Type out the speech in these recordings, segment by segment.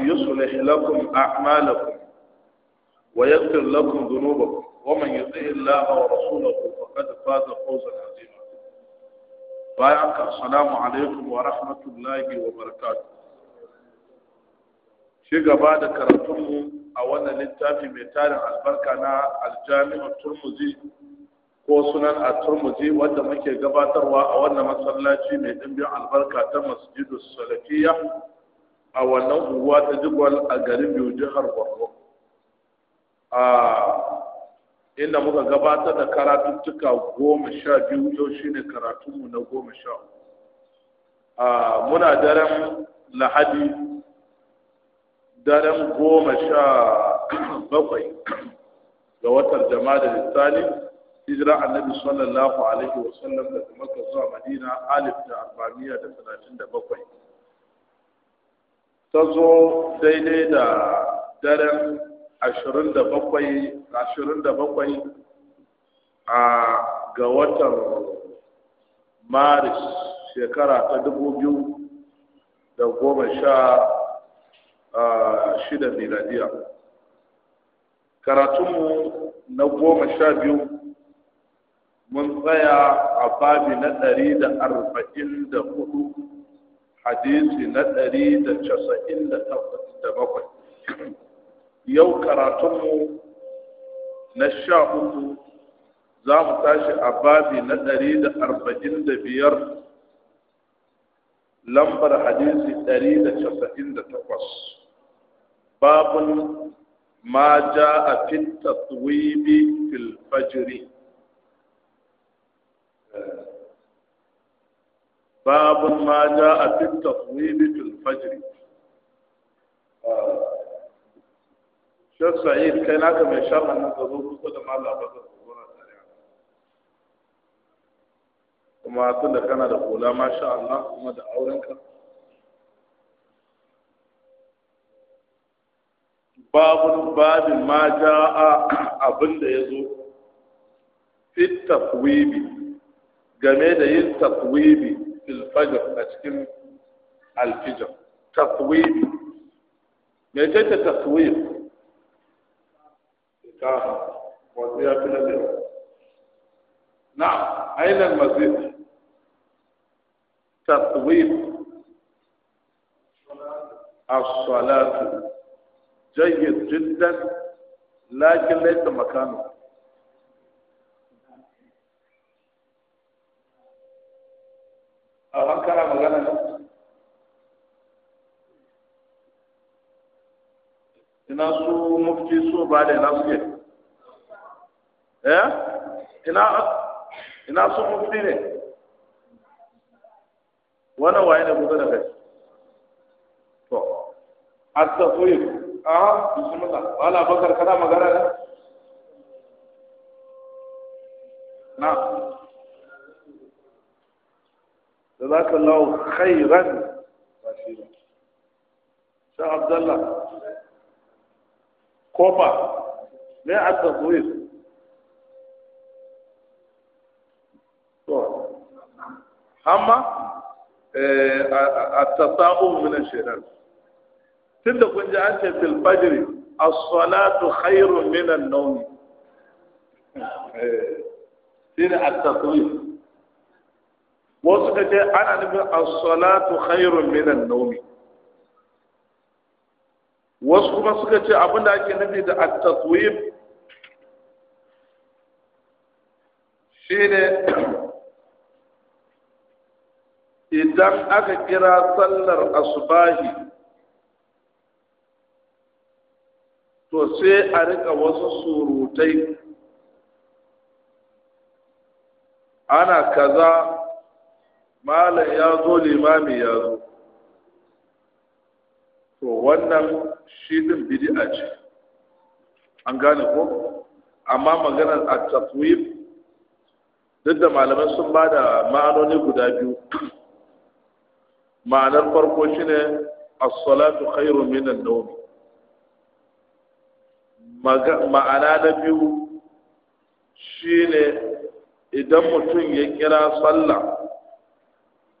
يصلح لكم أعمالكم ويغفر لكم ذنوبكم ومن يطع الله ورسوله فقد فاز فوزا عظيما بارك السلام عليكم ورحمة الله وبركاته شيء بعد كرتم أولا للتافي ميتار البركة الجامع الترمذي ko sunan a turmuzi wanda muke gabatarwa a wannan masallaci mai dimbin albarka ta masjidu salafiyya a wannan unguwa ta jigwal a garin biyu jihar borno a inda muka gabatar da karatuttuka goma sha biyu yau shine karatunmu na goma sha a muna daren lahadi daren goma sha bakwai ga watar jama'a da lissani hijira annabi sallallahu alaihi wasallam daga maka zuwa madina alif da arba'amiya da talatin da bakwai ta zo daidai da daren ashirin da bakwai ashirin da bakwai a ga watan maris shekara ta dubu biyu da goma sha shida miladiya karatunmu na goma sha biyu mun tsaya a babi na ɗari da arba'in da hudu hadisi na ɗari da casa'in da bakwai yau karatunmu na sha uku za mu tashi a babi na ɗari da arba'in da biyar lambar hadisi ɗari da casa'in da takwas babun ma ja a fit taswibi باب ما جاء في التصويب في الفجر شيخ سعيد كان هناك من شرح ان الظروف كل ما لا بد kuma tun da kula masha Allah kuma da aurenka babun babin ma ja'a abin da ya zo fit tafwibi game da yin tafwibi filfajar a cikin alfijar tafwir mejata ta ita wanda ya fi lalewa na ainihin mazid tafwir asalatu jayyar jindan lakin laita makamu ke so ba da ina suke eh ina ina su mufti ne wannan waye ne kuka da kai to at-tafwid ah bismillah wala bakar kada magana ne na da jazakallahu khairan bashira sha abdullah kofa ne a taswif to amma eh, a tasa'u min ash-shaytan tunda kun ji an ce fil fajr as-salatu khairun min an-nawm eh, shine at-taswif wasu kace ana nufin as-salatu khairun min an-nawm wasu kuma suka ce abin da ake nufi da at-taswib shine idan aka kira sallar asubahi to sai a rika wasu surutai ana kaza malam ya zo limami ya zo to wannan shi din bid'a ce an gane ko amma maganar at-taswif duk da malamai sun ba da ma'anoni guda biyu ma'anar farko shine as-salatu khairu min an-nawm ma'ana na biyu shine idan mutum ya kira sallah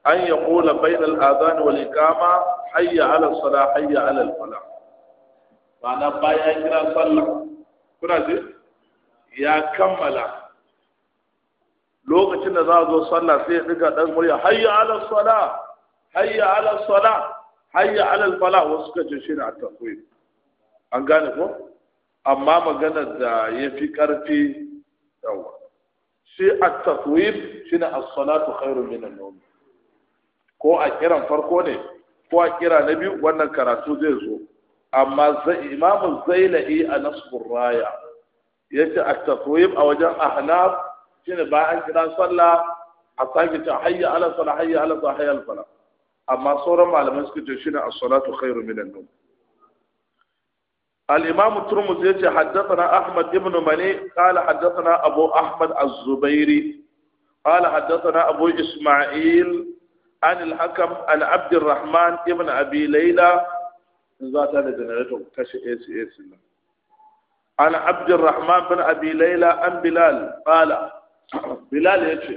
an ya kula bainal azan wani kama, hayya alal sala, hayya alal fala. ba na bayan kira sallah kuna ji ya kammala lokacin da za a zo sallah sai ya diga ɗan murya hayya ala salah hayya ala salah hayya ala al falah wasu kace shi ne a an gane ko amma maganar da ya fi ƙarfi yawa shi a tafwid shi ne as-salatu khairu min an-nawm ko a kiran farko ne ko a kira na biyu wannan karatu zai zo amma imamu zailai a nasbur raya yace at-taqwim a wajen ahnaf ne ba an kira sallah a sake ta hayya ala salah hayya ala salah hayya ala amma sauran malamai suka ce shi ne a salatu khairu min an-nawm الإمام الترمذي يقول حدثنا أحمد بن مني قال حدثنا أبو أحمد الزبيري قال حدثنا أبو إسماعيل an al-hakam al-abd rahman ibn abi layla in za ta kashe acs nan rahman ibn abi an bilal qala bilal yace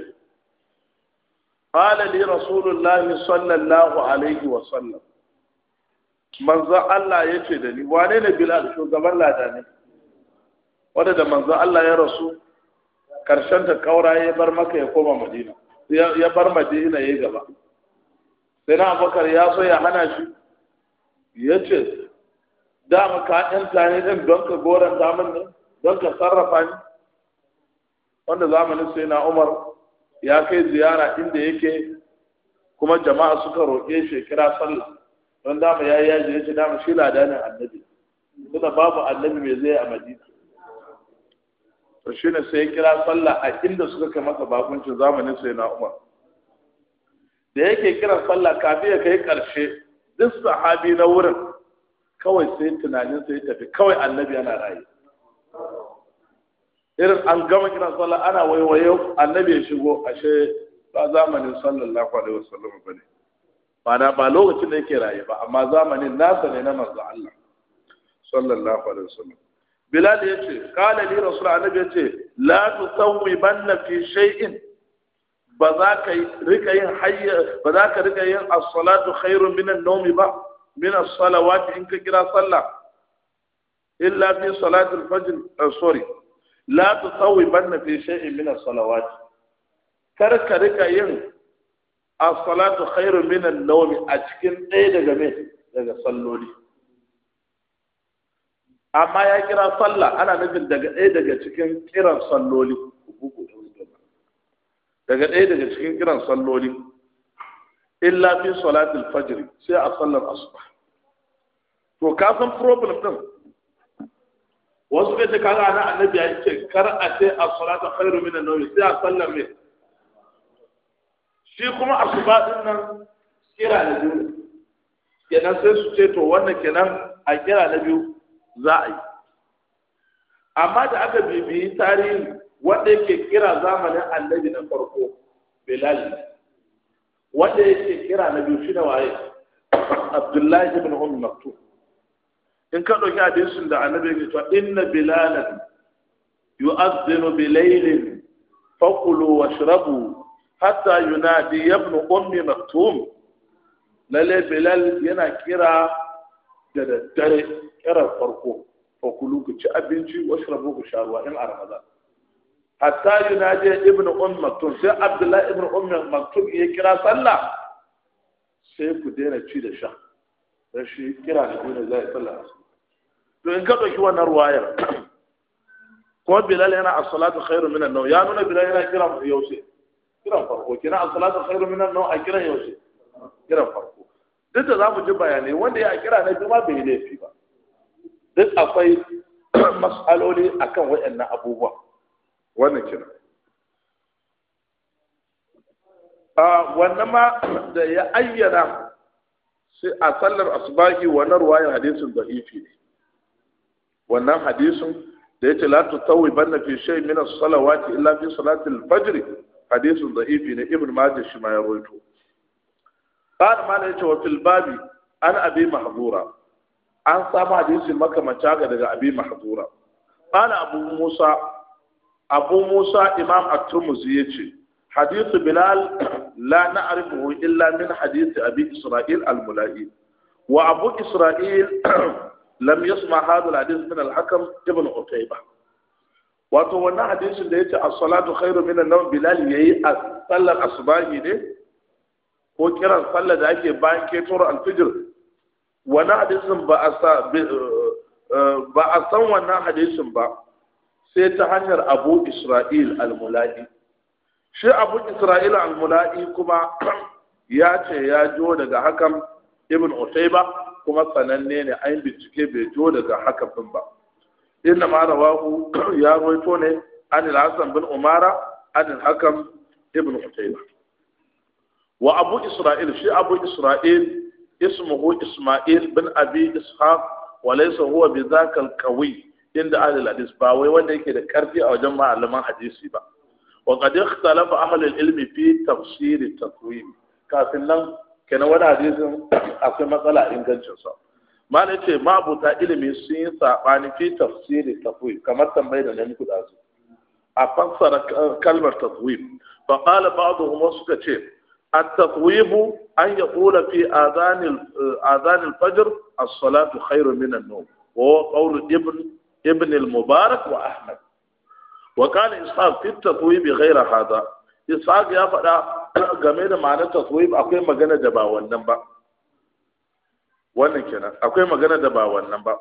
qala li rasulullahi sallallahu alaihi wa sallam manzo Allah yace da ni wane ne bilal shugaban ladani wanda da manzo Allah ya rasu karshen ta kaura ya bar maka ya koma madina ya bar ya gaba sai na abakar ya so ya hana shi ya ce dama ka ɗan tare ɗin don ka goran damar ne don ka sarrafa ni wanda zamani sai na umar ya kai ziyara inda yake kuma jama'a suka roƙe shi kira sallah don dama ya yi yaji ya ce dama shi ladanin annabi suna babu annabi mai zai a madina to ne sai kira sallah a inda suka kai masa bakuncin zamanin sai na umar da yake kiran sallah kafin ya kai karshe duk sahabi na wurin kawai sai tunanin sai tafi kawai annabi yana raye irin an gama kiran sallah ana waiwayo annabi ya shigo ashe ba zamanin sallallahu alaihi wasallam bane Bana ba lokacin da yake raye ba amma zamanin nasa ne na manzo Allah sallallahu alaihi wasallam bilal yace qala li rasul annabi yace la tusawwi banna fi shay'in ba za ka rika yin hayya ba za ka rika yin as-salatu khairun min an-nawm ba min as-salawat in ka kira sallah illa fi salati al-fajr eh, sorry la tutawibanna fi shay'in min as-salawat kar ka rika yin as-salatu khairun min an-nawm a cikin ɗaya daga me daga salloli amma ya kira sallah ana nufin daga ɗaya daga cikin kiran salloli uku daga ɗaya daga cikin kiran salloli illa fi salatul fajr sai a sallar asuba to ka san problem din wasu bai ta kaga ana annabi yayin ce kar a ce a salatu khairu min an sai a sallar me shi kuma asuba din nan kira na biyu kenan sai su ce to wannan kenan a kira na biyu za a yi amma da aka bibiyi tarihi wanda yake kira zamanin annabi na farko bilal wanda yake kira na biyu shi da waye abdullahi ibn ummi maktum in ka dauki hadisin da annabi yake cewa inna bilalan yu'adhdhinu bilaylin faqulu washrabu hatta yunadi ibn ummi maktum lalle bilal yana kira da daddare kiran farko fakulu ku ci abinci washrabu ku sha ruwa in a ramadan hatta yunaji ibnu umm maktum sai abdullahi ibnu umm maktum ya kira sallah sai ku daina ci da sha dan shi kira da ne zai sallah to in ka dauki wannan ruwayar ko bilal yana as-salatu khairu min an ya nuna bilal yana kira yaushe kiran farko kina as-salatu khairu min an-nawm a kiran yaushe kiran farko duk da zamu ji bayanai wanda ya kira na juma bai laifi ba duk akwai mas'aloli akan wayannan abubuwa wannan kina a wannan ma da ya ayyana sai a sallar asbahi wannan ruwayar hadisin da ifi ne wannan hadisin da ya yace la tutawi banna fi shay min as-salawati illa fi salati al-fajr hadisin da ifi ne ibn majah shi ma ya rawaito qala ma yace wa fil babi an abi mahdura an samu hadisin makamanta daga abi mahdura qala abu musa abu musa imam at-turmuzi yace hadithu bilal la na'rifuhu illa min hadith abi isra'il al wa abu isra'il lam yasma hadha al-hadith min al-hakam ibn utayba wato wannan hadisin da yace as-salatu yayi sallar asbahi ne ko kiran sallar da ake bayan ketoro al wannan hadisin ba a eh, ba a san wannan hadisin ba sai ta hanyar abu isra'il al-mula'i shi abu isra'il al-mula'i kuma ya ce ya jo daga hakan ibn utaiba kuma sananne ne an bincike bai jo daga hakan ba Inda ma wahu ya roito ne an yi hasan bin umara an yi hakan ibn utaiba wa abu isra'il shi abu isra'il ismuhu isma'il bin abi ishaq wa laysa huwa bidhaka al-qawi inda ahlul hadis ba wai wanda yake da karfi a wajen malaman hadisi ba wa qad ikhtalafa ahlul ilmi fi tafsir at-taqwim kafin nan kenan wani hadisin akwai matsala ingancin sa mala yace mabuta ilimi sun yi sabani fi tafsir at-taqwim kamar tambayar da nemi da su a fassara kalmar taqwim fa qala ba'dhum suka ce التطويب أن يقول في آذان آذان الفجر الصلاة خير من النوم وهو قول ابن ابن المبارك واحمد وقال اصحاب في التطويب غير هذا اصحاب يا فدا game da ma'anar tatwib akwai magana da ba wannan ba wannan kenan akwai magana da ba wannan ba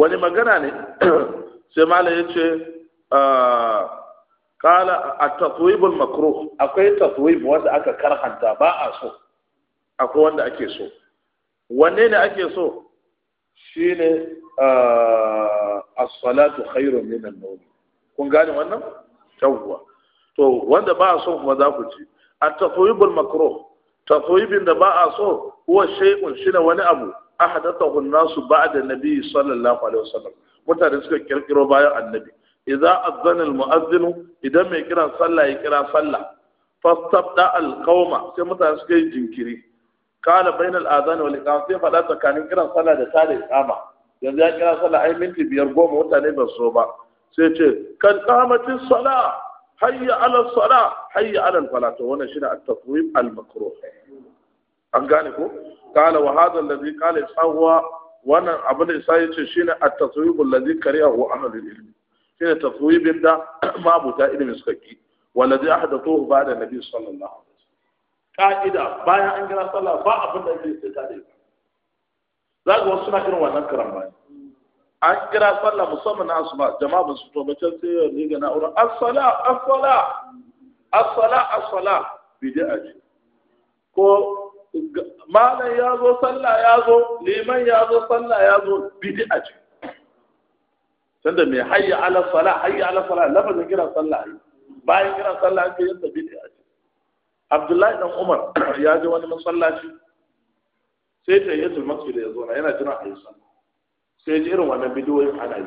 wani magana ne sai mala ya ce kala a taswibul makruh akwai tatwib wanda aka karhanta ba a so akwai wanda ake so wanne ne ake so shine uh, as-salatu khairun min an-nawm kun gane wannan tawwa to wanda ba a so kuma za ku ci at-tathwibul makruh tathwibin da ba a so huwa shay'un shine wani abu ahadathahu an-nasu ba'da nabi sallallahu alaihi wasallam mutane suka kirkiro bayan annabi idza azana al-mu'adhdhin idan mai kiran sallah ya kira sallah fastabda al-qauma sai mutane suka yi jinkiri kala bainal azan wani iqama faɗa tsakanin kiran sana da ta da iqama yanzu ya kira sallah ai minti biyar goma mutane ba so ba sai ce kan qamatis sala hayya ala sala hayya ala fala to wannan shine at-taswib al-makruh an gane ko kala wa hadha alladhi qala isahwa wannan abin da ce shi sai yace shine at-taswib alladhi kariyahu ahlul ilmi shine taswibin da mabuta ilmi suka ki wallazi ahdathuhu ba'da nabi sallallahu alaihi wasallam ka'ida bayan an gina sallah ba abin da ke sai tare za ga wasu suna irin wannan karan ba an kira sallah musamman na asuba jama'a ba su to ba can sai ya riga na auren as-sala as-sala as-sala as-sala bid'a ce ko malam ya zo sallah ya zo liman ya zo sallah ya zo bid'a ce tunda mai hayya ala sala hayya ala sala da kira sallah bayan kira sallah ake yin bid'a abdullahi dan umar ya ji wani masallaci sai ta yi tulmasu da ya zo yana jina a yi sa. sai ji irin wannan bidiyoyin ana yi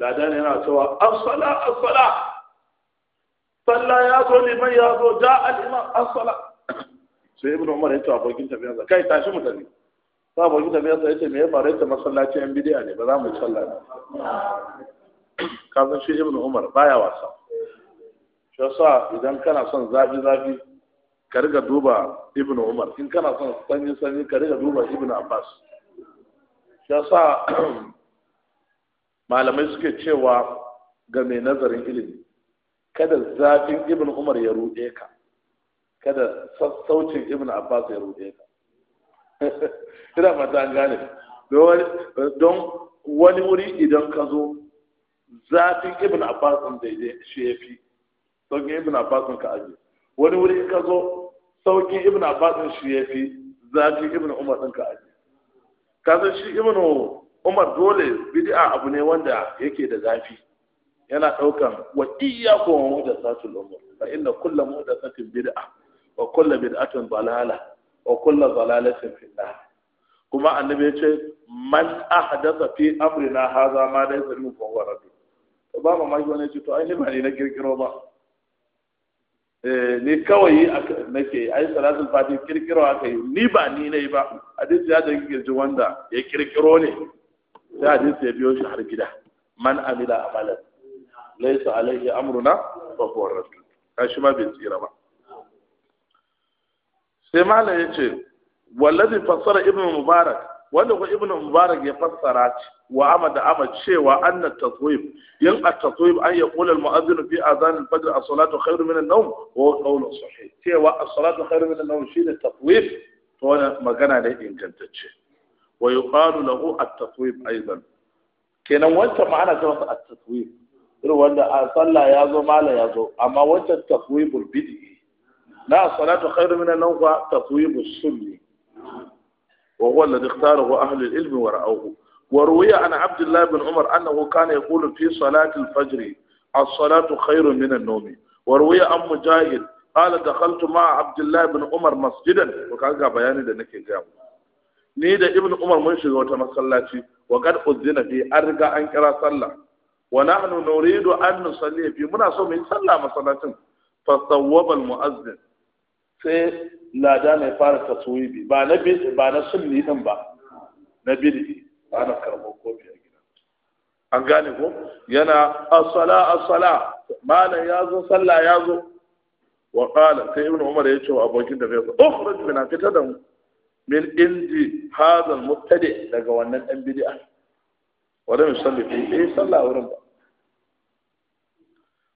ladan yana cewa asala asala sallah ya zo liman ya zo da al'imam asala sai ibn umar ya ce abokin za kai tashi mu tafi sa abokin za ya ce me ya faru yadda masallaci yan bidiya ne ba za mu yi sallah ba kafin shi ibn umar baya wasa shi yasa idan kana son zafi zafi ka riga duba ibn umar in kana son sanyi sanyi ka riga duba ibn abbas ya sa malamai suke cewa ga mai nazarin ilimi kada zafin ibn umar ya ruɗe ka kada sassaucin ibn abbas ya ruɗe ka ina mata an gane don wani wuri idan ka zo zafin ibn abbas din daidai shi ya fi don ibn abbas ka aji. wani wuri ka zo Sauƙi Ibnu abbas shi shi fi zafi ibn umar ɗinka ka aje kasan shi ibn umar dole bid'a abu ne wanda yake da zafi yana ɗaukan wa da wa muhdathatul umur fa inna kullu muhdathatin bid'a wa kullu bid'atin balala wa kullu dalalatin fi kuma annabi ce man ahdatha fi amrina hadha ma laysa lahu fa huwa radd ba mamaki wani ce to ai ne na kirkiro ba Eh, ni kawai nake ai salatul fatih kirkiro aka yi ni ba ni ne ba hadisi ya dangi girji wanda ya kirkiro ne sai hadisi ya biyo shi har gida man amila amalan laysa alayhi amruna fa huwa rasul kashi ma bai tsira ba sai malam yace wallazi fassara ibnu mubarak wanda ko ibnu mubarak ya fassara wa amada ama cewa anna tatwib yin at tatwib an yaqula al mu'adhdhin fi adhan al fajr as salatu khairu min an nawm wa qawl sahih cewa as salatu khairu min an nawm shine tatwib to wannan magana ne ingantacce wa yuqalu lahu at tatwib aidan kenan wancan ma'ana ta masa at tatwib irin wanda a sallah ya zo mala ya zo amma wancan tatwibul bid'i na salatu khairu min an nawm wa tatwibus sunni وهو الذي اختاره أهل العلم ورأوه وروي عن عبد الله بن عمر أنه كان يقول في صلاة الفجر الصلاة خير من النوم وروي عن مجاهد قال دخلت مع عبد الله بن عمر مسجدا وكان بياني da nake ga ni da ibn umar mun shiga wata masallaci wa qad fi an an kira sallah wa nahnu nuridu an nusalli fi muna so mu yi sallah masallacin fa sawwaba sai lada mai fara taswibi ba na bid'i ba na sunni din ba na bid'i ba na karbo kofi a gida an gane ko yana as-sala as-sala malan ya zo sallah ya zo wa qala sai ibnu umar ya ce wa abokin da fesa ukhruj min fita da mu min indi hadha al-mubtadi daga wannan dan bid'a wa lam salli. fi eh sallah wurin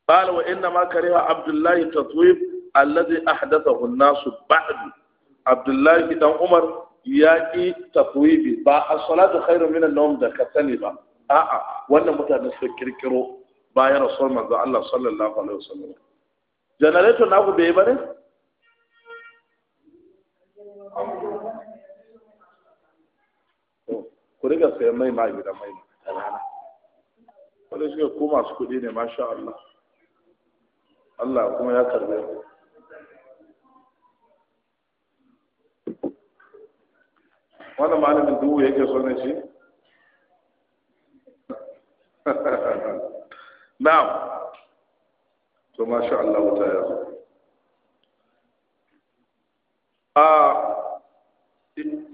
ba wa inna ma kariha Abdullahi tatwib allazi ahdathahu an-nasu ba'du abdullahi dan umar ya ki tafwibi ba as-salatu khairun min an-nawm da ka sani ba a'a wannan mutane su kirkiro bayan rasul manzo Allah sallallahu alaihi wasallam generator naku bai bane ku riga sayan mai ma gidan mai rana wanda suke ko masu ne masha Allah Allah kuma ya karbe wanda malamin dubu yake so na shi na'am to masha Allah wuta ya zo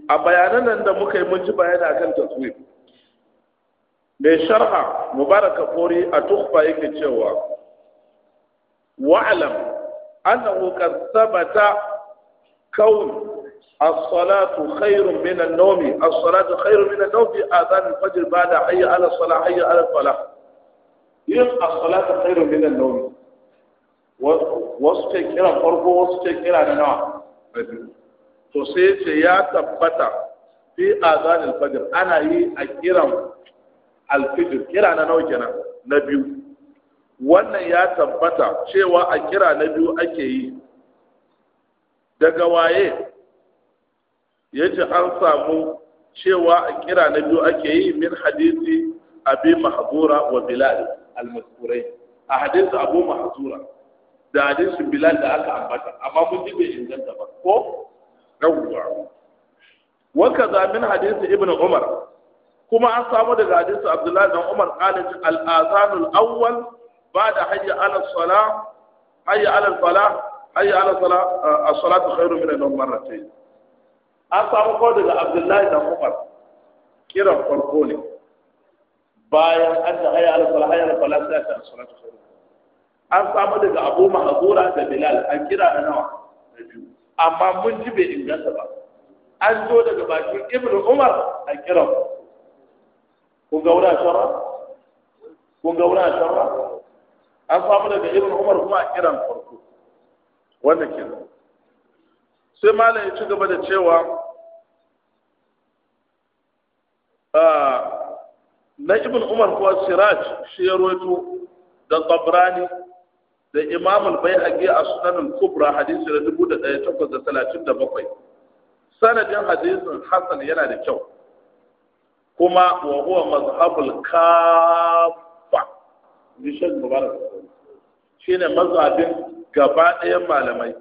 a bayanan nan da muka yi mun ji bayani akan taswif mai sharha mubaraka fori a tuhfa yake cewa wa'alam annahu qad thabata kaun الصلاة خير من النوم الصلاة خير من النوم في آذان الفجر بعد حي على الصلاة حي على الفلاح yin as-salatu khairun min an wasu ke kira farko wasu ke kira na nawa to sai ce ya tabbata fi azan al-fajr ana yi a kiran kira na na biyu wannan ya tabbata cewa a kira na biyu ake yi daga waye Ya ce an samu cewa a kira na biyu ake yi min hadisi abi mahzura wa bilal al-mazkurai a hadisi abu mahzura da hadisin bilal da aka ambata amma mun ji bai inganta ba ko yawwa wa kaza min hadisi Ibn umar kuma an samu daga hadisi abdullahi dan umar qalat al-azanul awwal ba'da hayya ala salah hayya ala salah hayya ala salah as-salatu khairu min an marratayn an samu ko daga abdullahi da umar kiran farko ne bayan an da haya alfala haya alfala sai ta salatu an samu daga abu mahzura da bilal an kira da nawa da biyu amma mun ji bai inganta ba an zo daga bakin ibnu umar a kira ku ga wura shara ku ga wura shara an samu daga ibnu umar kuma a kiran farko wannan kenan sai malam ya ci gaba da cewa na ibn umar ko siraj shi ya roto da tabrani da imam al-bayhaqi a sunan al-kubra hadisi da 1837 sanadin hadisin hasan yana da kyau kuma wa huwa mazhabul kafa bishan mubarak shine mazhabin gaba ɗayan malamai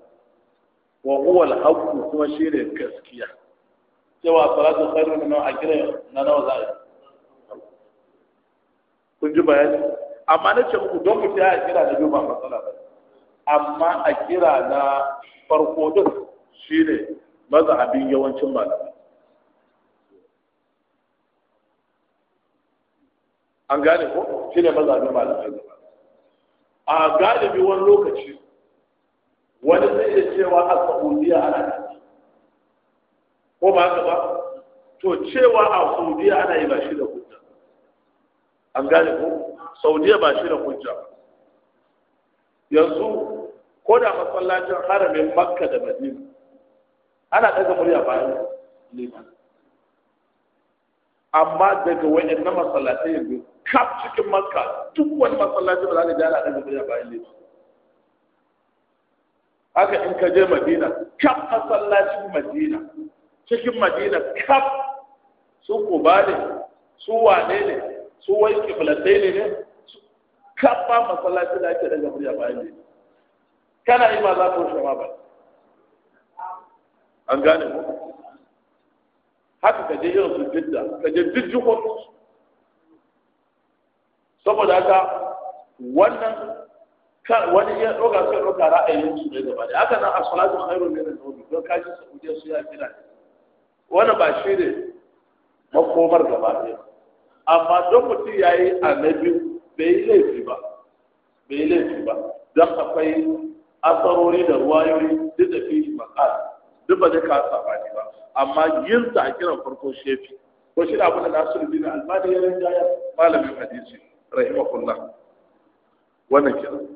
wa huwa al-haqq kuma shine gaskiya cewa salatu khairu min a kira na nawa za a kun ji bayani amma na ce ku don mutum ya kira na biyu ba matsala ba amma a kira na farko din shine mazhabin yawancin malamai an gane ko shine mazhabin malamai a galibi wani lokaci wani zai iya cewa a saudiya ana ko ba haka ba to cewa a saudiya ana yi ba shi da hujja an gane ko saudiya ba shi da hujja yanzu ko da masallacin haramin makka da madina ana daga murya bayan liman amma daga wani na masallacin yanzu kaf cikin makka duk wani masallacin ba za ka ji daga murya bayan liman haka in ka je madina kaf masallacin madina cikin madina kaf su kuba ne su wane ne su wai kiblatai ne ne kaf ba masallaci da ake daga murya bayan ne kana yi ma za ku wuce ma ba an gane mu haka ka je irin su jidda ka je jijjikon saboda haka wannan wani ya ɗoga sai ɗoga ra'ayin su ne gaba da haka nan a salatu khairun ne da nobi don kaji saudiya su ya kira ne wannan ba shi ne makomar gaba ne amma don mutum ya yi a na biyu bai yi laifi ba bai yi laifi ba don akwai asarori da ruwayoyi duk da fi makal duk ba zai kawo sabani ba amma yin sa a kiran farko shefi ko shi da abin da nasiru bin albani ya ya malamin hadisi rahimahullah wannan kiran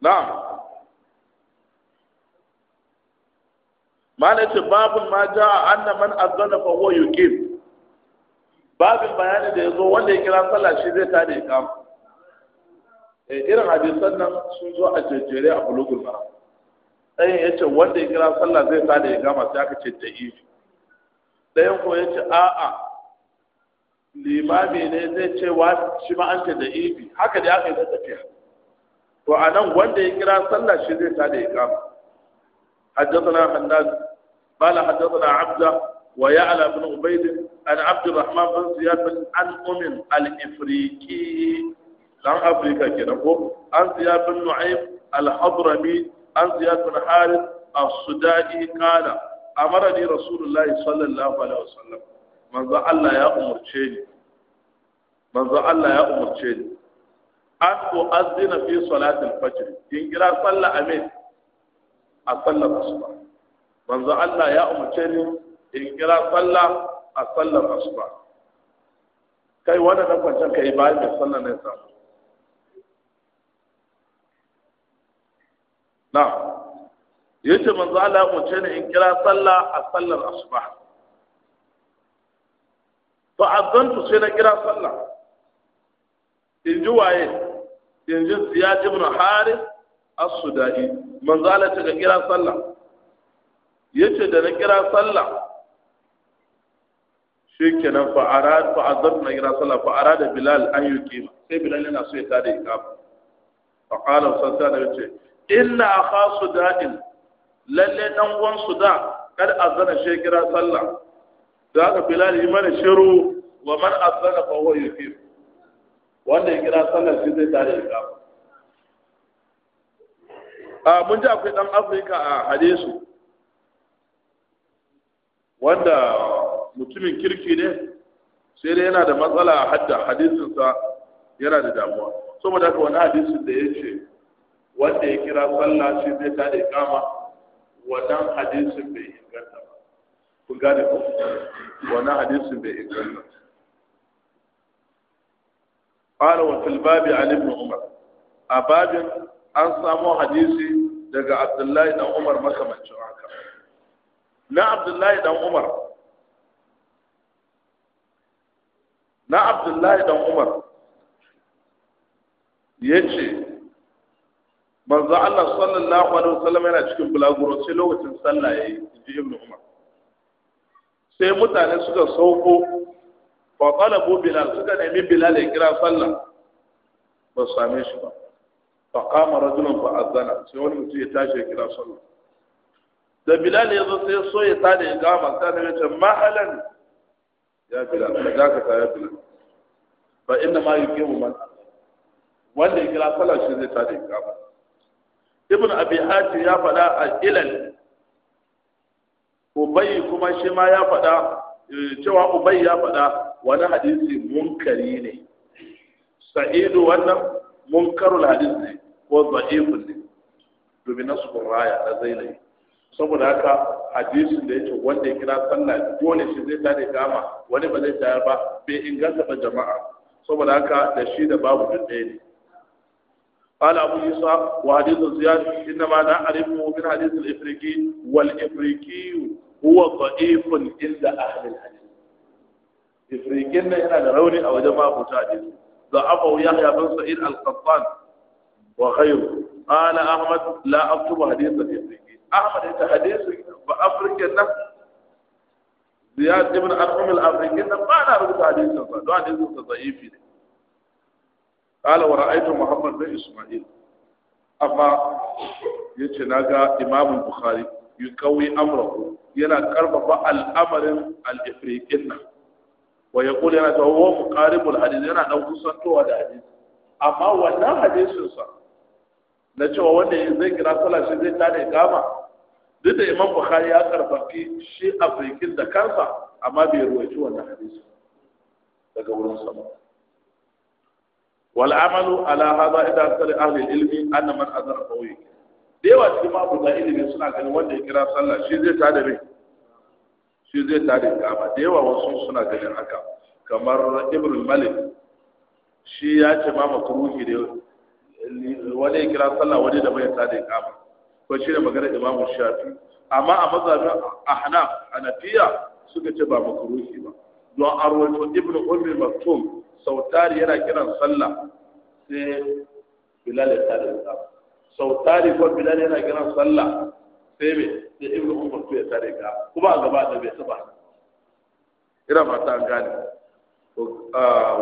na'am mana ce babun ma ja a man azzana fa huwa yuqim babin bayani da yazo wanda ya kira sallah shi zai tada ikam E, eh, irin hadisan nan sun zo a jejjere a bulugul mara ɗayan ya ce wanda ya kira sallah zai ya ikama sai aka ce da'ifi ɗayan ko ya ce a'a limami ne zai ce wa shi ma an ce da ibi haka da aka yi ta tafiya to a nan wanda ya kira sallah shi zai tada ya kama حدثنا حناد قال حدثنا عبده ويعلى بن عبيد عن عبد الرحمن بن زياد بن عن أم الإفريقي عن أفريقيا كده عن زياد بن نعيم الحضرمي عن زياد بن حارث الصدائي قال أمرني رسول الله صلى الله عليه وسلم منذ الله يا أمر تشيني منذ الله يا أمر تشيني أن أؤذن في صلاة الفجر إن كلا صلى أمين أصلى الصبح manzo Allah ya umarce ni in kira sallah a sallar asuba kai wanda nan kwancan kai bayan da sallar ne sa na yace manzo Allah ya umarce ni in kira sallah a sallar asuba to azantu sai na kira sallah in ji waye in ji ziyad ibn harith as-sudai manzo Allah ta kira sallah yace da na kira sallah shikenan fa arad fa azab na kira sallah fa arada bilal an yuki sai bilal yana so ya tada kafa. fa qala sallallahu alaihi wasallam inna akha sudadin lalle dan uwan sudan kar azana shi kira sallah da aka bilal yi mana shiru wa man azana fa huwa yuki wanda ya kira sallah shi zai tada kafa. a mun ji akwai dan afirka a hadisu wanda mutumin kirki ne sai dai yana da matsala a hadda hadisinsa yana da damuwa saboda haka wani hadisin da ya ce wanda ya kira sallah shi zai ta da kama wannan hadisin bai inganta ba kun gane ko wannan hadisin bai inganta wa fil babi an ibn umar a babin an samu hadisi daga abdullahi dan umar makamancin haka na abdullahi dan umar na abdullahi dan umar ya ce manzo Allah sallallahu alaihi wasallam yana cikin bulaguro sai lokacin sallah yayi ji Ibn umar sai mutane suka sauko fa talabu bilal suka nemi bilal ya kira sallah ba su same shi ba fa qama rajulun fa azana sai wani mutum ya tashi ya kira sallah da bilal ya zo sai so ya tada ya gama sai annabi ce mahalan ya bilal ka ta ya bilal fa inna ma yuqimu man wanda ya kira sallah shi zai tada ya gama ibn abi hatim ya faɗa a ilal ubay kuma shi ma ya faɗa eh, cewa ubay ya faɗa wani hadisi munkari ne sa'idu wannan munkarul hadisi ko za'ifun ne domin nasu raya na zainai saboda haka hadisin da yake wanda ya kira sallah dole shi zai tare gama wani ba zai tayar ba bai inganta ba jama'a saboda haka da shi da babu duk ɗaya ne قال أبو يسوع وحديث زياد إنما نعرفه من حديث الإفريقي والإفريقي هو ضعيف عند أهل الحديث إفريقين هنا لروني أو جماعة متعدد ضعفه يحيى بن سعيد القطان وخيره قال أحمد لا أكتب حديث الإفريقي ahmad ita hadisi ba afirkin nan ziyad ibn arhum nan ba na rubuta hadisin ba don hadisin sa da'ifi ne qala wa ra'aytu muhammad bin isma'il amma yace naga imam bukhari yukawi amrahu yana karfafa al'amarin al nan wa yaqulu yana ta huwa muqaribul hadith yana dan kusantowa da hadisi amma wannan hadisin sa na cewa wanda zai kira sallah shi zai tada gama duk da imam bukhari ya karfafi shi afrikin da kansa amma bai ruwaci wannan hadisi daga wurin sama. wal amalu ala hada ida sali ahli ilmi anna man azara qawi da yawa cikin mabuda ilimi suna ganin wanda ya kira sallah shi zai tada mai shi zai tada kama da yawa wasu suna ganin haka kamar ibn malik shi ya ce ma makruhi da wani ya kira sallah wani da bai tada kama ko shi ne magana imamu shafi amma a mazhabin ahnaf nafiya suka ce ba makruhi ba don a arwato Ibn ummi maktum sautari yana kiran sallah sai bilal ya tare da sautari ko bilal yana kiran sallah sai me sai ibnu ummi maktum ya tada ka kuma a gaba da bai taba ina mata an gane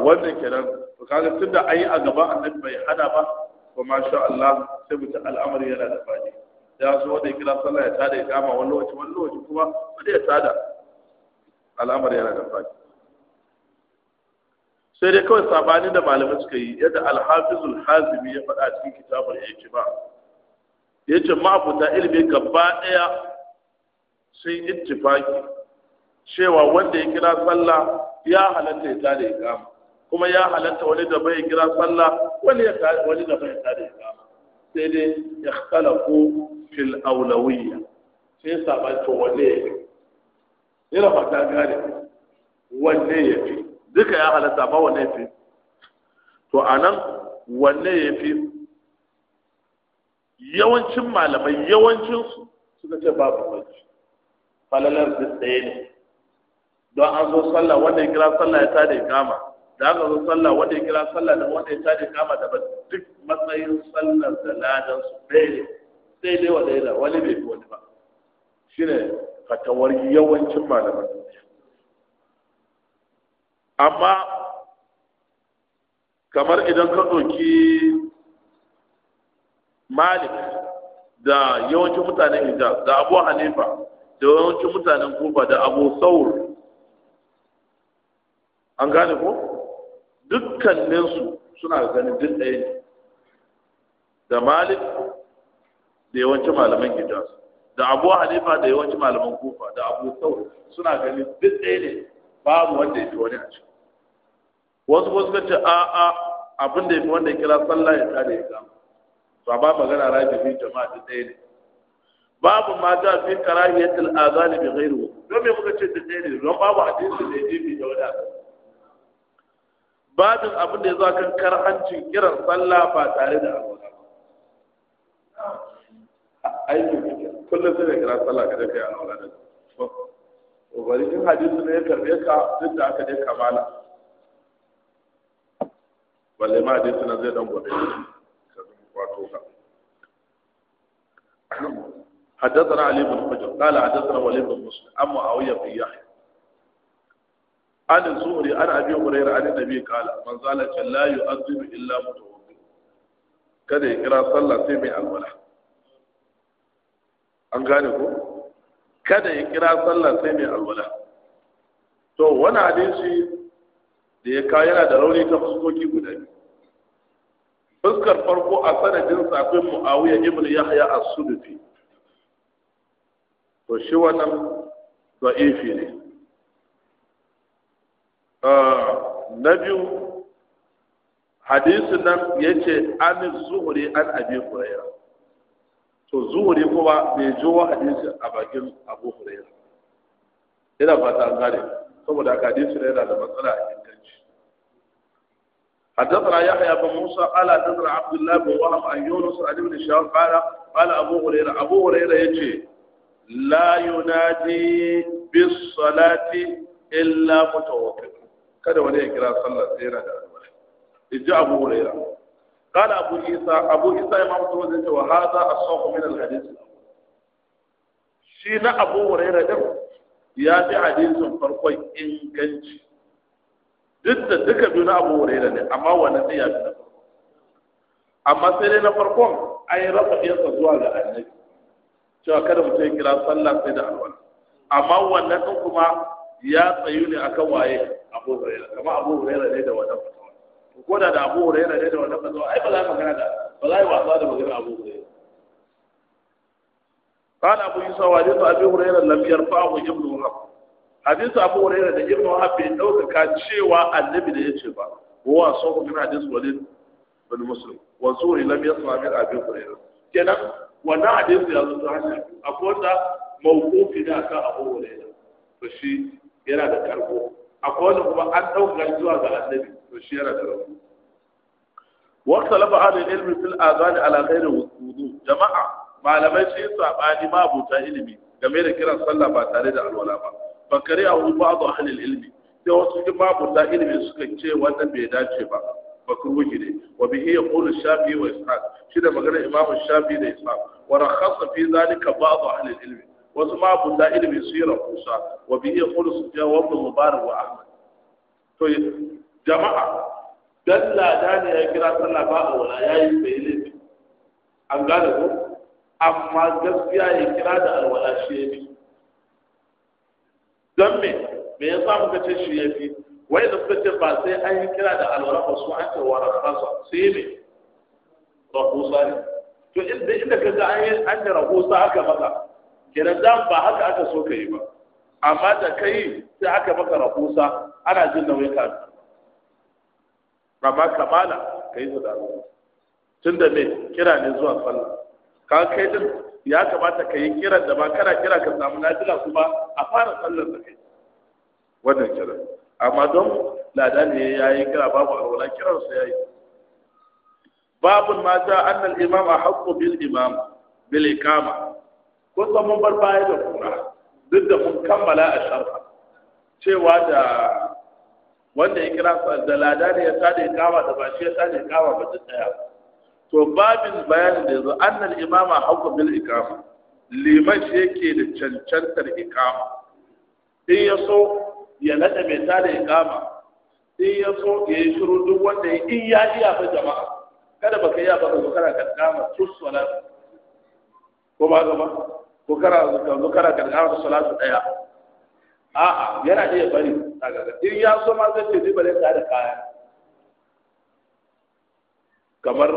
wannan kenan to kaga tunda ayi a gaba annabi bai hada ba kuma masha Allah sai mutum al'amari yana da fadi ya zo wanda ya kira sallah ya tada ya kama wani lokaci wani lokaci kuma wanda ya tada al'amari yana da faɗi sai dai kawai sabani da malamai suka yi yadda alhafizul hazimi ya faɗa cikin kitabul ba. ya ce ma'abuta ilimi gaba ɗaya sun ittifaki cewa wanda ya kira sallah ya halatta ya tada ya kama kuma ya halatta wani da bai kira sallah wani da bai tada ya kama sai dai ya ko. fil aulawiyya sai saban to wanne ya fi ina fata gane wanne ya fi duka ya halatta ba wanne ya fi to anan wanne ya fi yawancin malamai yawancin su suka ce babu bacci falalar duk ɗaya ne don an zo sallah wanda ya kira sallah ya tada kama da aka zo sallah wanda ya kira sallah da wanda ya tada kama da duk matsayin sallar da ladan su ɗaya ne daidai wa daida wani bai fi wani ba shi shine fatawar yawancin malaman duniya amma kamar idan ka ɗauki malik da yawancin mutanen hijab da abu hanifa da yawancin mutanen kufa da abu saur an gane ko dukkaninsu suna ganin duk ɗaya da malik da yawancin malaman hijaz da abu al-halifa da yawancin malaman kufa da abu sau suna ganin duk ɗaya ne babu wanda ya fi wani a ciki wasu ko suka ce a a abin da ya fi wanda ya kira sallah ya tare ya gama to ba magana rafi fi jama'a duk ɗaya ne babu ma da fi karahiyatul azani bi ghairu don me muka ce duk ɗaya ne don babu hadisi da ya jefi da wadatar babin abin da ya zo kan karhancin kiran sallah ba tare da alwala aiki kullum sai ka kira sallah ka a da in ne ya karbe ka duk aka je kamala balle ma na zai dan gobe ka ka حدثنا علي بن حجر قال حدثنا وليد بن مسلم عن معاويه بن يحيى عن الزهري عن ابي هريره عن النبي قال من زال لا يؤذن الا متوضئ kada ya kira sallah sai an gane ko kada ya kira sallah sai mai alwala to wani hadisi da ya kawo yana da rauni ta fuskoki guda biyu fuskar farko a sanadin sakwai mu'awiya ibn yahya as-sudufi to shi wannan da'ifi ne ah, na biyu hadisin nan ya ce an zuhuri an abi hurairah to zuwuri kuma bai jo wa hadisi a bakin abu huraira yana fata an gane saboda ka hadisi ne yana da matsala a inganci حدثنا يحيى بن موسى قال حدثنا عبد الله بن وهب عن يونس عن ابن شهاب قال قال ابو هريره ابو هريره يجي لا ينادي بالصلاه الا متوكل kada wani ya kira sallar sai yana da alwala ji abu huraira قال أبو عيسى أبو عيسى إمام الترمذي وهذا الصوف من الحديث شين أبو هريرة ده ya fi hadisin farkon inganci duk da duka biyu na abu wurare ne amma wannan zai ya fi na farko amma sai dai na farkon a yi rasa ɗiyarsa zuwa ga annabi cewa kada mutum ya kira sallah sai da alwala amma wannan kuma ya tsayu ne akan waye abu wurare kama abu wurare ne da wannan ko da da abu hurairah yana da wannan manzo ai ba za ka magana da ba za yi wasa da magana abu hurairah قال أبو يوسف وحديث أبي هريرة لم يرفعه ابن وهب حديث أبو هريرة ده ابن وهب بيدوك كان شيوا النبي ده يتشبع هو صوت من حديث وليد بن مسلم وزوري لم يسمع من أبي هريرة كنا وانا حديث يا زوج حسن أقول ده موقوف ده كان أبو هريرة فشي يلا ده كربو أقول لكم أن أوكل زوا على النبي to shi yana da rauni واختلف أهل العلم في الآذان على غير وضوء جماعة malamai sun yi sabani ma abuta ilimi game da kiran sallah ba tare da alwala ba bakari a wani ba'adu ahlil ilmi sai wasu cikin mabuta ilimi suka ce wannan bai dace ba fa kurwuki ne wa bihi yaqulu shafi wa ishaq shi da magana imam shafi da ishaq wa rakhasa fi zalika ba'du ahlil ilmi wasu mabuta ilimi su yi rahusa wa bihi yaqulu sufyan wa ibn mubarak wa ahmad to jama'a dan lada ne ya kira sallah ba a wala yayi bai laifi an gane ko amma gaskiya ya kira da alwala shi ya fi. don me me ya samu muka ce shi ya fi? wai da suka ce ba sai an yi kira da alwala ba su an ce wa rakasa sai me rahusa ne to inda inda ka ga an yi an da rahusa aka maka kiran dan ba haka aka so ka yi ba amma da kai sai aka maka rahusa ana jin nauyin ka amma kamala ka yi sadaru tun da me kira ne zuwa sallah ka kai din ya kamata ka yi kiran da ba kana kira ka samu nafila kuma a fara sallar da kai wannan kiran amma don lada ne ya yi kira babu kiran su ya yi babun ma ja annal imam a haƙƙo bil imam bil ikama ko mun bar baya da kura duk da mun kammala a shafa. cewa da wanda ya kira da lada ne ya tsade kama da ba shi ya tsade kama ba ta tsaya to babin bayanin da yanzu annal imama hauka bil ikama liman shi yake da cancantar ikama in ya so ya nada mai tsade ikama in ya so ya yi shiru duk wanda ya in ya iya ba jama'a kada baka iya ba ka kana ka kama tuswala ko ba gaba ko kana ka kana ka da salatu daya a'a yana iya bari in ya so ma zai ce zai bare da kaya kamar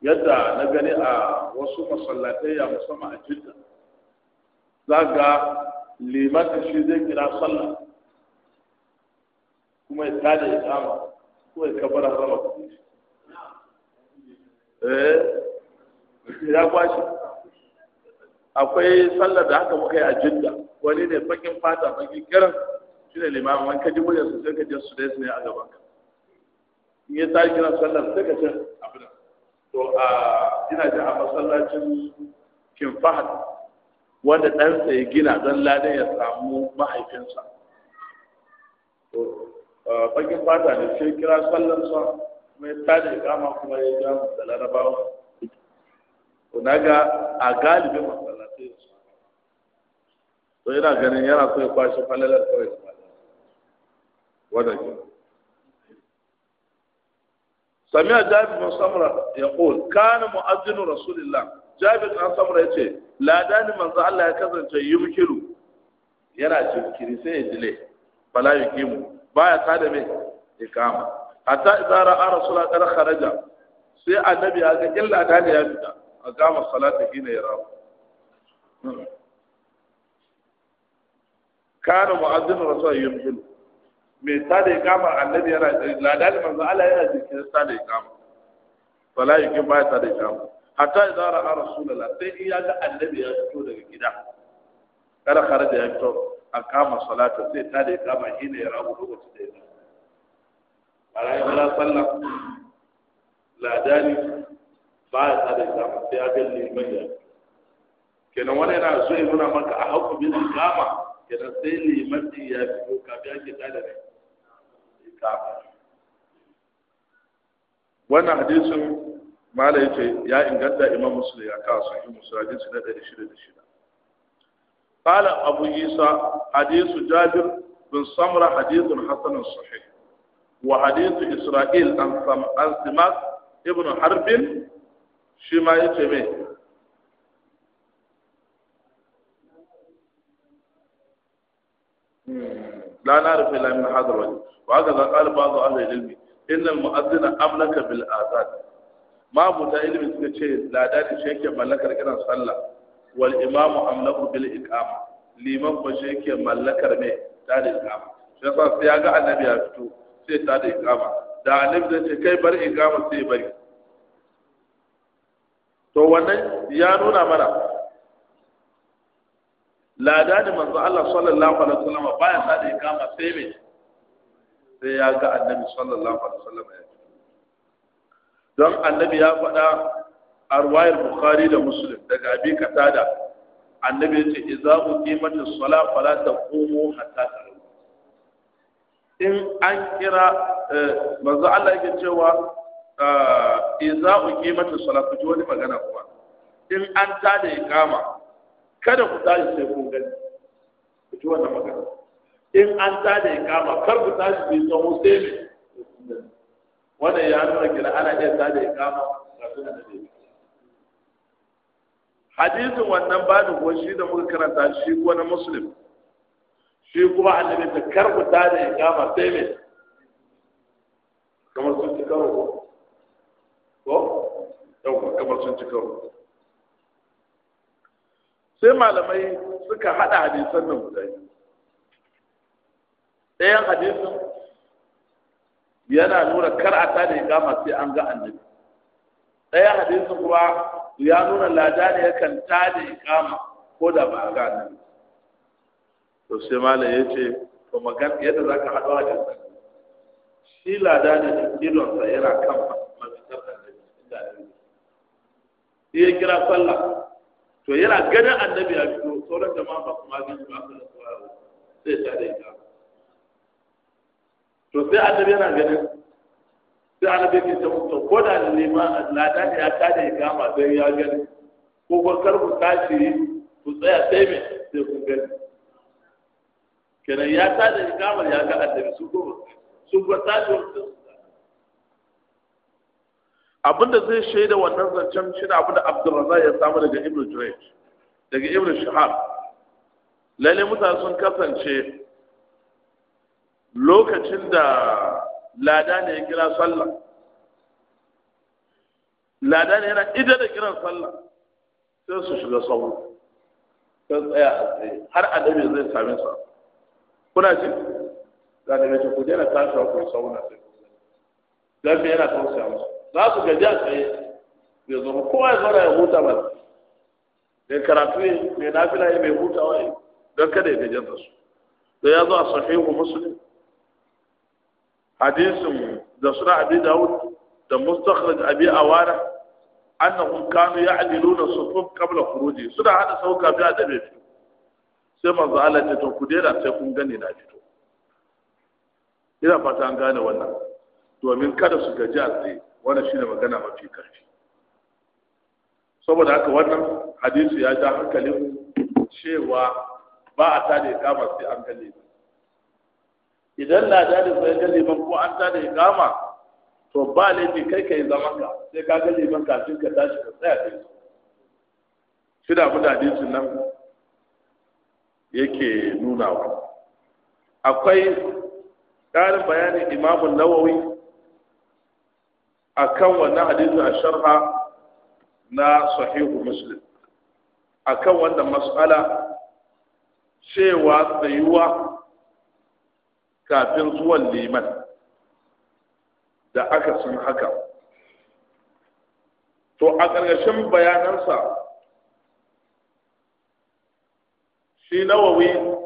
yadda na gani a wasu masallatai ya musamman a jidda za ga limata shi zai kira sallah kuma ya tada ya kama kuma ya kabar harama kuɗi eh ya kwashi akwai sallar da haka muka yi a jidda wani ne fakin fata fakin kiran shi ne limamin wani kaji muryar su sai ka je su ne a gaban ka in ya tashi kiran sallar sai ka ce abin to a ina ji a masallacin kin fahad wanda ɗansa ya gina don ladan ya samu mahaifinsa bakin fata ne sai kira sallar sallansa mai tada kama kuma ya ja da larabawa to naga a galibin to yana ganin yana so ya kwashi falalar kawai su falalar wadda ke samiya jabir bin samra ya qul kana mu'azzinu rasulillah jabir Musamman ya ce, ladani manzo Allah ya kasance yumkiru yana jinkiri sai ya dile fala yukimu baya da me ikama hatta idza ra'a rasulullah kada kharaja sai annabi ya ga illa da ya fita a gama salata kina ya rabu hmm. kana mu'azzin rasul yumhil Me ta da ikama annabi yana ladali manzo Allah yana jikin ta da ikama fala yakin ba ta da ikama hatta idan ra'a rasulullah sai in ya ga annabi ya fito daga gida kada kharaja ya fito a kama salata sai ta da ikama shine ya rabu lokacin da ya ala yi wala sallah ladani ba ya ta da ikama sai ya ga liman ya nan wani yana so ya nuna maka a haƙƙo bin ikama kira sai liman ya wannan hadisin mala yace ya inganta imam muslim ya kawo sahih muslim hadisi na 166 قال أبو عيسى حديث جابر بن سمرة حديث حسن صحيح وحديث إسرائيل عن سماك ابن حرب شما يتمي la na'rifu illa min hadha al wa haka za qala ba'd ahli al-ilm inna al-mu'adhdhina amlaka bil azan ma buta ilmi suka ce ladani shi yake mallakar kiran sallah wal imamu amlaku bil iqama liman ba shi mallakar me ta da iqama shi ya ga annabi ya fito sai ta da iqama da annabi zai ce kai bar iqama sai bari to wannan ya nuna mana lada da manzo Allah sallallahu alaihi wasallam baya sa da ikama sai me sai ya ga annabi sallallahu alaihi wasallam ya don annabi ya faɗa a ruwayar bukhari da muslim daga abi katada annabi ya ce idza uqimatis sala fala taqumu hatta taru in an kira eh, manzo Allah yake cewa ah, idza uqimatis sala ku ji wani magana kuma in an tada ikama kada ku tashi sai kun gani ku ji wannan magana in an tada ikama kar ku tashi sai tsawo sai ne wannan ya nuna kira ana iya tada ikama ga suna da ne hadisin wannan ba ko shi da muka karanta shi ko na muslim shi kuma annabi ta kar ku tada kama sai ne kamar sun ci karo ko yau kamar sun ci karo sai malamai suka haɗa hadisan nan guda ɗayan hadisin yana nuna kar a tada gama sai an ga annabi ɗaya hadisin kuma ya nuna lada ne yakan tada gama ko da ba a ga annabi to sai malam ya ce to magana yadda za ka haɗu hadisan shi lada ne idonsa yana kan mafitar annabi inda annabi ya kira sallah to yana ganin annabi ya fito sauran jama'a ba kuma magani ba su da tsawaro sai ta da ita to sai annabi yana ganin sai annabi ke ta mutu ko da liman lada ne ya ta da ma sai ya gani ko ko kar ku tashi ku tsaya sai me sai ku gani kenan ya ta da ikamar ya ga annabi su ko su ko tashi abinda zai shaida wannan zancen shi ne abinda abdurrazak ya samu daga ibn jurayj daga ibn shahab lalle mutane sun kasance lokacin da lada ne ya kira sallah lada ne yana ida da kiran sallah sai su shiga sauro sai tsaya a tsaye har annabi zai same sa kuna ce ga da ku daina tashi ku sauna sai dan me yana tausaya musu za su gaji a tsaye bai zo Kuma ya zauna ya huta ba mai karatu ne mai nafila ne mai hutawa ne don kada ya gaji da su da ya zo a sahihu muslim hadisin da suna abi dawud da mustakhraj abi awara annahum kanu ya'diluna sufuf kabla khuruji suna hada sauka bi adabe sai manzo Allah ya ce to ku dena sai kun gani na fito ina fata an gane wannan domin kada su gaji a tsaye wannan ne magana mafi ƙarfi saboda haka wannan hadisi ya ja hankalin cewa ba a tada ikama sai an ba idan na ladalin sai gane ba ko an tada ikama to ba laifi kai kai zaman ka sai ka kalle ban kafin ka tashi ka tsaya kai shi da abin hadisin nan yake nunawa akwai ƙarin bayanin imamun nawawi akan wannan hadisi a sharha na sahihu muslim akan wannan mas'ala cewa tsayuwa kafin zuwan liman da aka san haka to a ƙarƙashin bayanansa shi nawawi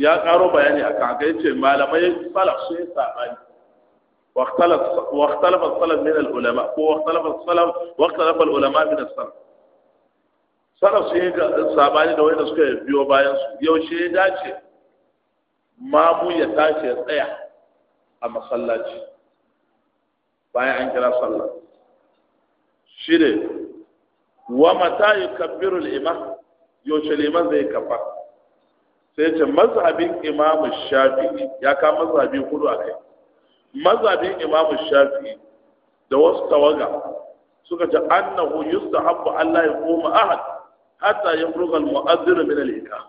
ya ƙaro bayani a kan ce malamai salaf sun yi saɓani واختلف واختلف السلف من العلماء واختلف السلف واختلف العلماء من السلف salaf sun yi sabani da wanda suka biyo bayan su yaushe ya dace mamu ya tashi ya tsaya a masallaci bayan an kira sallah shi ne wa mata yukabbiru yaushe liman zai kafa sai ce mazhabin imam shafi'i ya ka mazhabi hudu a kai mazhabin imamu Shafi da wasu tawaga suka ce annahu yustahabbu Allah ya koma ahad hatta ya furgal mu'azzir min al-ikam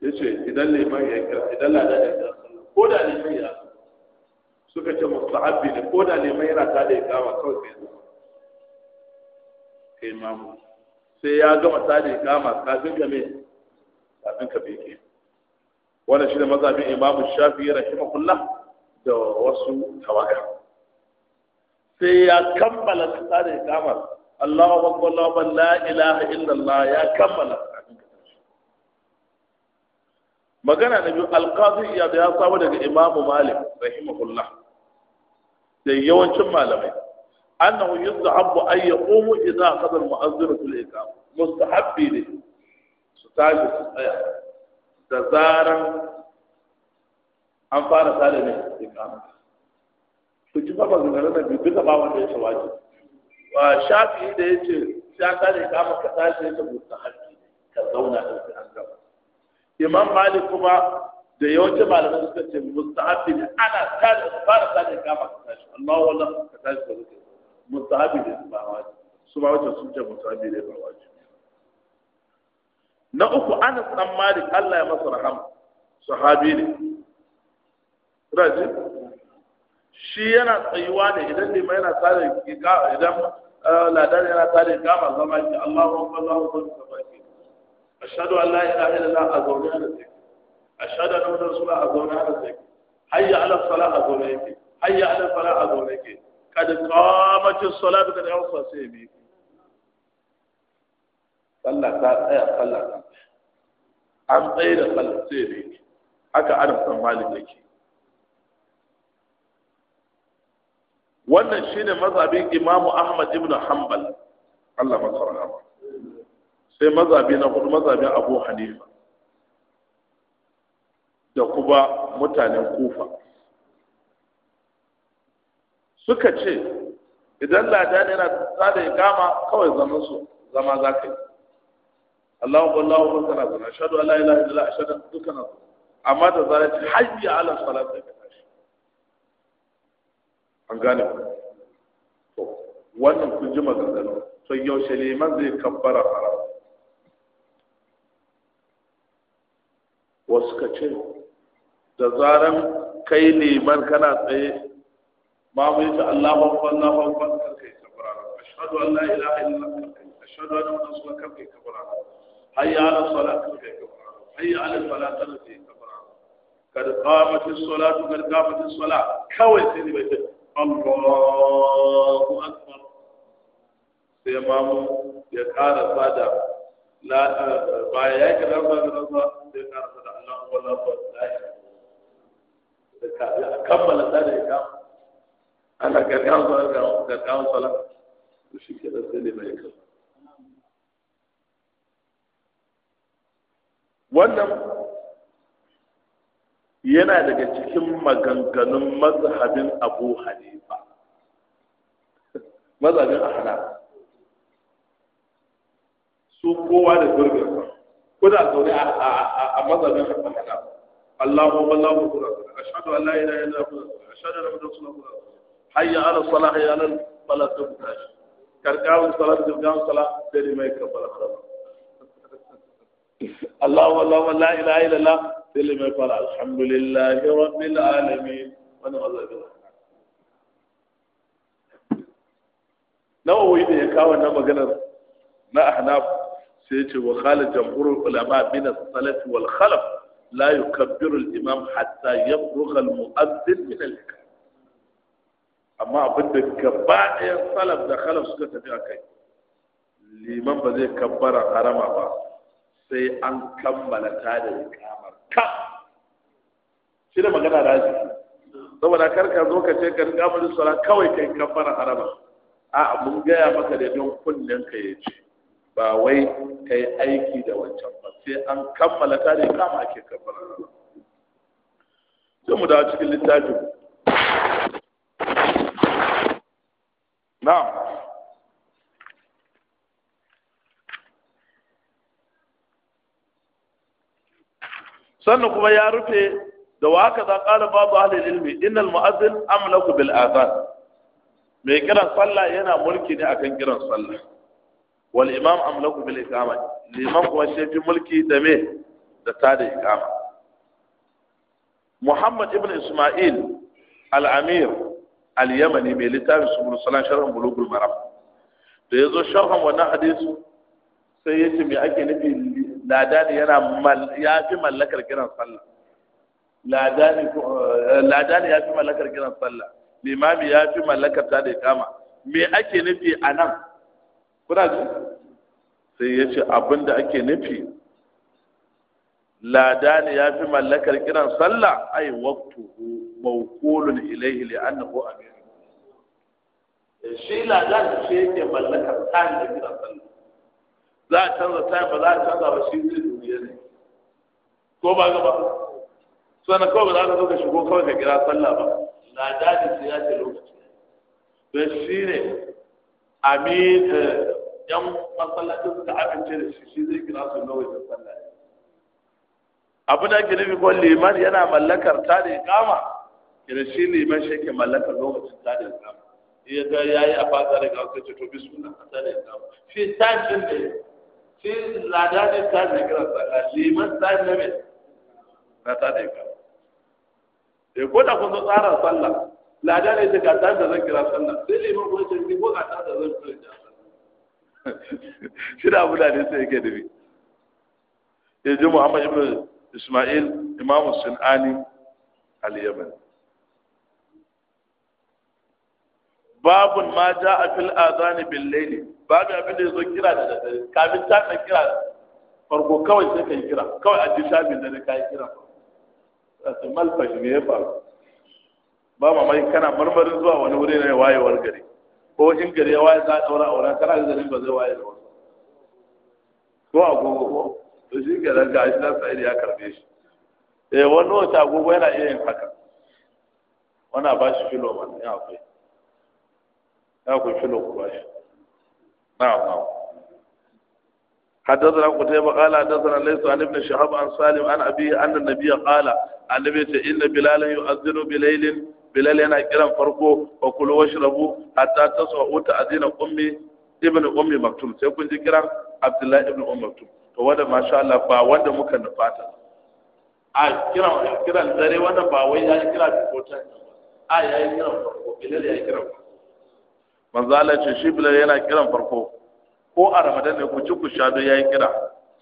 yace idan liman ya kira idan la da ko da liman ya suka ce mustahabbi ne ko da liman yana ta da ikama kawai sai imamu sai ya gama ta da ikama kafin ka me kafin ka beke wannan shi ne mazhabin imamu shafi rahimahullah da wasu tawaga sai ya kammala tsarin kamar Allahu akbar Allahu akbar la ilaha illallah ya kammala magana na biyu alqazi ya da ya saba daga Imamu Malik rahimahullah da yawancin malamai annahu yuzahabu an yaqumu idza qadar mu'azzinu fil iqam mustahabbi ne su tafi su tsaya da zaran an fara sada ne iqama to ji baba ga nan da duka bawa wanda ya shawaji wa shafi da ce ya kada kama ka tashi ya tabbata hakki ka zauna da sai an gaba imam malik kuma da yawanci malamai suka ce mustahabi ne ana kada fara sada kama ka tashi Allahu wallahi ka tashi ka zuke mustahabi ne ba waje. su ba wajen sun ce mustahabi ne ba waje. na uku ana tsammari Allah ya masa rahama sahabi ne kuna ji shi yana tsayuwa ne idan lima yana tsare idan ladar yana tsare gama zama ki Allahu akbar Allahu akbar sabaki ashhadu an la ilaha illallah a zaune ana sai ashhadu anna muhammadar rasulullah a zaune ana sai hayya ala salah a zaune yake hayya ala falah a zaune yake kad qamatis salatu kad yawsa sai bi sallah ta tsaya sallah an tsaye da sallah sai bi haka ana san malik yake wannan shine mazhabin imamu ahmad ibn hanbal Allah masa sai mazhabi na hudu mazhabin abu hanifa da kuma mutanen kufa suka ce idan ne yana tsada gama, kawai zaman su zama za ka yi Allahu Allahu kana zana Allah la ilaha illa ashhadu dukana amma da zarar hayya ala salati an gane ku to wannan kun ji maganganu to yaushe liman zai kabbara haram wasu ka ce da zaran kai liman kana tsaye ma mu yi ta Allahu akbar Allahu akbar karkai kabbara ashhadu an la ilaha illallah ashhadu anna muhammadan rasulullah karkai kabbara hayya ala salat kai kabbara hayya ala salat kai kabbara kada qamatis salatu kad qamatis salat kawai sai ne bai tafi. Allahu akbar sai mamu ya ƙara sada la eh, ba ya yi kadan ba da ba sai ƙara sada Allah wala ba la ya kammala sada ya kama ana ga kawo sala ga kawo sala shi ke da sai ne mai kama wannan yana daga cikin maganganun mazhabin abu hanifa mazhabin ahla su kowa da gurbin kuna zaune a mazhabin ahla Allahu Allahu kura ashhadu an la ilaha illa Allah ashhadu anna rasulullah hayya ala salah ya lan falah tabtash karkawu salat dirgan salat da mai kabbala Allahu Allahu la ilaha illa Allah sílẹ̀mẹ́ fara alhamdulillahi rabbil alamin wọ́n ní da ya kawo na maganar na ahnaf sai ce wa khala jamhurul ulama min as-salaf wal khalaf la yukabbiru al hatta yabrugha al-mu'adhdhin min al amma abinda gaba ɗaya salaf da khalaf suka tafi a kai liman ba zai kabbara harama ba sai an kammala ta da ikama ka shi da magana da aji saboda karka zo ka ce ka riga mu sura kawai kai kan fara haraba a mun gaya maka da don kunnen ka ya ce ba wai kai aiki da wancan ba sai an kammala tare da kama ke kammala harama sai mu dawo cikin littafin na'am sannan kuma ya rufe da wa haka zaƙa da babu ahalin ilmi innal mu'azzin amlaku bil azan mai kiran sallah yana mulki ne akan kiran sallah wal imam amlaku bil iqama liman kuma shi fi mulki da me da ta da iqama muhammad ibn isma'il al-amir al-yamani mai littafin subul salam sharhan bulugul maram da ya zo sharhan wannan hadisu sai ya ce me ake nufi ladani yana ya fi mallakar kiran sallah ladani eh, ladani ya fi mallakar kiran sallah limami ya fi mallakar ta da kama me ake nufi a nan kuna ji sai ya ce abin da ake nufi ladani ya fi mallakar kiran sallah ai waktu mawqulun ilayhi li'annahu amir eh, shi ladani shi yake mallakar ta da kiran sallah za a canza time ba za a canza ba shi zai duniya ne ko ba gaba na kawai ba za ka zo ka shigo kawai ka kira sallah ba na daji sai ya ce lokaci don shi ne amin eh, yan masallacin suka amince da shi shi zai kira su da sallah abu da ke nufi ko liman yana mallakar ta da kama kira shi liman shi ke mallakar lokacin ta da kama iya ta yayi a fasa da kawai ce to bismillah ta da kama shi ta din da sai ladanin ta ne kira sallah liman ta ne na ta ne kira e ko da kun tsara sallah ladanin ta ka ta zan kira sallah sai liman ko ce ni ko ka ta zan kira shi da abu da ne sai muhammad isma'il imam babun ma ja'a fil adhan bil babu abin da ya zo kira da daddare kafin ta ka kira farko kawai sai ka yi kira kawai a ji shafin da ka yi kira a ce malfashi me ya faru ba mai kana marmarin zuwa wani wuri ne wayewar gari ko in gari ya waye za a daura auren kana da zarin ba zai waye da wasu ko agogo ko to shi ke ga shi na sa'idi ya karbe shi eh wani wata agogo yana iya yin haka wani a ba shi filo mana ya akwai ya akwai filo ku ba shi نعم نعم حدثنا قتيبة قال حدثنا ليس عن ابن شهاب عن سالم عن أبيه أن النبي قال النبي إن بلالا يؤذن بليل بلال yana kiran farko wa kulu washrabu hatta tasma'u ta'zina ummi ibn ummi maktum sai kun ji kiran abdullahi ibn ummi to wanda masha Allah ba wanda muka nufata a kiran kiran dare wanda ba wai ya kira ko ta a ya kiran farko bilal ya kiran farko manzo Allah ce shi bilal yana kiran farko ko a ramadan ne ku ci ku sha ya yi kira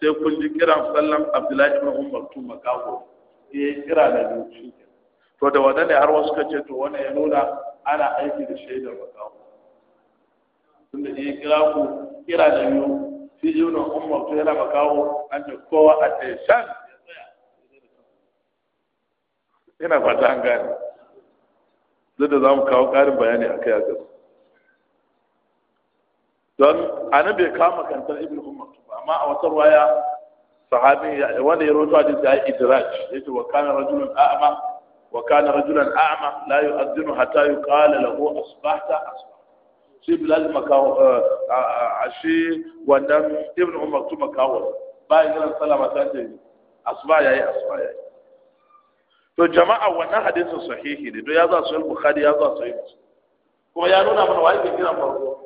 sai kun ji kiran sallan abdullahi ibn umar tun makaho ya kira da biyu shi to da wannan ne har wasu ka ce to wannan ya nuna ana aiki da shaidar makaho tunda ya kira ku kira da biyu shi ibn umar to yana makaho an ce kowa a ce shan ina fata an gane duk da za mu kawo ƙarin bayani a kai a gaba don ana bai kama kantar ibn umar amma a wata waya sahabi wanda ya rawaito hadisi ya idraj yace wa kana rajulun a'ma wa kana rajulan a'ma la yu'adhdhinu hatta yuqala lahu asbahta asbah shi bilal makawo eh, shi wannan ibn umar tu makawo bayan jiran salama ta ce asbah yayi asbah yayi to jama'a wannan hadisin sahihi ne to ya za yi bukhari ya za musu. kuma ya nuna mana wai ke kiran farko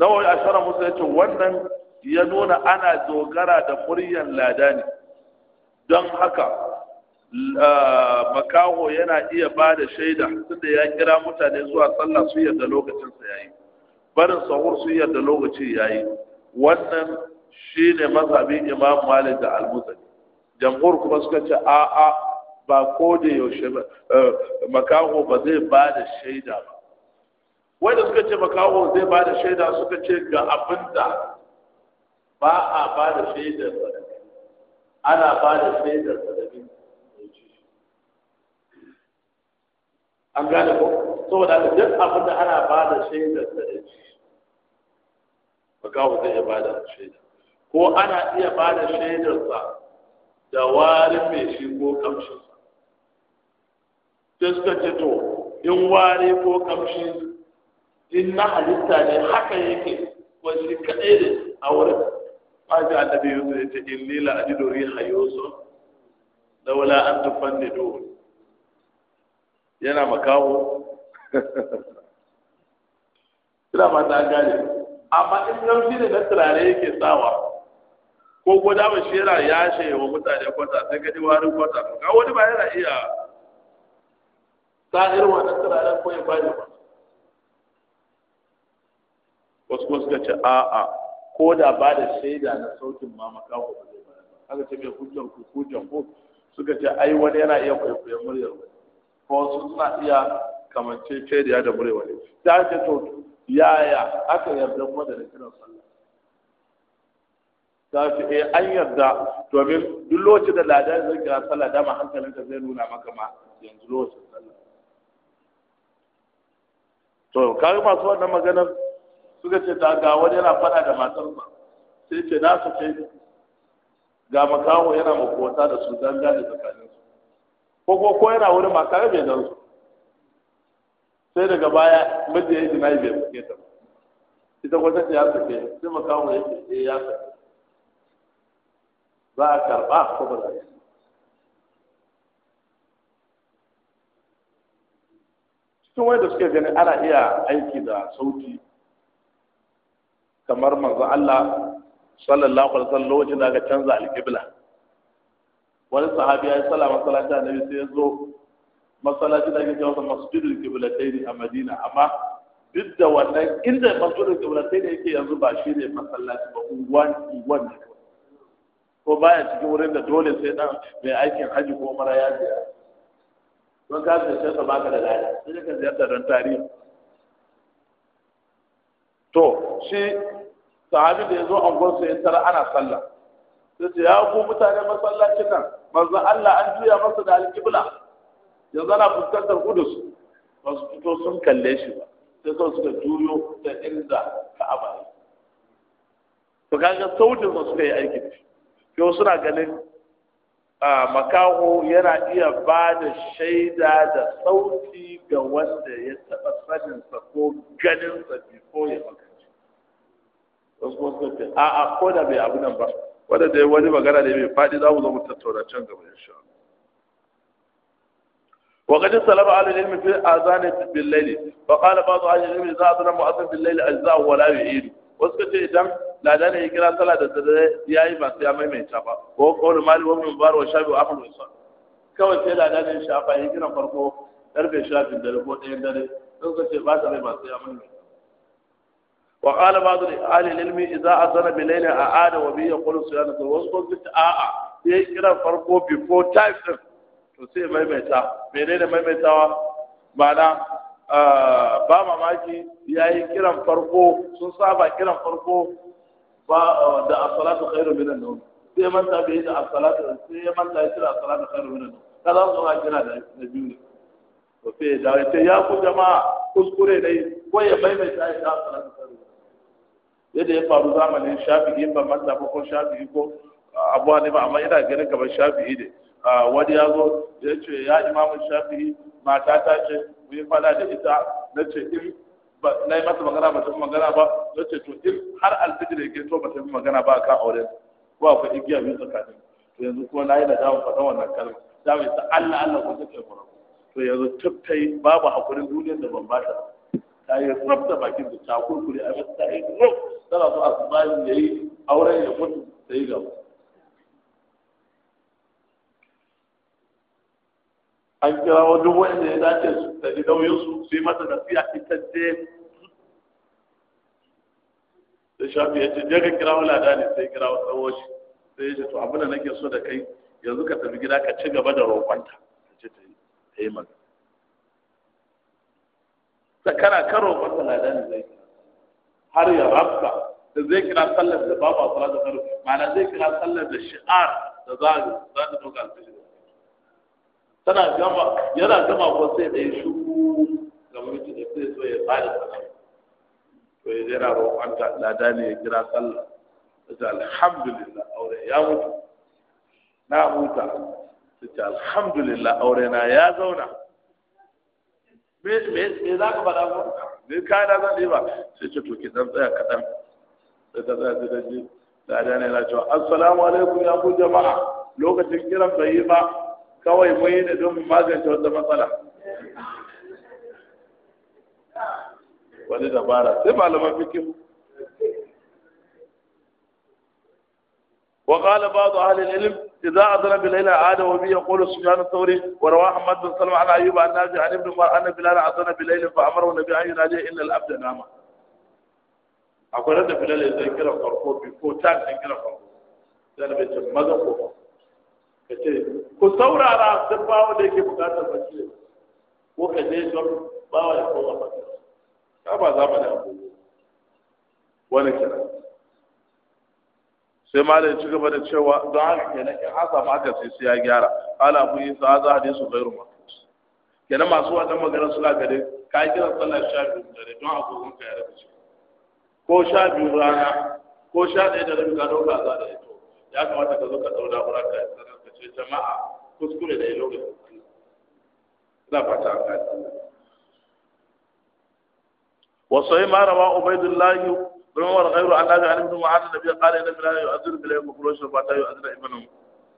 nawai a shara musu ya ce wannan ya nuna ana dogara da muryan lada ne don haka makaho yana iya ba da shaida tunda ya kira mutane zuwa sallah su yarda lokacinsa ya yi barin sahur su yarda lokaci ya yi wannan shi ne mazhabin imam malik da almuzani jamhur kuma suka ce a'a ba ko da yaushe makaho ba zai ba da shaida ba wanda suka ce makaho zai ba da shaida suka ce ga abin da ba a ba da shaidar ana ba da shaidar an gane ko saboda da duk abin da ana ba da shaidar sadaka makaho zai ba da shaida ko ana iya ba da shaidarsa da warin mai shi ko kamshi sai suka ce to in wari ko kamshi in na halitta ne haka yake wasu kaɗai ne a wurin ƙwaji annabi yusuf ya ce in lila a didori hayoso da laula an tufan ne do yana makaho ina ma ta gane amma in nan ne na turare yake sawa ko ko da shi yana yashe wa mutane kwata sai ka ji warin kwata ka wani ba yana iya sa irin wannan turaren ko ya bani ba wasu kuma suka ce a'a ko da ba da shaida na sautin ma makaho ba zai bada aka ce mai hujjar ku hujjar ku suka ce ai wani yana iya kwaikwayon muryar ku. ko wasu suna iya kamance shaida da muryar ku. ta ce to yaya aka yarda kuma da kiran sallah za ce eh an yarda domin duk lokacin da ladan zai kira sallah dama hankalinka zai nuna maka ma yanzu lokacin sallah to kaga masu wannan maganar suka ce ta ga wani yana fada da matarsa sai ce na su ce ga makaho yana makota da su dan gane tsakanin su ko ko ko yana wurin mata ga bai dan su sai daga baya miji yayi dinai bai fuke ta ita kwata ce ya sake sai makaho ya ce eh, ya sake za a karba ko ba za a cikin wanda suke gani ana iya aiki da sauti kamar manzo Allah sallallahu alaihi wasallam lokacin da aka canza al al-qibla wani sahabi ya yi sala masallaci annabi sai ya zo masallaci da ake cewa masa masjidul qiblatayn a Madina amma duk da wannan inda masjidul qiblatayn yake yanzu ba shi ne masallaci ba unguwa unguwan ko baya cikin wurin da dole sai dan mai aikin haji ko mara ya ziyara don ka sai ka baka da lada sai ka ziyarta don tarihi to shi sahabi da ya zo su ya tara ana sallah sai ce ya ku mutane masallacin nan manzo Allah an juya masa da alƙibla yanzu ana fuskantar kudus ba fito sun kalle shi ba sai kawai suka juyo da inda ka'aba to kaga sautin ba suka yi aiki da shi suna ganin a makaho yana iya ba da shaida da sauti ga wanda ya taɓa saninsa ko ganinsa bifo ya maka wasu kuma a'a ko da bai abu nan ba wanda dai wani magana ne mai faɗi za mu zo mu tattauna can gaba insha Allah وقد سلم على العلم في a بالليل فقال a اهل العلم اذا اذن مؤذن بالليل اجزاء ولا يعيد وسكت اذا لا دان kira صلاه da yayi ba sai mai mai ba ko qaul mali wa min wa shabi wa ahmad wa kawai sai da ya shafa yi kiran farko karfe shafi ko ɗayan dare sun ce ba ta mai ba وقال بعض اهل العلم اذا اذن بليل اعاد وبه يقول سبحانه wasu ko su a'a sai kira farko before time din to sai maimaita menene maimaitawa ma'ana ba mamaki yayi kiran farko sun saba kiran farko da as-salatu khairu minan nawm sai manta bai da as-salatu sai manta kira as-salatu khairu minan nawm kaza su ma kira da biyu ne to ya ku kuskure dai ko ya maimaita ya da as yadda ya faru zamanin shafi'i ba man da ko shafi'i ko abu ba, amma ina ganin kamar shafi'i ne wani ya zo ya ce ya imamu shafi'i mata ta ce mu yi fada da ita na ce in na yi masa magana ba ta magana ba na ce to in har alfijir ya ke to ba ta magana ba kan auren ko akwai igiya biyu tsakanin to yanzu kuma na yi da damu faɗa wannan kalma za mu yi ta Allah Allah ko take mu to yanzu tuftai babu hakurin duniyar da ban ba ta ta yi rab bakin da ta kurkure a mata ta yi rab tana so a tsarin ya yi auren ya mutu da yi gaba an kira wa duk wanda ya dace su da gidauyinsu su su yi mata nasiya ita je da shafi ya ce je kira wa ladani sai kira wa tsawo shi sai ya ce to abin da nake so da kai yanzu ka tafi gida ka ci gaba da roƙonta ta ce ta yi magana Da kana karo kwanta ladani zai kira har ya rabta da zai kira sallar da babu asara da karu ma'ana zai kira sallar da shi'ar da za za ta doka shi tana gama yana gama ko sai da ya shuku. ga mutum da sai so ya bada sallar to ya jira roƙon ta lada ne ya kira sallar ta alhamdulillah aure ya mutu na huta ta alhamdulillah aure na ya zauna me me za ka faɗa ko ni kana zan ɗiba sai ce to ki dan tsaya kaɗan sai ta tsaya sai ji tsada ne na cewa assalamu alaikum ya ku jama'a lokacin kiran bai yi ba kawai mun yi ne don magance wata matsala wani dabara sai malaman fikin وقال بعض أهل العلم إذا أذن بالليل عاد وبي يقول سفيان الثوري وروى أحمد بن سلمة عن أيوب عن نافع عن ابن عمر أن بلال أذن بالليل فأمره النبي أن ينادي إن الأبد نام أقول أن بلال إذا كرة فرقو بيكو تاك إن كرة فرقو لأن بيت ماذا هو كثورة على سبعة وليك بقاطع بشير وكذلك باوي فوق كما زمن أبوه wani kira sai ma da ci gaba da cewa don haka kenan in an ma haka sai sai ya gyara ala abu isa hadha hadisu ghairu maqbul kenan masu wannan magana suna gare ka kira sallar sha biyu dare don agogon ka ya rabu ko sha biyu rana ko sha ɗaya da rabi ka ɗauka za da ito ya kamata ka zo ka ɗau na'ura ka sanar ka ce jama'a kuskure da ya lokacin sallah ina fata an Wasu وصحيح mara ma عبيد الله بن عمر غير أن لا يعلم ثم عاد النبي قال إن لا يؤذن بلا مخرج فاتا يؤذن ابن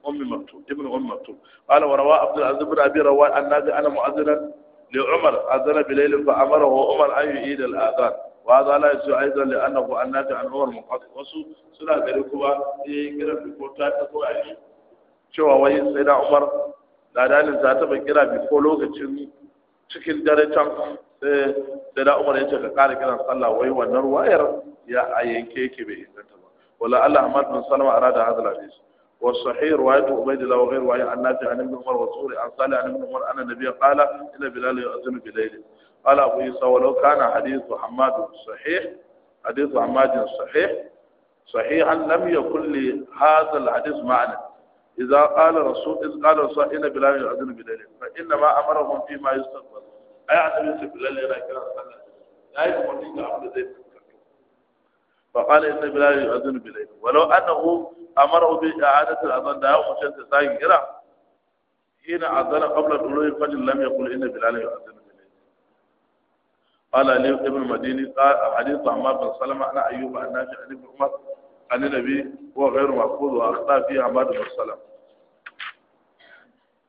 أم مكتوم ابن أم مكتوم قال وروى عبد العزيز بن أبي رواه أن أنا مؤذنا لعمر أذن بليل فأمره عمر أن يعيد الآذان وهذا لا يسوء أيضا لأنه الناجع عن عمر منقطع وسوء سنة ذلكما إيه كده في كونتاكت وعيش cewa wai sai da umar ladalin za ta kira bi ko lokacin cikin dare can sai da umar ya ce ka kara kiran sallah wai wannan wayar يا عين كيكي به انتما ولا الله احمد بن سلمة اراد هذا الحديث والصحيح روايه عبيد الله وغير وهي عن نافع عن ابن عمر وصوري عن صالح عن ابن عمر ان النبي قال ان بلال يؤذن بليل قال ابو عيسى ولو كان حديث حماد صحيح حديث حماد صحيح صحيحا لم يكن لهذا الحديث معنى اذا قال رسول اذ قال رسول ان بلال يؤذن بليل فانما امرهم فيما يستقبل اي عن ابن بلال يرى لا صلى الله عليه وسلم فقال إن بلال يؤذن بليل ولو أنه أمره بإعادة الأذان دعاه مشان تساعي كده حين أذن قبل طلوع الفجر لم يقل إن بلال يؤذن بليل قال لي ابن المديني قال حديث عمار بن سلمة عن أيوب عن نافع عن ابن عمر عن النبي هو غير محفوظ وأخطأ فيه عمار بن سلمة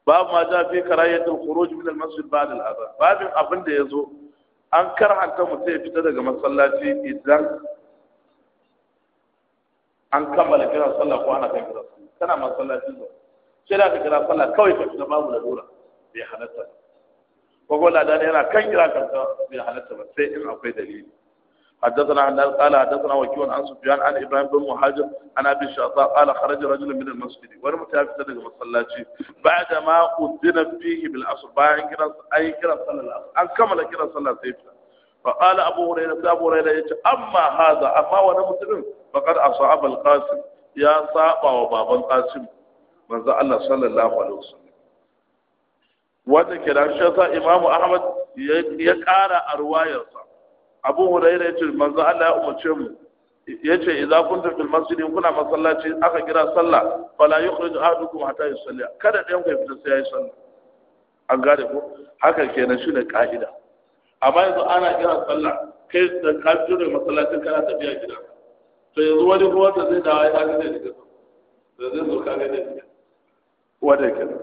باب ما جاء في كراهية الخروج من المسجد بعد الأذان باب أبن ديزو يزو أنكر عن كم تفتدق مصلاتي إذن an kammala kira sallah ko ana kai kira sallah kana masallaci ne sai da kira sallah kawai ka fita babu lalura bai halatta ko ko ladan yana kan kira kansa bai halatta ba sai in akwai dalili حدثنا عن قال حدثنا وكيع عن سفيان عن ابراهيم بن مهاجر عن ابي الشعطاء قال خرج رجل من المسجد والمتعفف daga masallaci بعدما اذن فيه بالعصر باين كده اي كده صلى العصر ان كمل كده صلى سيفنا فقال ابو هريره ابو هريره اما هذا اما وانا مسلم faqad asaba al-qasim ya saba wa baban qasim manzo Allah sallallahu alaihi wasallam wanda da shi sa imamu ahmad ya kara a ruwayarsa abu hurairah yace manzo Allah ya umarce mu yace idza kunta fil masjid kuna masallaci aka kira sallah fala yukhrij ahadukum hatta yusalli kada ɗayan ku fita sai yayi sallah an gare ko haka kenan shine ka'ida amma yanzu ana kira sallah kai da ka jure masallacin kana tafiya gida to yanzu wani kuma da zai dawo ya ga zai shiga da zai so kaga zai shiga wanda yake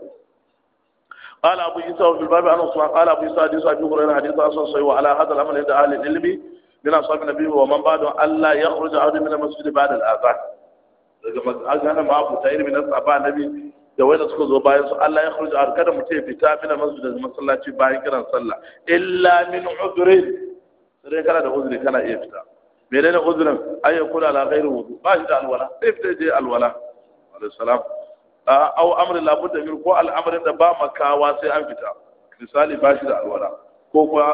قال أبو يسوع في الباب عن أصحاب قال أبو يسوع حديث أبي هريرة حديث أصلا صحيح وعلى هذا الأمر عند أهل العلم من أصحاب النبي ومن بعده ألا يخرج أحد من المسجد بعد suka zo bayan su Allah ya khurja ar kada mutai fita min masjid da masallaci bayan kiran sallah illa min udrin kana iya fita menene uzurin ay yakuna ala ghairi wudu ba shi da alwala sai fita je alwala alayhi salam aw amrin la da min ko al'amarin da ba makawa sai an fita misali ba shi da alwala ko kuma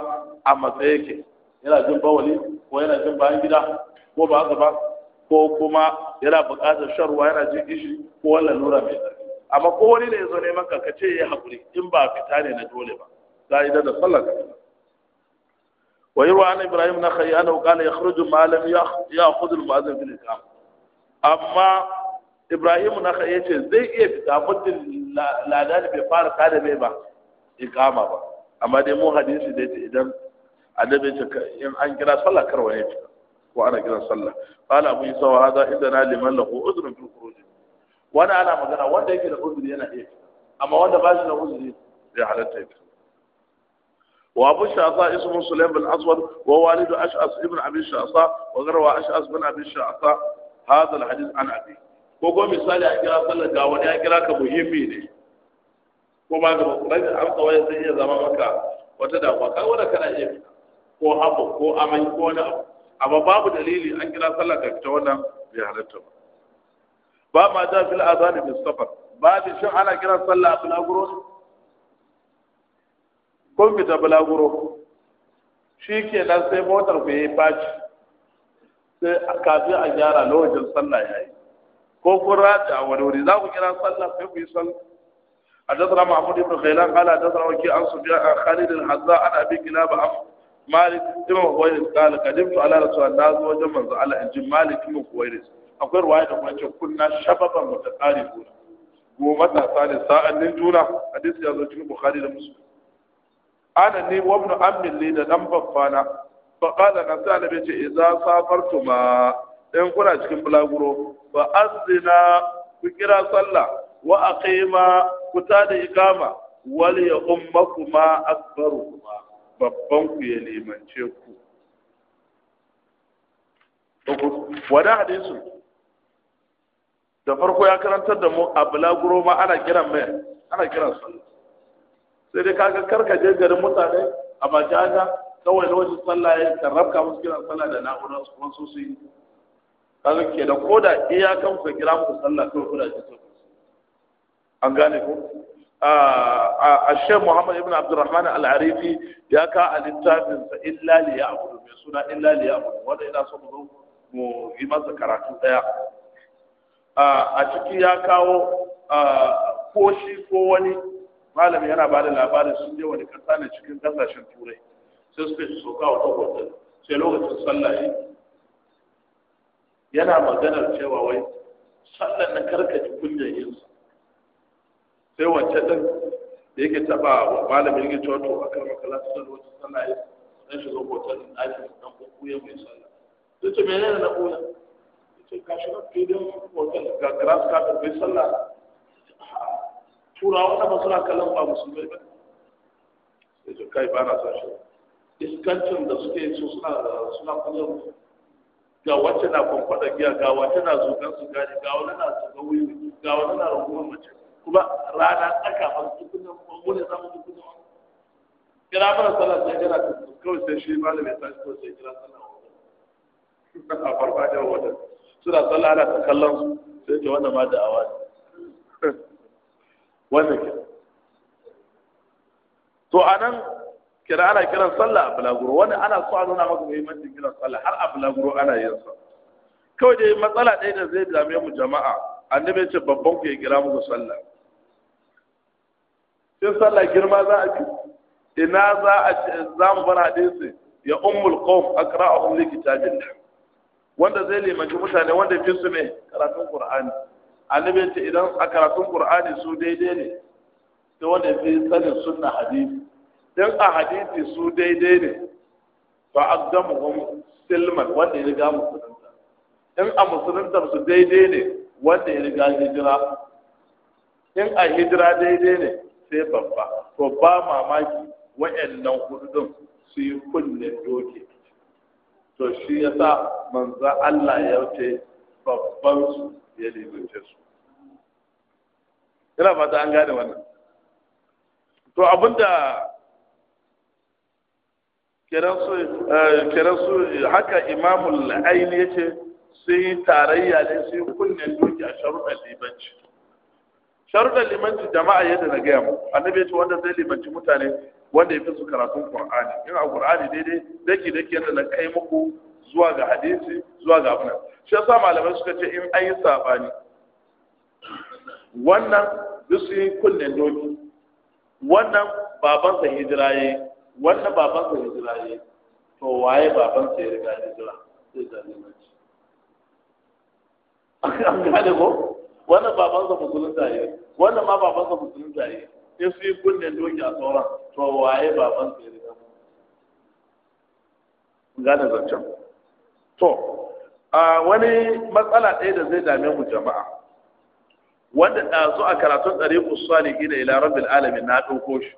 a matsayi yake yana jin bawali ko yana jin bayan gida ko ba haka ba ko kuma yana buƙatar shan ruwa yana jin ishi ko wannan lura mai tsari? amma ko wani ne ya zo neman ka ka ce ya haƙuri in ba fita ne na dole ba za a yi da sallar ka ويروى عن إبراهيم نخي أنه قال يخرج ما لم يأخذ المؤذن في الإسلام أما إبراهيم نخي يتي زي إيه بتعبد لادان بفار قال بيبا إقامة با أما دي مو حديث دي إذن annabi ce in an kira sallah kar waye fita ko ana kiran sallah qala abu isa wa hadha idana a lahu udhrun fil khuruj wanda ana magana wanda yake da uzuri yana iya fita amma wanda ba shi da uzuri ya fita وابو الشعصاء اسمه سليم بن الاسود ووالد اشعث ابن ابي الشعصاء وغروى اشعث بن ابي الشعصاء هذا الحديث عن ابي ko ko misali a kira sallar ga wani ya kira ka muhimmi ne ko ba ga rabin amsa wayan zai iya zama maka wata damuwa kai wanda kana iya fita ko abu ko amai ko wani abu babu dalili an kira sallar ka fita wannan bai ba ma da fil azani bis safar ba da ana kiran sallah a bulaguro kon mi ta balaguro shi ke nan sai motar ku yi baci sai aka bi a gyara lokacin sallah ya yi ko kun rata a wani wuri za ku kira sallah sai ku yi sallah hadathana mahmud ibn khailan qala hadathana waki an sufyan an khalid al hazza an abi kilab am malik ibn khuwairis qala qadimtu ala rasulillah zuwa wajen manzo Allah in ji malik ibn khuwairis akwai ruwa da kuma ce kunna shababan mutaqarifuna matasa ne sa'an din juna hadisi ya zo cikin bukhari da muslim ana ne wa ibn ammin li da dan baffana fa qala na sa nabi ce idza safartuma in kuna cikin bulaguro fa azina ku kira sallah wa aqima ku ta da iqama wal ya ummakuma akbarukuma babban ku ya limance ku wada hadisu da farko ya karantar da mu a bulaguro ma ana kiran mai ana kiran sallah sai dai kaga karka je garin mutane a majaja kawai lokacin sallah ya karrabka musu kiran sallah da na'urar su kuma su su yi kaga ke da koda iyakan ku kira muku sallah kawai kuna ji an gane ku? a shan muhammad ibn abdurrahman al-arifi ya ka a littafin sa illa li ya'budu mai suna illa li abu. wanda ina so mu zo mu yi masa karatu daya a ciki ya kawo ko shi ko wani malam yana ba da labarin sun je wani kasa ne cikin kasashen turai sai suka ci soka wata hoto sai lokacin sallah yana maganar cewa wai sallan na karkaci kunyar yin sai wancan din da yake taba wa malamin yake cewa to akan makala sallah wata sallah ya dan shiga hotel din ɗakin dan kukuye mai sallah sai ce menene na kuya ce kashi na filin hotel ga grass carpet mai sallah turawa da ba suna kallon ba musulmai ba sai su kai ba na son shi iskancin da suke so suna suna kallon ga wacce na kwamfada giya ga wacce na zogan su gani ga wani na zuga wuri ga wani na rungumar mace kuma rana tsaka ba su tukuna wani mu kuna wani kira mana sallah sai kira kawai sai shi malamin tashi ko sai kira sallah a farfajiyar wata suna sallah ana ta kallon su sai ke wanda ma awa ne wannan ke to anan kira ana kiran sallah a bulaguro wani ana so a nuna maka muhimmancin kiran sallah har a bulaguro ana yin sa kawai dai matsala ɗaya da zai dame mu jama'a annabi ya ce babban ku ya kira muku sallah shin sallah girma za a ci ina za a za mu bar su ya ummul qawm akra'u li kitabillah wanda zai limanci mutane wanda fi su ne karatun qur'ani annabi ce idan a karatun qur'ani su daidai ne to wanda fi sanin sunna hadisi dan a hadisi su daidai ne fa aqdamuhum silman wanda ya riga musulunta in a musuluntar su daidai ne wanda ya riga hijira in a hijira daidai ne sai babba to ba mamaki wa'annan hudun su yi kunne doke to shi yasa manzo Allah ya ce babban su ya limance su ina fata an gane wannan to abinda kiran eh, su haka imamul aini yace sun yi tarayya ne sun kunnen doki a sharuɗar limanci sharuɗan limanci jama'a yadda na gaya mu annabi ya ce wanda zai limanci mutane wanda ya fi su karatun qur'ani in a qur'ani daidai daki daki yadda na kai muku zuwa ga hadisi zuwa ga abin shi yasa malamai suka ce in yi saɓani. wannan duk su yi kunnen doki wannan babansa hijira yi wannan babansa hijira yi to waye babansa ya riga hijira sai mace an gane ko wannan babansa musulun yayi wannan ma babansa musulun yayi in su yi kunnen doki a sauran to waye babansa ya riga gane zancen to wani matsala ɗaya da zai dame mu jama'a wanda ɗazu a karatun ɗari kusali gina ila rabbil alamin na ɗauko shi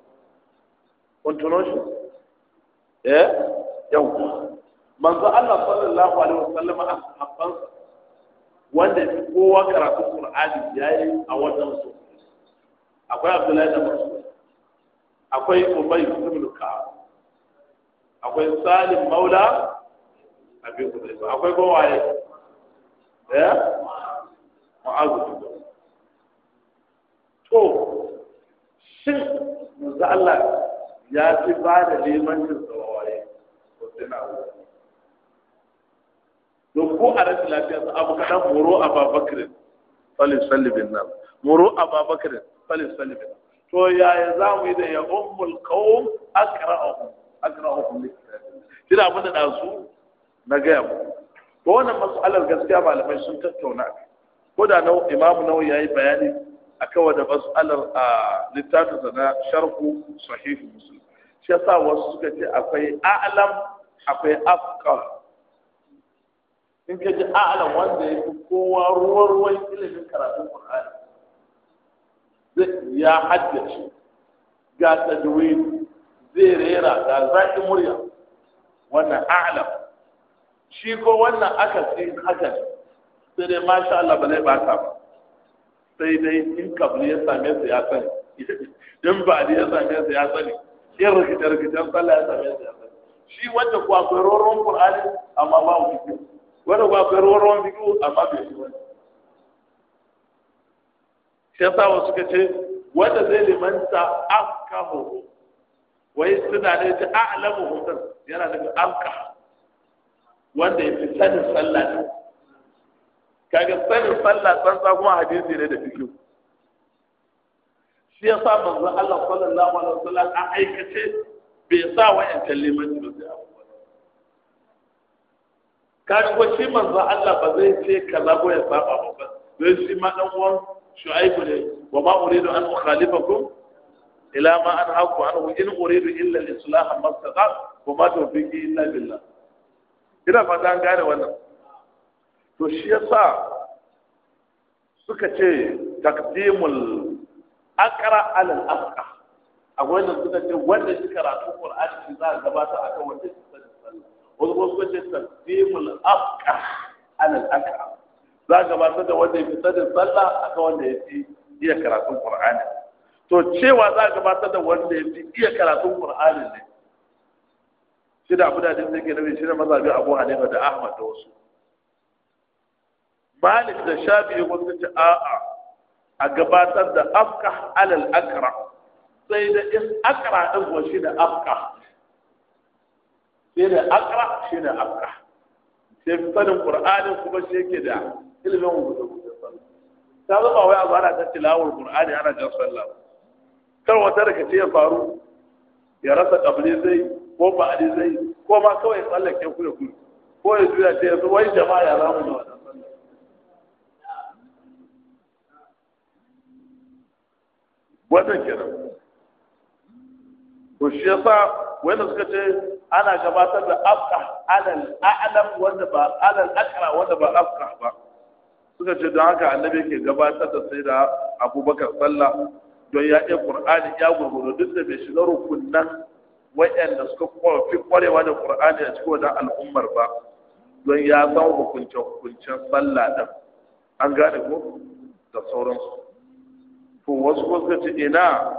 kun tuno shi eh yau manzo Allah sallallahu alaihi wasallam a sahabban wanda kowa karatun qur'ani yayi a wajen su akwai Abdullahi da Mas'ud akwai Ubay ibn Ka'ab akwai Salim Maula abi kudai ba akwai gowaye eh mu'azu to shin manzo Allah ya fi ba da limancin tsawaye ko tana don ko a rashin lafiya su abu kaɗan moro a babakirin falin salibin nan moro a babakirin falin salibin to yaya za mu yi da ya ummul qawm akra'uhum akra'uhum li kitabillah kina abin da su na gaya mu to wannan mas'alar gaskiya malamai sun tattauna ko da na imamu nawawi yayi bayani akan wannan mas'alar a littafin da na sharhu sahih muslim shi yasa wasu suka ce akwai a'lam akwai afqar in ka ji a'lam wanda ya fi kowa ruwan ruwan ilimin karatun qur'ani ya haddace ga tajwid zai rera ga zaki murya wannan a'lam shi ko wannan aka ce hakan sai dai masha Allah ba zai bata ba sai dai in kabli ya same su ya sani in ba ya same su ya sani in rikice rikicen sallah ya same su ya sani shi wanda ko akwai roron qur'ani amma ba mu fiki wanda ko akwai roron fiki amma bai shi wani shi yasa wasu suka ce wanda zai limanta akamu wai suna ne ta a'lamu hukum yana daga afkahu wanda ya fi sanin sallah ne kaga sanin sallah sa kuma hadisi ne da fikihu shi ya sa manzo Allah sallallahu alaihi wasallam a aikace bai sa wayan kallimanci ba sai kaga ko shi manzo Allah ba zai ce kaza ko ya saba ba ba zai shi ma dan uwan shu'aibu ne wa ma uridu an ukhalifakum ila ma an haku anhu in uridu illa al-islah ma istata wa ma tawfiqi illa billah ina fata an gane wannan to shi yasa suka ce takdimul akara alal afqa akwai da suka ce wanda shi karatu qur'ani shi za a gabata akan wanda shi sani sallah wasu kuma suka ce takdimul afqa alal akara za a gabata da wanda yake sani sallah akan wanda yake iya karatun qur'ani to cewa za a gabata da wanda yake iya karatun qur'ani ne shi da abu da din da ke nabi shi ne mazhabi abu hanifa da ahmad da wasu malik da Shafi wasu ce a'a a gabatar da afka alal akra sai da in akra din ko shi da afka sai da akra shi da afka sai sanin qur'anin kuma shi yake da ilimin hukunci ta zama wai abu ana ta tilawar qur'ani ana jan sallah kar wata daga ce ya faru ya rasa kabli zai ko ba a zai ko ma kawai tsallake ku da ku ko ya juya ta yanzu wai jama'a ya zamu da wata sallah wannan kenan to shi wanda suka ce ana gabatar da afka alal a'lam wanda ba alal akra wanda ba afka ba suka ce don haka annabi ke gabatar da sai da abubakar sallah don ya iya ƙur'ani ya gurguru duk da bai shiga rukunan waɗanda suka fi kwarewa da qur'ani a cikin wajen al'ummar ba don ya san hukunce hukuncen sallah din an gane ko da sauransu to wasu ko suka ce ina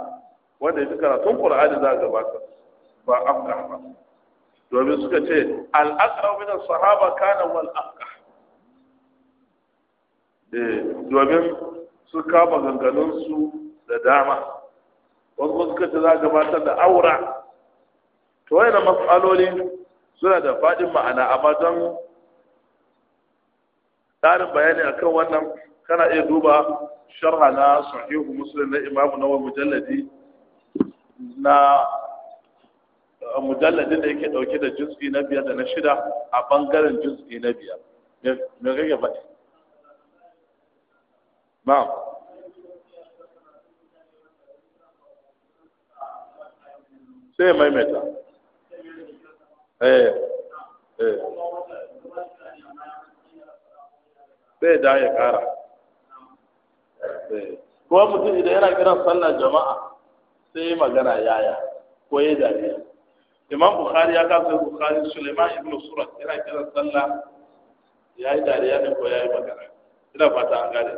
wanda ya karatun qur'ani za a gabata ba afka ba domin suka ce al'aqrab min as-sahaba kana wal afka eh, domin su kama su da dama wasu suka ce za a gabatar da aura to na mas'aloli suna da faɗin ma'ana amma don tsarin bayani akan wannan kana iya duba sharha na sahihu muslim na imamu nawa mujalladi na mujalladi da yake dauke da jinsi na biyar da na shida a bangaren jinsi na biyar me kake faɗi ma'am? sai maimaita eh sai eh. da ya kara eh. kuma mutum idan yana kiran sallar jama'a sai magana yaya ko ya dariya imam bukhari ya kasa bukhari suleiman ibn surat yana kiran sallah ya yi dariya ne ko ya yi magana ina fata an gane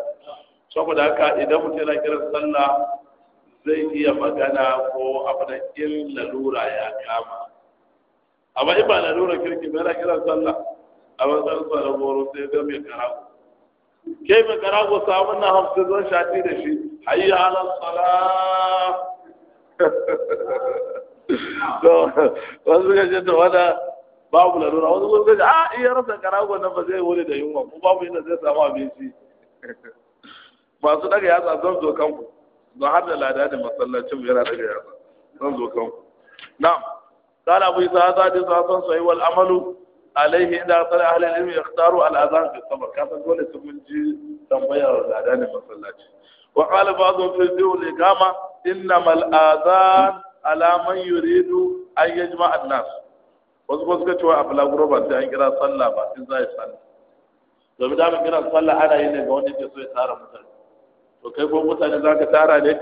saboda haka idan mutum yana kiran sallah zai iya magana ko abu da in lalura ya kama amma in ba lalurar kirki bai yana kiran sallah a matsayin sa da goro sai ga mai karago ke mai karago samun na hamsin zan shati da shi hayya ala sala to wasu ga ce ta wada babu larura wasu sun gaji a iya rasa karago nan ba zai wuri da yunwa ko babu inda zai samu abinci masu daga yatsa zan zo kanku don har da lada da masallacin yana daga yatsa zan zo kanku na'am قال أبو إسحاق هذا حديث حسن صحيح والعمل عليه إذا أرسل أهل العلم يختاروا الأذان في الصبر كان تقول تقول جي تنبيا الأذان المصلاتي وقال بعضهم في الجو الإقامة إنما الأذان على من يريد أن يجمع الناس wasu kuma suka cewa a bulaguro ba sai an kira sallah ba sai za a yi sallah domin da kira sallah ana yi ne ga wanda ke so ya tara mutane to kai ko mutane za ka tara ne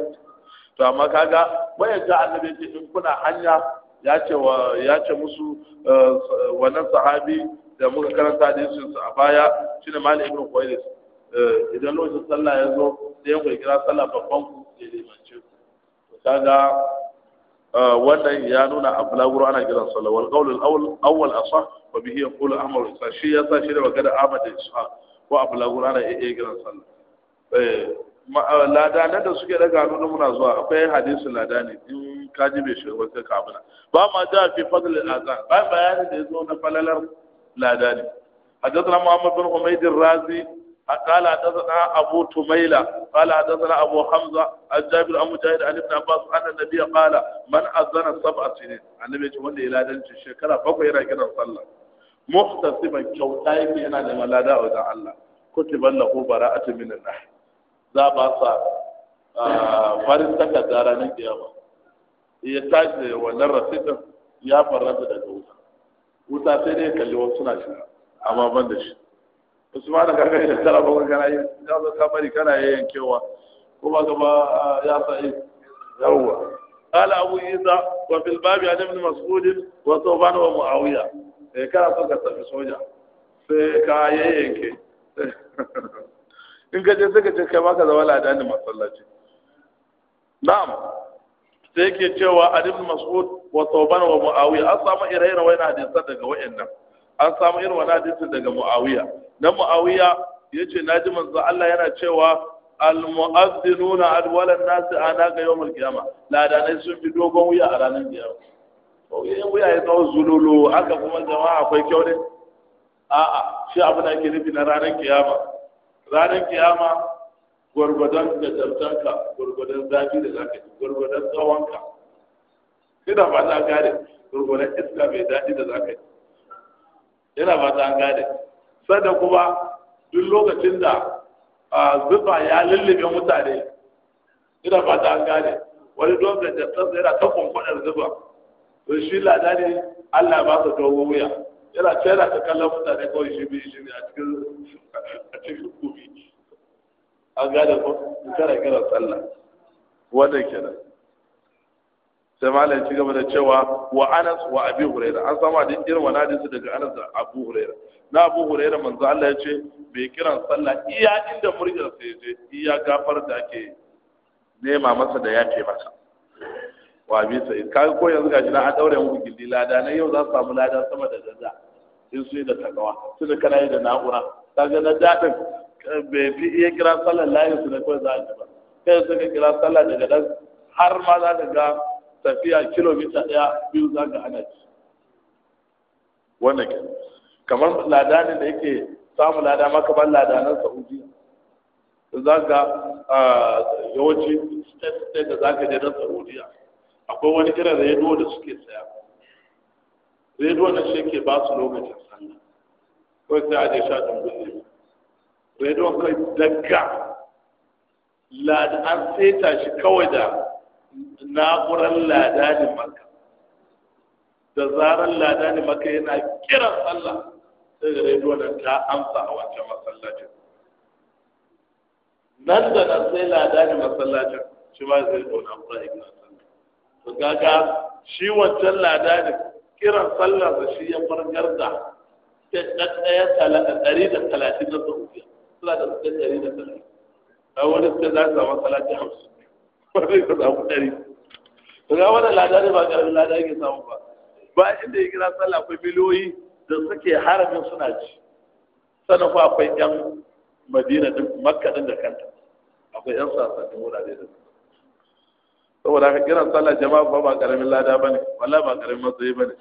to amma kaga waya ga annabi ce kuna hanya ya ce wa ya ce musu eh, wannan sahabi da muka karanta hadisin a baya ne malik ibn qais eh, idan lokacin sallah ya zo sai ku kira sallah babban ku sai limance ku kaga eh, wannan ya nuna a bulaguro ana kiran sallah wal qawl al awwal asah wa bihi yaqulu amru isa shi ya sa shi da magana ahmad da ishaq ko a bulaguro ana iya kiran sallah ladanan da suke daga hannu muna zuwa akwai hadisi ladani in ka ji bai shiga wata kabila ba ma ja fi fadl al-azan ba bayanin da yazo na falalar ladani حدثنا محمد بن حميد الرازي قال حدثنا أبو تميلة قال حدثنا أبو حمزة عن جابر أم مجاهد عن ابن عباس أن النبي قال من أذن سبع سنين النبي يقول لي لا دنج الشكرة فوق إلى كده صلى محتسبا كوتاي في لما لا داء الله كتب له براءة من النحل za ba sa farin takarda ranar kiyama ya tashi da wannan rasidin ya faranta daga wuta wuta sai dai kalli wasu suna shiga amma ban da shi usman da kaga ya tara ba kana yi ya zo ka bari kana yankewa, kuma gaba ya sa'i yawwa قال أبو عيسى وفي الباب عن ابن مسعود ka ومعاوية كان Sai في سوجا سيكايينك in ka je sai ka ce kai ma ka zama ladanin masallaci na'am sai yake cewa adib Mas'ud wa Tawban wa Muawiya an samu ire-iren wayan hadisan daga wayannan an samu irin wani hadisi daga Muawiya dan Muawiya yace naji manzo Allah yana cewa al al walan nas ana ga yawmul qiyama ladanai sun fi dogon wuya a ranar kiyama to yayin wuya ya tsawo zululu aka kuma jama'a akwai kyau ne a'a shi abin da ake nufi na ranar kiyama ranar kiyama gwargwadon da tsabtanka gwargwadon zafi da zaka ji gwargwadon tsawonka ina ba ta gane gwargwadon iska mai daɗi da zaka ji ina ba ta gane sannan kuma duk lokacin da zufa ya lullube mutane ina ba ta gane wani dogon da tsarsa yana ta kwankwanar zufa to shi ladani Allah ba su dogon wuya yana ce yana ta kallon mutane kawai shi biyu shi ne a cikin a cikin kubi an gane ko kana kira sallah wannan kenan sai malam ci gaba da cewa wa Anas wa Abi huraira an samu da irin wannan su daga Anas da Abu huraira na Abu huraira manzo Allah ya ce bai kiran sallah iya inda murjar sai je iya gafar da ake nema masa da ce masa wa bi sai ka ko yanzu gashi na an daure muku gindi lada na yau za su samu lada sama da dada in su yi da takawa su da kana yi da na'ura kaga na dadin bai fi iya kira sallar layin su da kawai za a ji ba kai suka kira sallar daga dan har ma za ka ga tafiya kilomita ɗaya biyu za ka ana ci wannan ke kamar ne da yake samu lada ma kamar nan sa'udi za ka ah, yawanci state state da za ka je na saudiya akwai wani irin rediyo da suke saya rediyo na shi ke ba su lokacin sallah kawai sai a je sha ɗan ne rediyo kai daga lada an seta shi kawai da na'urar ne maka da zarar ne maka yana kiran sallah sai da rediyo nan ta amsa a wancan masallacin nan da nan sai ne masallacin shi ba zai ɗauna ƙura ignorance gaga shi wancan lada ne kiran sallar da shi ya fargar da ɗaya talata ɗari da talatin na sauƙiya suna da suke ɗari da talatin a wani sai za su samu talatin hamsin wani ka samu ɗari to ga wani lada ne ba ƙarfin lada yake samu ba ba inda ya kira sallah akwai miliyoyi da suke haramin suna ci sannan fa akwai ƴan madina duk makka ɗin da kanta akwai ƴan 'yan sassanin wurare da su saboda haka kiran sallah jama'a ba ba karamin lada bane wallahi ba karamin matsayi bane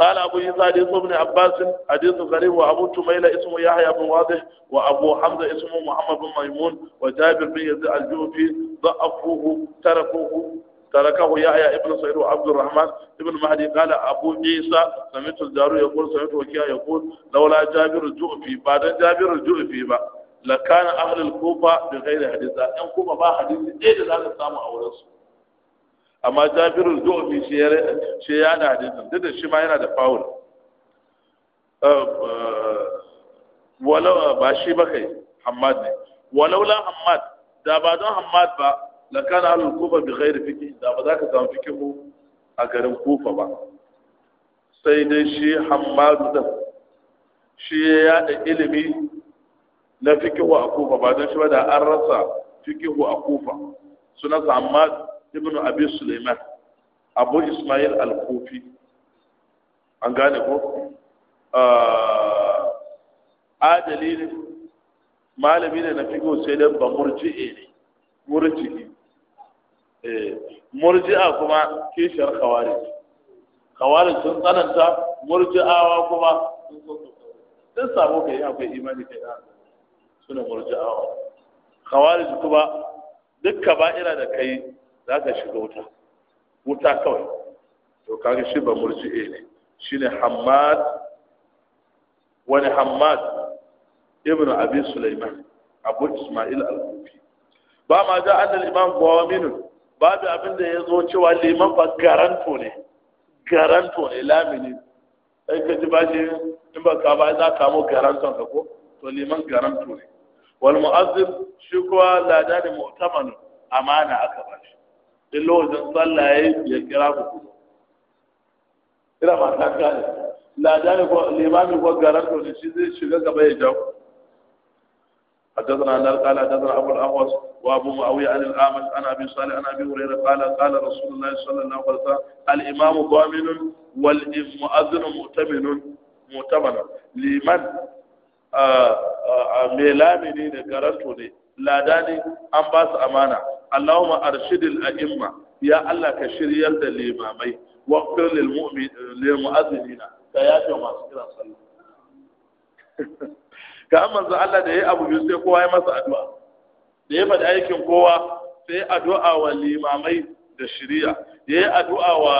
قال أبو يزاد اسم ابن عباس حديث غريب وأبو تميل اسمه يحيى بن واضح وأبو حمزة اسمه محمد بن ميمون وجابر بن يزيد الجوفي ضعفوه تركوه تركه يحيى ابن سعيد وعبد الرحمن ابن مهدي قال أبو عيسى سمعت الجارو يقول سمعت وكيع يقول لولا جابر الجوفي بعد جابر الجوفي بقى lakana ahlul kufa da ghairi hadisa ɗan ba hadisi ɗaya da samu a wurinsu amma jabirul du'mi shi ya da hadisin duk da shi ma yana da faul ehm, ehm, ba shi ba hammad ne walau la hammad da ba don hammad ba lakana ahlul kufa bi ghairi da ba za ka samu fiqh a garin kufa ba sai dai shi ya yada ilimi na fikin a akufa ba don shi ba da an rasa fikin a akufa suna sa amma abi abu ismail al-kufi an gane ko ah, a dalilin malami ne na fikin sai dai ba murji'i ne murji'i eh, murji'a kuma kishiyar kawari kawari sun tsananta murji'awa kuma sun sun sun sun akwai sun sun su ne murji'awa khawarij kuma duk kaba'ira da kai za ka shiga wuta wuta kawai to kaga shi ba murji'e ne shine hammad wani hammad ibn abi sulaiman abu isma'il al-kufi ba ma ja annal imam qawamin babu abin da yazo cewa liman ba garanto ne garanto ne lamini sai ka ji bashi in ba ka ba za ka mu garanton ka ko to liman garanto ne wal mu'azzib shi kuwa lada da amana aka ba shi duk sallah ya kira ku ina ba ta gane lada ne ko limami ko shi zai shiga gaba ya jawo حدثنا أن قال حدثنا أبو الأحوص وأبو معاوية عن الأعمش عن أبي صالح عن أبي هريرة قال قال رسول الله صلى الله عليه وسلم الإمام ضامن والمؤذن مؤتمن مؤتمن لمن mai lamini ne garanto ne lada ne an ba su amana allahumma arshidil a'imma ya allah ka shiryar da limamai wa qul lil mu'minina ta yafe masu kiran sallah ka manzo Allah da yayi abu biyu sai kowa ya masa addu'a da ya faɗi aikin kowa sai addu'a wa limamai da shiriya ya yi addu'a wa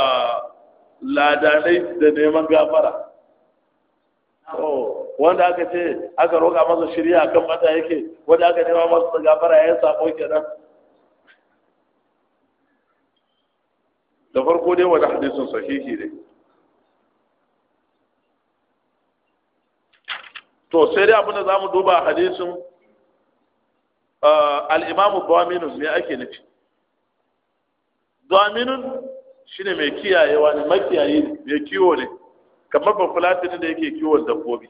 ladanai da neman gafara oh wanda aka ce aka roƙa masa shirya akan mata yake wanda aka nema masa gafara ya sako kenan da farko dai wani hadisun sahihi ne to sai dai abinda za mu duba hadisin al'imamu dominus ne ake nufi dominus shi ne mai kiyayewa ne makiyayi ne mai kiwo ne kamar ba fulatini da yake kiwon dabbobi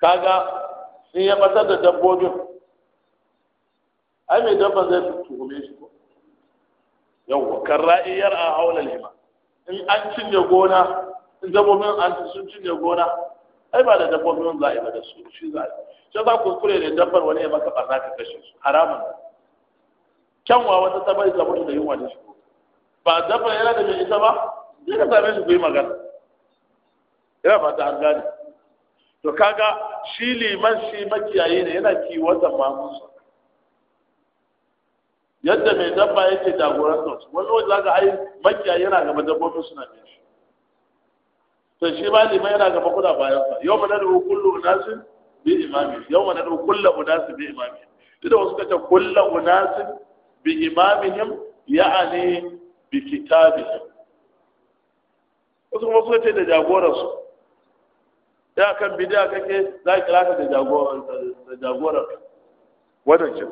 kaga sai ya batar da dabbobin ai mai dabban zai tuhume shi ko Yau, kan ra'iyar a haula lima in an cinye gona in dabbobin an sun cinye gona ai ba da dabbobin za a yi ba da su shi za a yi shi za ku kure da dabbar wani ya maka barna ka kashe su haramun kyanwa wata ta bai mutu da yunwa da shi ba dabbar yana da mai ita ba zai ka same shi ku yi magana yana fata an gane to kaga shi liman shi makiyayi ne yana kiwata mamunsa yadda mai dabba yake jagoran su wani wajen ga ai makiyayi yana gaba dabbobin suna bin shi to shi ba liman yana gaba kuna bayan sa yau mana da kullu unasin bi imami yau mana da kullu unasin bi imami duk da wasu kace kullu unasin bi imamihim ya'ani bi kitabihim wasu kuma suka ce da su. a kan bidiya kake za a kira ka da jagorar wannan ce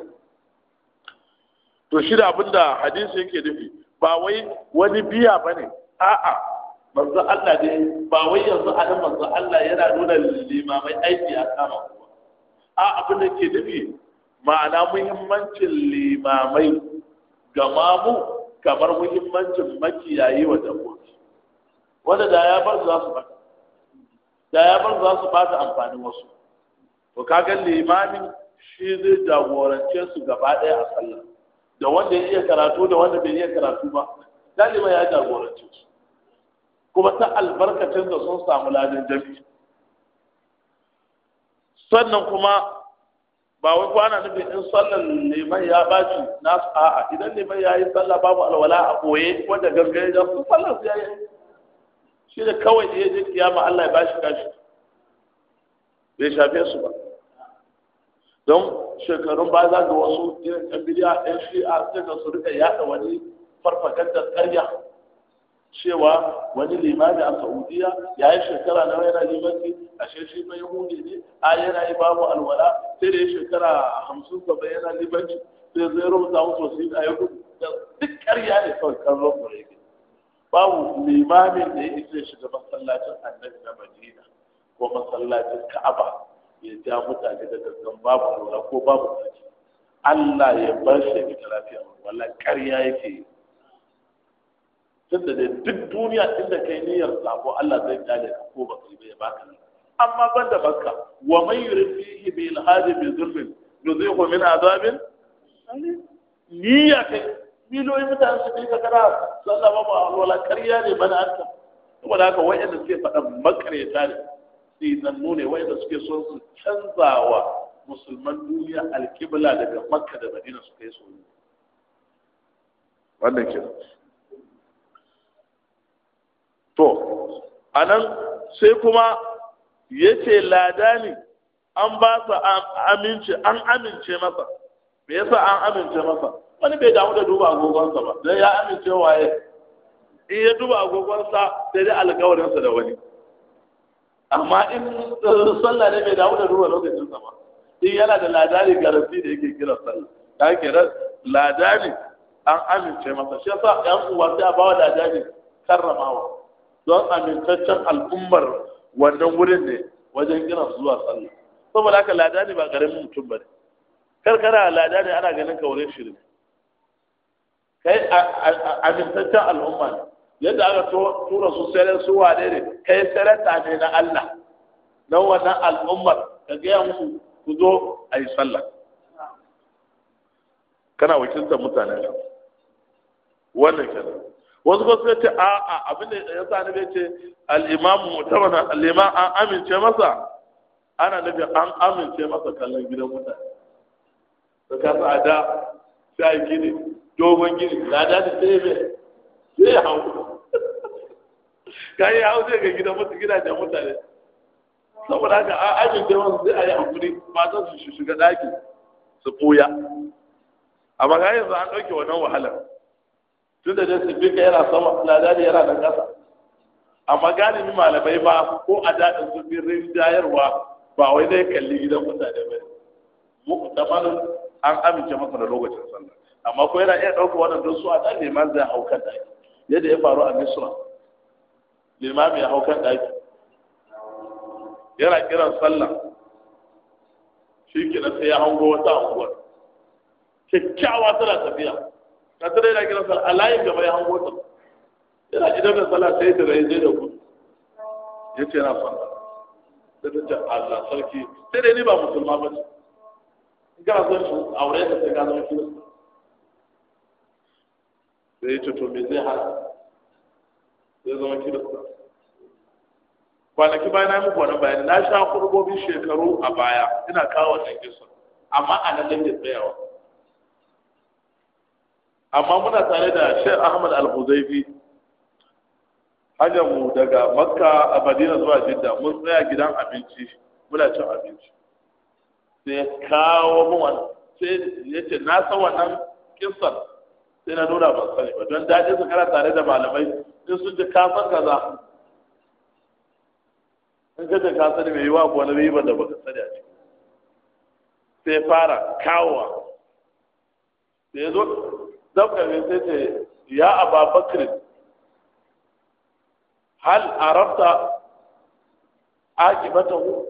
to shi da abin da hadisi yake nufi ba wai wani biya ba ne a'a manzo Allah ne ba wai yanzu a nan manzo Allah yana nuna limamai aiki a kama kuma a abin da ke nufi ma'ana muhimmancin limamai ga mamu kamar muhimmancin makiyayi wa dabbobi wanda da ya bar za su baka da ya bar za su bata amfanin wasu to kaga limamin shi zai jagorance su gaba ɗaya a sallah da wanda ya iya karatu da wanda bai iya karatu ba daliba ya jagorance su kuma ta albarkacin da sun samu ladin jami sannan kuma ba wai ko ana nufin in sallar liman ya baci na a'a idan liman ya yi sallah babu alwala a koye wanda gangare da su sallar su ya yi shi da kawai da ya je kiyama Allah ya bashi kashi bai shafe su ba don shekarun ba za ga wasu irin ɗan bidiya ɗan a sai da su rika yaɗa wani da karya cewa wani limami a saudiya ya yi shekara na yana limanci a shi mai yahudi ne a yana yi babu alwala sai da ya shekara hamsin ba bai yana limanci sai zai rubuta musu wasu a yau duk karya ne kawai kan rubuta babu limamin da ya isa shiga masallacin annabi na madina ko masallacin ka'aba ya ja mutane da gangan babu lura ko babu tsaki Allah ya bar shi da lafiya wallahi ƙarya yake yi tunda da duk duniya inda kai niyyar sako Allah zai kyale ka ko baka yi ba baka amma banda baka wa man yurfihi bil hadi bi dhulmin yuzihu min adabin niyya kai miliyoyin mutane su kai ka kana su Allah ba mu wala ƙarya ne bana anta saboda haka wayanda suke faɗan makareta ne sai zannu ne wayanda suke son su wa musulman duniya alkibla daga makka da madina su kai soyayya wannan ke to anan sai kuma yace ladani an ba su amince an amince masa me yasa an amince masa wani bai damu da duba agogonsa ba zai ya amince waye in ya duba agogonsa sai dai alkawarinsa da wani amma in sallah ne bai damu da duba lokacinsa ba in yana da ladari garanti da yake kira sallah ta kira ladari an amince masa shi yasa yan uwa sai a bawa ladari karramawa don amintaccen al'ummar wannan wurin ne wajen kiran zuwa sallah saboda haka ladari ba karamin mutum ba ne karkara ladari ana ganin ka shirin kai amintaccen al'umma ne yadda aka tura su sai su wane ne kai sarata ne na Allah na wannan al'ummar ka gaya musu ku zo a yi sallah kana wakiltar mutane ka wannan kenan wasu ba su ce a'a abin da ya sa nabi ce al-imam al'imam an amince masa ana nabi an amince masa kallon gidan mutane da ka sa da sai gini. dogon gini lada da mai sai ya hau ka yi hau zai ga gida mutu gidajen mutane saboda ka a ajin da wasu sai a yi hankuri matan su shiga daki su ɓuya amma ga yanzu an ɗauke wannan wahalar tun da dai ka yana sama na da yana nan ƙasa amma galibi malamai ba ko a daɗin su fi jayarwa ba wai dai kalli gidan mutane ba mu tamanin an amince masa da lokacin sallah amma ko yana iya ɗauka waɗanda su a ɗan liman zai hau kan ɗaki yadda ya faru a misra liman ya hau kan ɗaki yana kiran sallah shi na sai ya hango wata unguwar kyakkyawa tana tafiya ta tare yana kiran sallah a layin gaba ya hango ta yana idan da sallah sai ta rai zai da ku ya ce yana sallah sai ta ce Allah sarki sai dai ni ba musulma ba ce kana son aure ta sai ka shi sai ya mai zai hana zai zama kirista kwanaki bayan na muku wani bayani na sha kurbobin shekaru a baya ina kawo wannan kisa amma a nan da tsayawa amma muna tare da shi Ahmad Al-Huzaifi mu daga Makka a Madina zuwa Jidda mun tsaya gidan abinci muna cin abinci sai kawo mu wannan sai yace na san wannan kisan sai na nuna ba sani ba don daɗin su kana tare da malamai in sun ji ka za kaza in ka ka sani mai yiwa ko wani riban da baka sani a ciki sai fara kawowa sai ya zo mai sai ce ya ababakar hal arabta akibatahu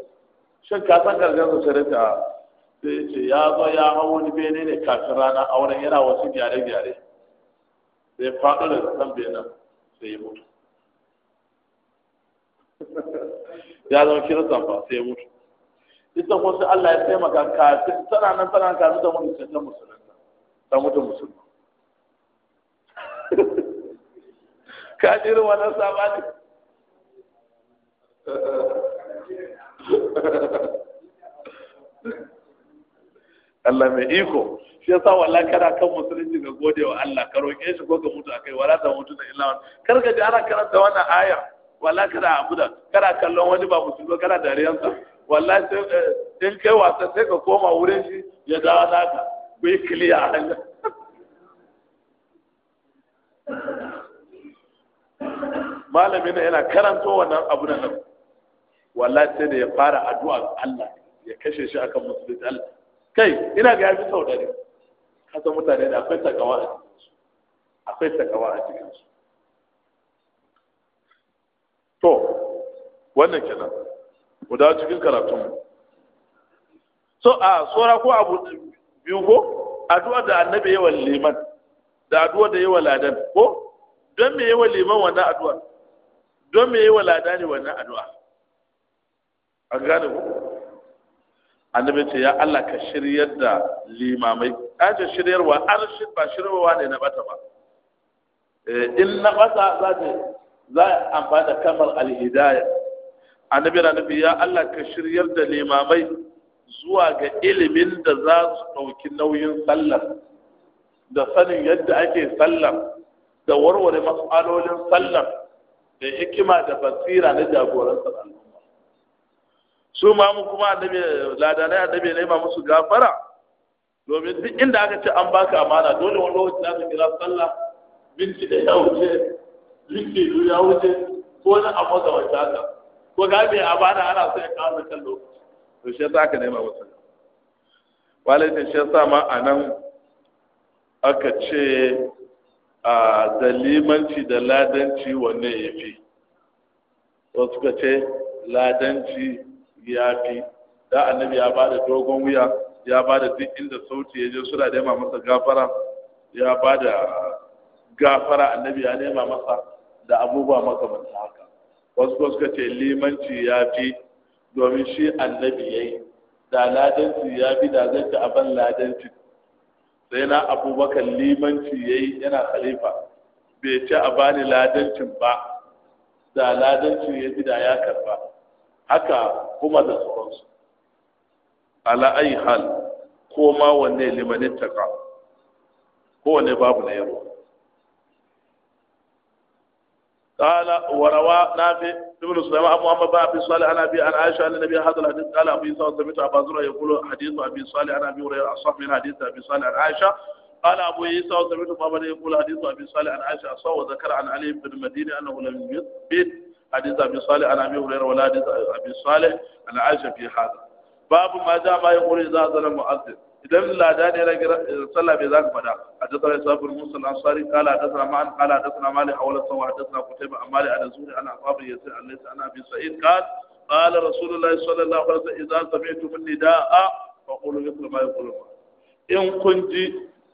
shin ka san karshen su sai ta sai ce ya zo ya hau wani bene ne kafin rana auren yana wasu gyare-gyare sai faɗo da san bai sai ya mutu ya zama kiristan fa sai ya mutu ita kuma sai Allah ya taimaka kafin tana nan tana kafin da mutu sai ta musulunta ta mutu musulma ka ji na wannan ne Allah mai iko shi yasa wallahi kana kan musulunci ga gode wa Allah ka roƙe shi ko ka mutu akai wala ta mutu da illa kar ka ji ana karanta wannan aya kada kana abuda kana kallon wani ba musulmi kana dariyansa wallahi sai eh, in kai wasa sai ka koma wurin shi ya dawo naka ku yi kiliya a hanya malami na yana karanto wannan abu na nan wallahi sai da ya fara addu'a Allah ya kashe shi akan musulunci Allah kai ina ga yafi sau dare kasan mutane da akwai takawa a cikinsu akwai takawa a cikinsu to wannan kenan mu dawo cikin karatun so a tsora ko abu biyu ko addu'a da annabi yawan liman da addu'a da yawan ladan ko don me yawan liman wannan addu'a don me yawan ladan ne wannan addu'a an gane ku annabi ce ya Allah ka shiryar da limamai aje shiryarwa arshid ba shiryarwa ne na bata ba eh, in na bata za ta za a amfani da kamar alhidaya annabi na nabi ya Allah ka shiryar da limamai zuwa ga ilimin da za su ɗauki nauyin sallar da sanin yadda ake sallar da warware matsalolin sallar da hikima da basira na jagoran sallar su ma mu kuma annabi ladanai annabi ne ma musu gafara domin duk inda aka ce an baka amana dole wani lokaci za ka kira sallah minti da ya wuce minti ya wuce ko na amma ga wata ka ko ga mai amana ana so ya kawo kan lokaci to shi yasa aka nema wasu walaita shi yasa ma anan aka ce a da limanci da ladanci wanne ya fi wasu ka ce ladanci ya fi da annabi ya bada dogon wuya ya bada duk inda sauti ya je suna nema masa gafara ya bada gafara annabi ya nema masa da abubuwa makamanta haka wasu wasu ka ce limanci ya fi domin shi annabi ya yi da ladanci ya fi da zai ci abin ladanci sai na abubakar limanci ya yi yana khalifa bai ci a bani ladancin ba da ladanci ya fi da ya karba haka kuma da sauransu ala ayi hal ko ma wanne limanin taka ko wanne babu na yaro قال وروى نافع ابن سليمان محمد بن ابي صالح عن ابي عن عائشه ان النبي هذا الحديث قال ابي صالح سمعت ابا زرع يقول حديث ابي صالح عن ابي هريره اصح من حديث ابي صالح عن عائشه قال ابو عيسى سمعت محمد يقول حديث ابي صالح عن عائشه اصح وذكر عن علي بن المديني انه لم يثبت حديث أبي صالح عن أبي هريرة ولا حديث أبي صالح عن عائشة في هذا باب ما جاء ما يقول إذا أذن المؤذن إذا لا داني صلى بذلك فدا حدثنا إسحاق بن موسى الأنصاري قال حدثنا معن قال حدثنا مالي حول الصوم حدثنا قتيبة عن مالي عن الزهري عن أصحاب يسير عن ليس عن أبي سعيد قال قال رسول الله صلى الله عليه وسلم إذا سمعتم النداء فقولوا مثل ما يقول إن كنت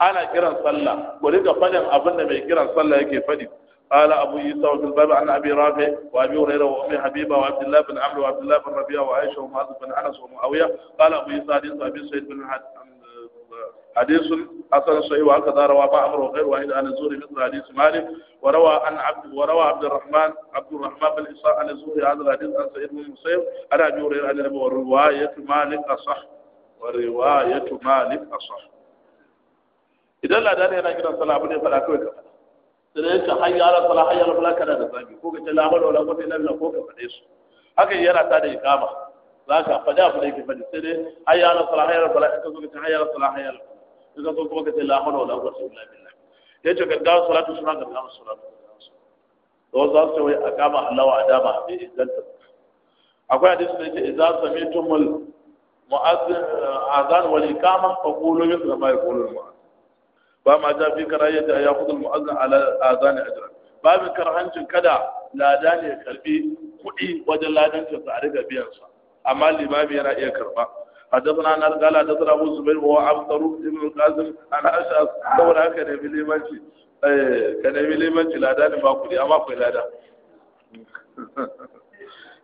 أنا كرا صلى ولك فلم أبن بكرا صلى يكي فلم قال أبو عيسى وفي الباب عن أبي رافع وأبي هريرة وأم حبيبة وعبد الله بن عمرو وعبد الله بن ربيعة وعائشة ومعاذ بن أنس ومعاوية قال أبو عيسى حديث أبي سعيد بن حديث حسن صحيح وهكذا روى أبا عمرو وغير واحد عن الزهري مثل حديث مالك وروى عن عبد وروى عبد الرحمن عبد الرحمن بن إسحاق عن الزهري هذا الحديث عن سعيد بن المسيب عن أبي هريرة عن أبي ورواية مالك أصح ورواية مالك أصح إذا لا داري أنا كده صلاة أبو فلا أكوي sai ka hayya ala sala hayya ala kana da zabi ko ka ce la hawla wala quwwata illa billah ko ka fade su haka yana ta da ikama zaka fada abu da yake fadi sai dai hayya ala sala hayya ala sala ka zo ka ce hayya ala sala hayya ala sala ka zo kuma ka ce la hawla wala quwwata illa billah yace ka dawo salatu suna ga dawo salatu to za su wai akama Allah wa adama bi izzanta akwai hadisi da yake idza sami'tumul mu'azzin eh, azan wal ikama fa qulu mithla ma yaqulu al ba ma ja fi karayata ya khudul mu'azzin ala azani ajra babin karhancin kada lada ne ya karbi kuɗi wajen ladan ta a ga biyan sa amma limami yana iya karba حدثنا عن قال حدثنا ابو الزبير وهو عبد الروح بن القاسم عن اشعث قول هكا نبي ليمانشي كان نبي ليمانشي لا داني ما كلي اما كوي لا دا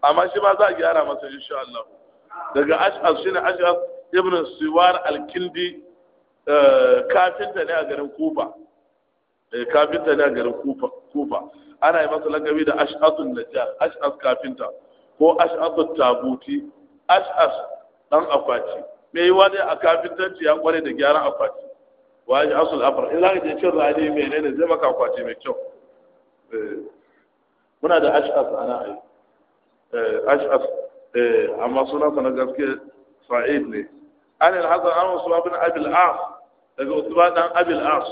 اما شي ما ذا gyara masa insha Allah daga shi ne ash'ab ibn siwar al-kindi Eh, kafinta ne a garin kufa eh, kafinta ne a garin kufa ana yi masa lakabi da ash'atun najjar ash'as kafinta ko ash'atun tabuti ash'as dan akwati me yi wani a ta ya kware da gyaran akwati wa asul afar in za ka je cin rani menene zai maka akwati mai kyau eh, muna da ash'as ana ai ash'as amma sunansa na gaske sa'id ne an al-hasan an wasu abin abil as daga Usman dan Abil As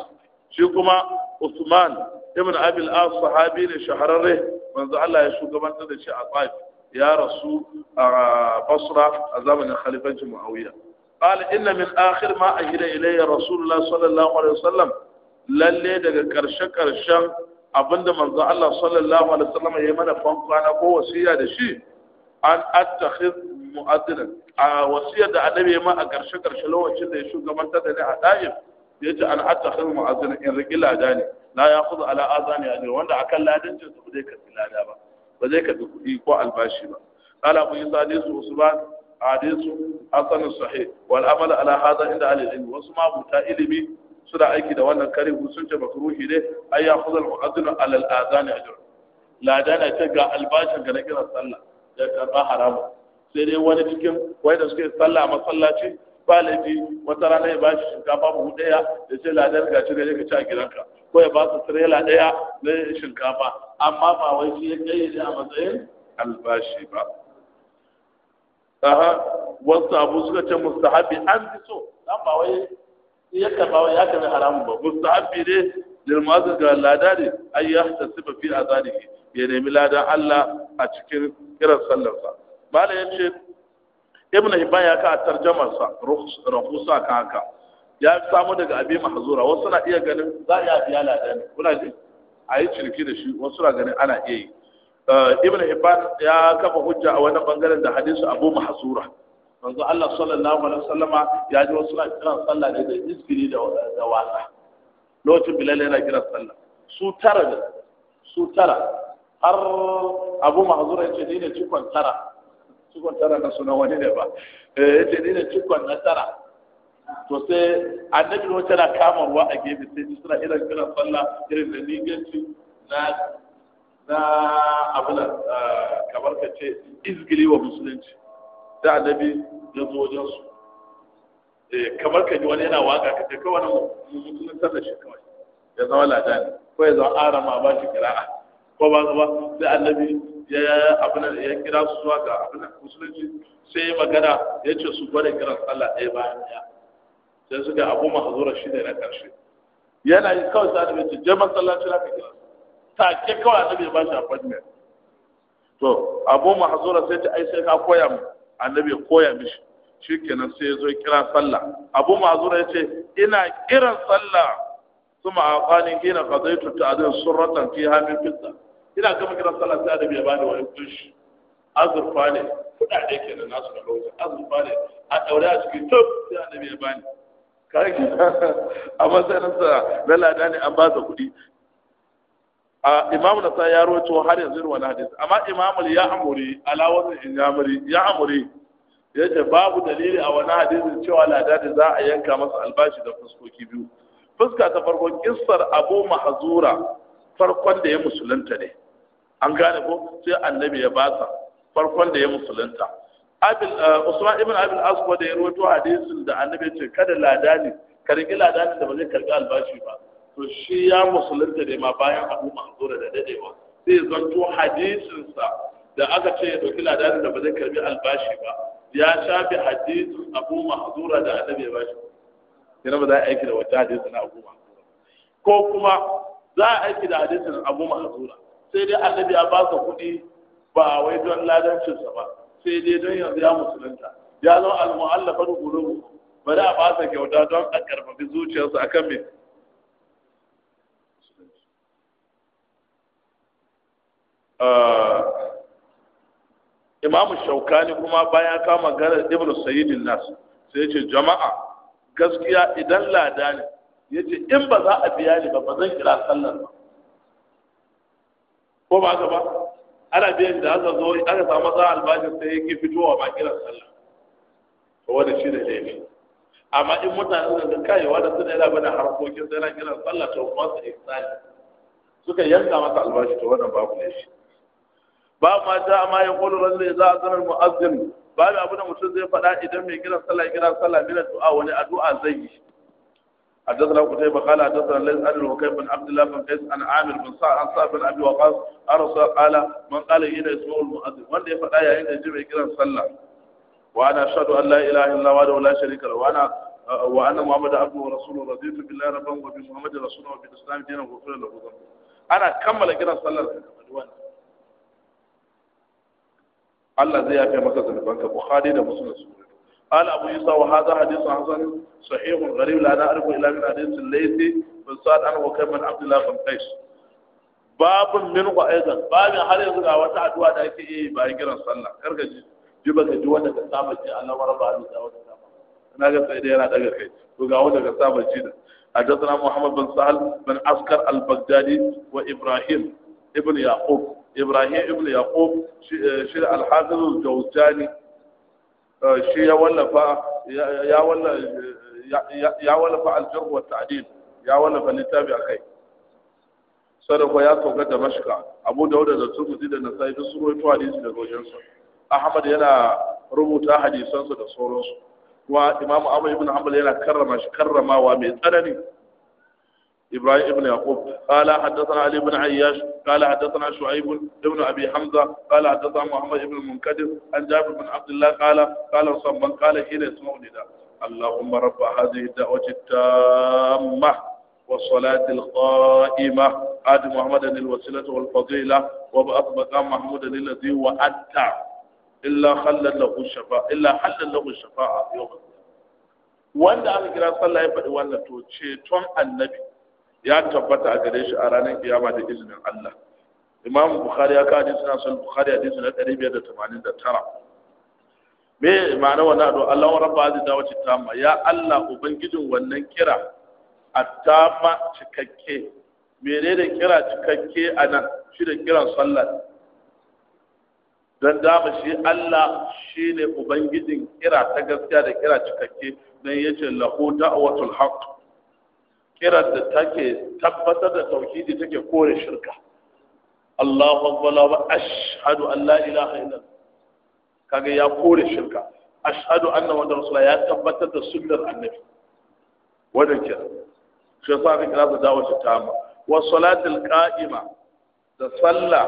shi kuma Usman ibn Abil As sahabi ne shahararre manzo Allah ya shugabanta da shi a Taif ya rasu a Basra a zamanin khalifanci Muawiya قال إن من آخر ما أهل إليه رسول الله صلى الله عليه وسلم lalle daga karshe-karshen abinda manzo Allah sallallahu alaihi wasallam ya mana fankwana ko wasiya da shi an attakhid mu'addilan a wasiyar da annabi ma a karshe karshe lokacin da ya shugabantar da ni a daim ya ce an hatta khairu mu'addilan in riki lada ne Na ya khudhu ala azani ajr wanda akan ladancin su zai karbi lada ba ba zai karbi kuɗi ko albashi ba yi qala abu isa hadisu usman hadisu hasan sahih wal amala, ala hada inda ahli ilmi wasu ma buta ilimi suna aiki da wannan kare sun ce makruhi ne ay ya khudhu mu'addilan ala al azani ajr lada ne ce ga albashin ga na kira sallah ya karba haramun sai dai wani cikin wai da suke sallah a masallaci ba laifi wata rana ya shi shinkafa buhu ɗaya da ce ladar gashi da ka ci a gidanka ko ya ba su tirela ɗaya na shinkafa amma ba wai shi ya kayyade a matsayin albashi ba aha wasu abu suka ce mustahabi an fi so dan ba wai ya karba wai ya karbi haramun ba mustahabi ne lil ga lada ne ay yahtasiba fi azanihi ya nemi ladan Allah a cikin irin sallarsa bala ya ce ibn hibban ya ka tarjamar sa rahusa ka haka ya samu daga abi mahzura wasu na iya ganin za a iya biya ladan kuna ji a yi cirki da shi wasu na ganin ana iya yi eh, ibn hibban ya kafa hujja a wani bangaren da hadisi abu mahzura manzo Allah sallallahu alaihi wasallama ya ji wasu na kiran sallah ne da iskiri da wasa lokacin bilal yana kira sallah su tara su tara har abu mahzura ya ce ni ne cikon tara cikon tara na suna wani ne ba eh, ya ce ni ne cikon na tara to sai annabi wata na kama ruwa a gefe sai ji suna irin kiran sallah irin da liganci na na abin ah, kamar ka ce izgili wa musulunci da annabi ya zo wajen su eh, kamar ka ji wani yana waka ka ce kawai na musulunta da shi kawai ya zama ne, ko ya zama arama ba shi kira'a ko ba zama sai annabi ya abin ya kira su zuwa ga abin da musulunci sai magana ya ce su gwada kiran sallah ɗaya bayan ɗaya sai suka abu mahazura shi ne na ƙarshe yana yi kawai sa annabi ce je masallaci na ka kira ta ke kawai annabi ya shi appointment to abu mahazura sai ta ai sai ka koya mu annabi koya mishi shikenan sai ya zo kira sallah abu mahazura ya ce ina kiran sallah ka zai حين a zai surratan fi من fitsa ina gama kiran sallah sai adabi ya bani wani kunshi azurfa ne ke da nasu da lokacin azurfa ne a daure a cikin tub sai adabi ya bani kake a matsayin sa na lada ne an ba da kuɗi a imamu na sa ya rawaito har yanzu wani hadisi amma imamu ya amuri ala wani in ya amuri yace babu dalili a wani hadisi cewa lada ne za a yanka masa albashi da fuskoki biyu fuska ta farko kissar abu mahazura farkon da ya musulunta ne an gane ko sai annabi ya basa farkon da ya musulunta abil uh, usman ibn Abin Asko da ya rawaito hadisin da annabi ce kada ladani karbi ladani da ba zai karbi albashi ba to shi ya musulunta ne ma bayan abu manzura da dadewa sai zanto hadisinsa da aka ce ya dauki ladani da ba zai karbi albashi ba ya shafi hadisin abu manzura da annabi ya bashi yana ba za a aiki da wata hadisin abu manzura ko kuma za a aiki da hadisin abu manzura sai dai annabi ya ba ka kuɗi ba wai don ladancinsa ba sai dai don yanzu ya musulunta ya zama al-mu'allafatu bari a ba sa kyauta don a karfafi a kan me eh, imamu shaukani kuma bayan kama gara ibn sayyidin nasu sai ce jama'a gaskiya idan lada ne ya ce in ba za a biya ni ba ba zan kira sallar ba ko ba ba ana biyan da aka zo aka samu za albashin sai yake fitowa ba kira sallah to wanda shi da laifi amma in mutane da kai wanda suna yana bada harkokin sai na kira sallah to ba su ihsani suka yanka masa albashi to wannan babu shi ba ma ta amma ya kullu ran za a zanar mu'azzin babu abu da mutum zai faɗa idan mai kira sallah kira sallah bila du'a wani addu'a zai yi حدثنا قتيبة قال حدثنا ليس عن الوكيل بن عبد الله بن قيس عن عامر بن سعد عن صعب بن ابي وقاص عن رسول قال من قال هنا اسمه المؤذن ولا يفعل يا هنا جمع كذا صلى وانا اشهد ان لا اله الا الله وحده لا شريك له وانا وانا محمد عبده ورسوله رضيت بالله ربا وبمحمد رسوله وبالاسلام دينا وغفر له ذنبه انا كمل كذا صلى Allah zai yafe maka zunubanka Bukhari da Muslim su قال أبو يوسف وهذا حديث حسن صحيح غريب لا نعرف إلا من حديث الليثي بن سعد أنا وكيف من عبد الله بن قيس باب منه أيضا باب هل يزرع وتعدوا ذلك إيه بايكرا صلى كرجع جبك جوا لك سامج أنا ورا بعد جوا أنا قلت إيه أنا دقيق كي وقعوا لك سامج جدا حدثنا محمد بن سهل بن عسكر البغدادي وإبراهيم ابن يعقوب إبراهيم ابن يعقوب شير الحافظ الجوزجاني shi ya wallafa ya wallafa ya wallafa al jurh wa ta'dil ya wallafa litabi akai sadaka ya sauka mashka Abu Dawud da Tirmidhi da Nasa'i duk sun rawaito hadisi da gojen su Ahmad yana rubuta su da sauransu wa Imam'u abu ibn Hanbal yana karrama shi karramawa mai tsanani إبراهيم بن يعقوب قال حدثنا علي بن عياش قال حدثنا شعيب بن أبي حمزة قال حدثنا محمد بن المنكدر عن جابر بن عبد الله قال قال صمم قال حين يسمع النداء اللهم رب هذه الدعوة التامة والصلاة القائمة آت محمدا الوسيلة والفضيلة وابعث مقام محمودا الذي وأتى إلا خلل له الشفاعة إلا حلل له الشفاعة يوم القيامة. وأنت أنا كلا صلى الله عليه وسلم وأنا تو النبي ya tabbata a gare shi a ranar kiyama da izinin Allah imam bukhari ya kawo hadisi na sun bukhari hadisi na 589 me ma'ana wannan addu'a Allah wa rabba azza wa tamma ya Allah ubangijin wannan kira attama cikakke da kira cikakke a nan shi da kiran sallar? don dama shi Allah shi ne Ubangijin kira ta gaskiya da kira cikakke don ya ce lahu da'awatul haqq kiran da take tabbatar da tauhidi take kore shirka Allahu akbar wa ashhadu an la ilaha illa kage ya kore shirka ashhadu anna wa rasulullah ya tabbatar da sunnar annabi wannan kira shi yasa ake kira da ta ma. wa salatul qa'ima da sallah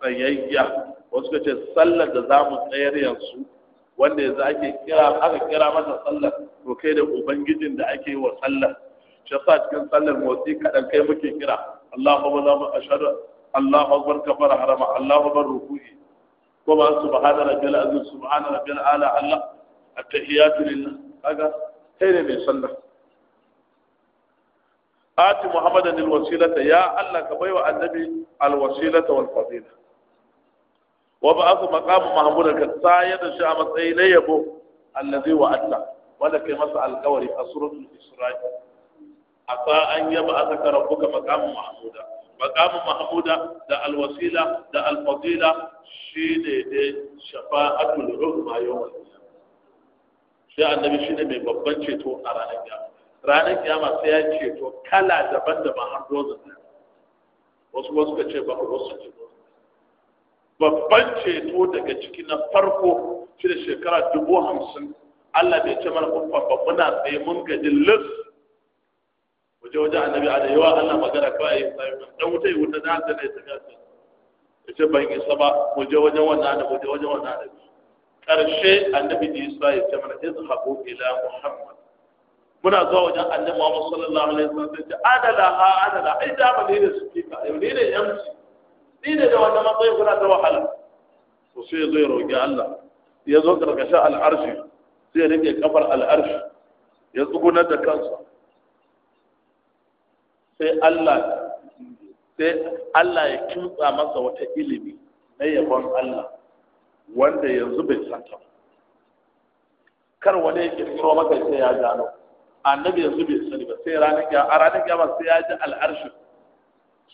tsayayya wasu ka ce sallar da zamu tsayar yanzu wanda yanzu ake kira aka kira mata sallar to kai da ubangijin da ake yi wa sallar Shasa cikin sallar motsi kaɗan kai muke kira Allahu ba za mu ashhadu Allahu akbar kabara harama Allahu bar ruku'i ko ba subhana rabbil azim subhana rabbil ala Allah at-tahiyatu lillah kaga kai ne mai sallah آت محمدا الوسيلة يا الله كبير النبي الوسيلة والفضيلة وبعث مقام محمود كتاية شامت إليه الذي وعدته ولكن مسأل القوري أسرة الإسرائيل asa an yaba azaka rabbuka maqamun mahmuda maqamun mahmuda da alwasila da alfadila shi ne ne shafa'atul uzma yawmal sai annabi shi ne mai babban ceto a ranar kiyama ranar kiyama sai ya ceto kala daban-daban har dozin wasu wasu ka ce ba wasu ce babban ceto daga ciki na farko shi da shekara dubu hamsin Allah bai ce mana kuma babban na tsaye mun gaji lis وجاء النبي عليه هو أن مجرى كوائي طيب نوتي وتنال تنيت جاسن يشبه إن سبا وجاء وجاء ونال وجاء وجاء ونال كرشة النبي ديسا يتمنى يذهبوا إلى محمد من أزواج وجاء النبي الله عليه وسلم أنا لها أنا لها إذا ما لين سكيكا لين يمشي لين جوا طيب ولا توه حلا وصي غيره يا الله يزود رجاء العرش زي رجاء كبر العرش يزودنا دكانسا sai Allah sai Allah ya kimtsa masa wata ilimi na yabon Allah wanda yanzu bai santa kar wani ya kirkiro maka sai ya gano annabi yanzu bai sani ba sai ranar ya a ranar ya sai ya ji al'arshi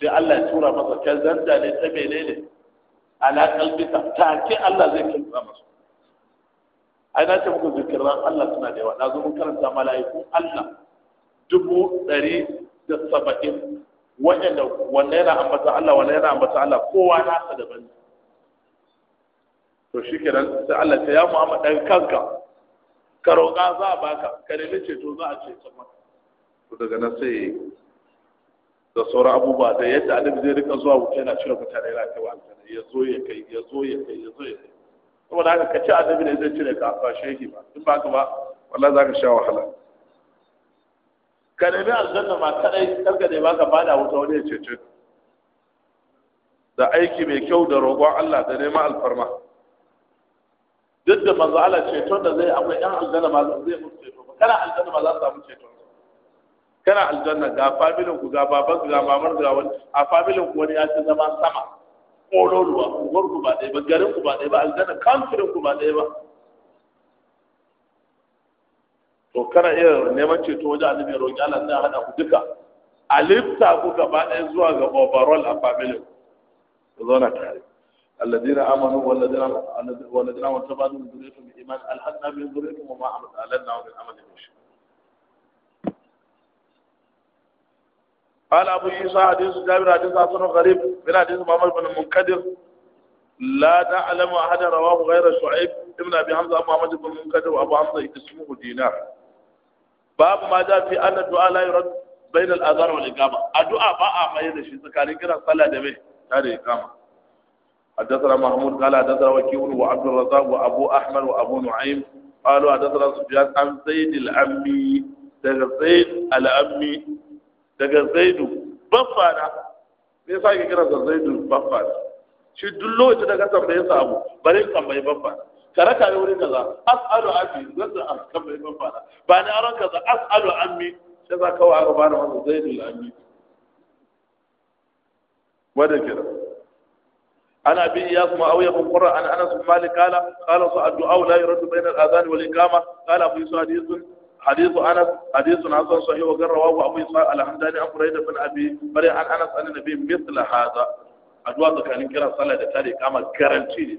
sai Allah ya tura masa ta zanda ne ta menene ala Ta take Allah zai kimtsa masa ai na ce muku zikiran Allah suna da yawa na zo mun karanta mala'iku Allah dubu ɗari da saba'in wanda wanda yana ambata Allah wanda yana ambata Allah kowa nasa daban to shi kenan sai Allah ta ya Muhammad dan kanka ka roƙa za a baka ka nemi ceto za a ceto maka to daga nan sai da sauran abubuwa da yadda annabi zai rika zuwa wuta yana cire mutane yana kai wa ya zo ya kai ya zo ya kai ya zo ya kai saboda haka ka ci annabi ne zai cire ka ba shehi ba in ba ka ba wallahi za ka sha wahala ka nemi aljanna ma kadai karka ne baka bada wuta wani ya cece da aiki mai kyau da roƙon Allah da neman alfarma duk da manzo Allah ceton da zai akwai ɗan aljanna ma zai mutu ceto kana aljanna ma za su samu ceto kana aljanna ga familin ku ga baban ku ga mamar ku ga wani a familin ku wani ya ci zama sama ko unguwar ku ba ɗaya ba garin ku ba ɗaya ba aljanna kamfirin ku ba ɗaya ba to kana iya neman ceto wajen annabi ya roƙi Allah zai hada ku duka a ku gaba ɗaya zuwa ga overall a family ku zauna tare alladina amanu walladina wa tabadu min zuriyatu min iman alhadna min zuriyatu wa ma amrat alanna wa min amali min shirk قال ابو عيسى حديث جابر حديث عاصم غريب من حديث محمد بن منقدر لا نعلم احد رواه غير شعيب ابن ابي حمزه ابو محمد بن منقدر وابو حمزه اسمه دينار babu ma za fi anna du'a la yurad bain al azhar wal iqama addu'a ba a mai da shi tsakanin kiran sallah da mai tare iqama حدثنا محمود قال حدثنا وكيل وعبد الرزاق وابو احمد وابو نعيم قالوا حدثنا سفيان عن زيد العمي daga zaid al'ammi daga zaidu baffa me yasa ake kira zaidu baffa shi duk lokacin da ka sa abu bari kan bai baffa ka raka ni wurin kaza as'alu abi zan da askam bai ban fara ba ni aron kaza as'alu ammi sai za ka wa aka bani wannan zaidul ammi wanda kira أنا أبي إياس معاوية بن قرة عن أنس بن مالك قال قال الدعاء لا يرد بين الأذان والإقامة قال أبو يوسف حديث حديث انس حديث حسن صحيح وقال رواه ابو اسحاق الحمداني عن بريده بن ابي بري عن انس عن النبي مثل هذا ادوا كان كرا صلاه da tare kama garanti ne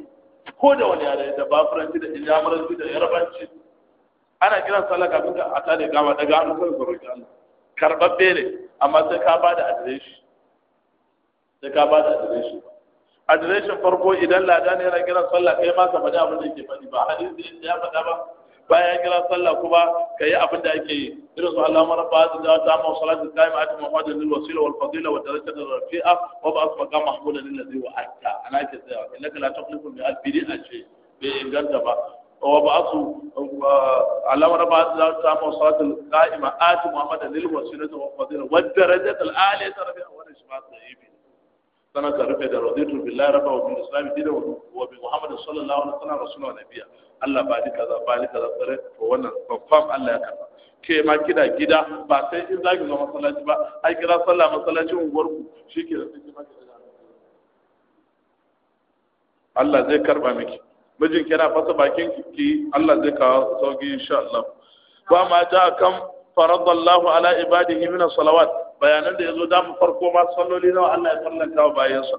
ko da wani yare da bafuranci da inyamuranci da yarbanci ana kiran sallah kafin ka a tare gama daga gano san tsoro ki Allah karbabbe ne amma sai ka bada adireshi sai ka bada adireshi adireshin farko idan lada ne yana kiran sallah kai ma ka faɗi abin da yake faɗi ba hadisi ya faɗa ba baya kira sallah kuma ka yi abin da ake yi irin su Allahumma rabba hadhihi da'wati amma salatu qaima ati muhammadin lil wasila wal fadila wa darajati da rafi'a wa ba'ath maqam mahmudan lil ladhi wa atta ana ke tsaya innaka la tukhlifu bi al bid'a ce bai inganta ba wa ba'athu uh, Allahumma rabba hadhihi da'wati amma salatu qaima ati muhammadin lil wasila wal fadila wa darajati al aliyati rafi'a wa nashmat dhaibi sana ka rufe da raditu billahi rabba wa bil islam dina wa bi muhammad sallallahu alaihi wasallam rasulun nabiyya Allah ba ni kaza ba ni kaza tsare to wannan confirm Allah ya karba ke ma kida gida ba sai in za ki zo masallaci ba ai kira sallah masallacin unguwar ku shike da kike maki Allah zai karba miki mijin kira fasa bakin ki Allah zai kawo sauki insha Allah ba ma ja kam faradallahu ala ibadihi min as-salawat bayanan da yazo da mu farko ma salloli nawa Allah ya sallanta wa bayansa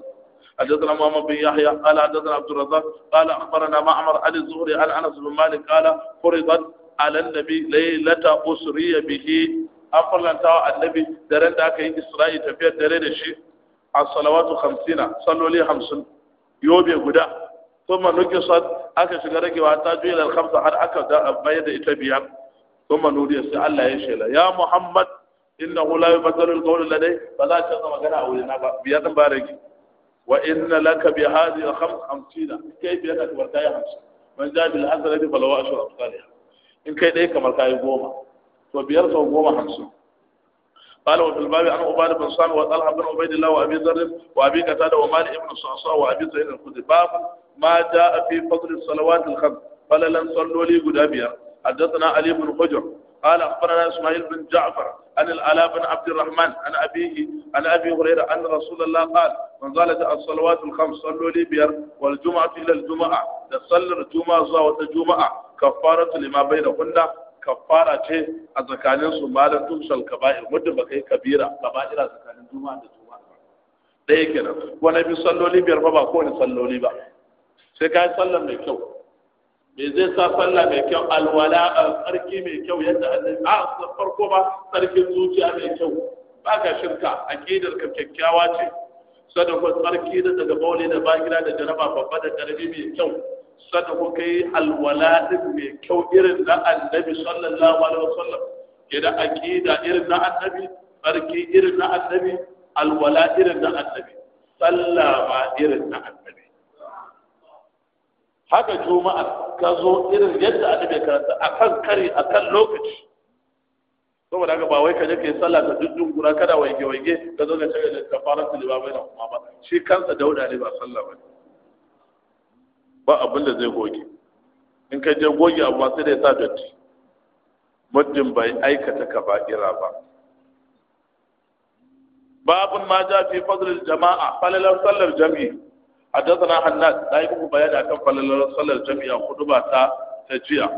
حدثنا محمد بن يحيى قال حدثنا عبد الرزاق قال اخبرنا معمر عن الزهري عن انس بن مالك قال فرضت على النبي ليله اسري به افرلنتا النبي درن دا كاي اسرائيل تفيا دري دشي الصلوات 50 صلوا لي 50 يوبي غدا ثم نقصت aka shiga ragewa ta juya da har aka bayar da ita biyar kuma nuriya sai Allah ya shela ya Muhammad إنه لا يبدل القول لدي فلا شر مغنى أولنا بيضا بارك وإن لك بهذه الخمس خمسين كيف يدك وركاية خمسين من جاء الذي فلو أشهر أبطالها إن كي ديك كمركاية قومة وبيرسى قومة خمسين قال وفي الباب عن عباد بن صامت وطلحه بن عبيد الله وابي ذر وابي قتاده ومال بن الصعصاع وابي زيد الخدري باب ما جاء في فضل الصلوات الخمس قال لن صلوا لي قدابيا حدثنا علي بن حجر قال اخبرنا اسماعيل بن جعفر عن العلاء بن عبد الرحمن عن أبيه عن أبي هريرة أن رسول الله قال من قالت الصلوات الخمس صلوا لي بير والجمعة إلى الجمعة تصلي الجمعة زاوة الجمعة كفارة لما بينهن كفارة شيء أذكانين سمالا تمشى الكبائر مدن بكي كبيرة كبائر أذكانين جمعة الجمعة ɗaya kenan wani bi salloli biyar ba ba kowane salloli ba sai ka yi sallan mai kyau me zai sa sallah mai kyau alwala a tsarki mai kyau yadda annabi a ah, farko ba tsarkin zuciya mai kyau ba ka shirka aqidar ka kyakkyawa ce sada ko tsarki da daga bauli da bagida da jaraba babba da karbi mai kyau sada ko kai alwala din mai kyau irin na annabi sallallahu alaihi wasallam ke da aqida irin na annabi tsarki irin na annabi alwala irin na annabi sallah ma irin na annabi haka juma'a ka zo irin yadda aka ya karanta akan kari akan lokaci saboda haka ba wai ka je ka yi sallah ka dudun gura kada waige waige ka zo ka cire da kafaratul libabai na kuma ba shi kansa dauda ne ba sallah ba ba abin da zai goge in ka je goge abu ba sai da ya sa dotti muddin bai aikata ka ba babun ma ja fi fadlil jama'a falalar sallar jami'a حدثنا حناد لا يبقى بيان أكم فلل صلى الجميع خطبة تجيع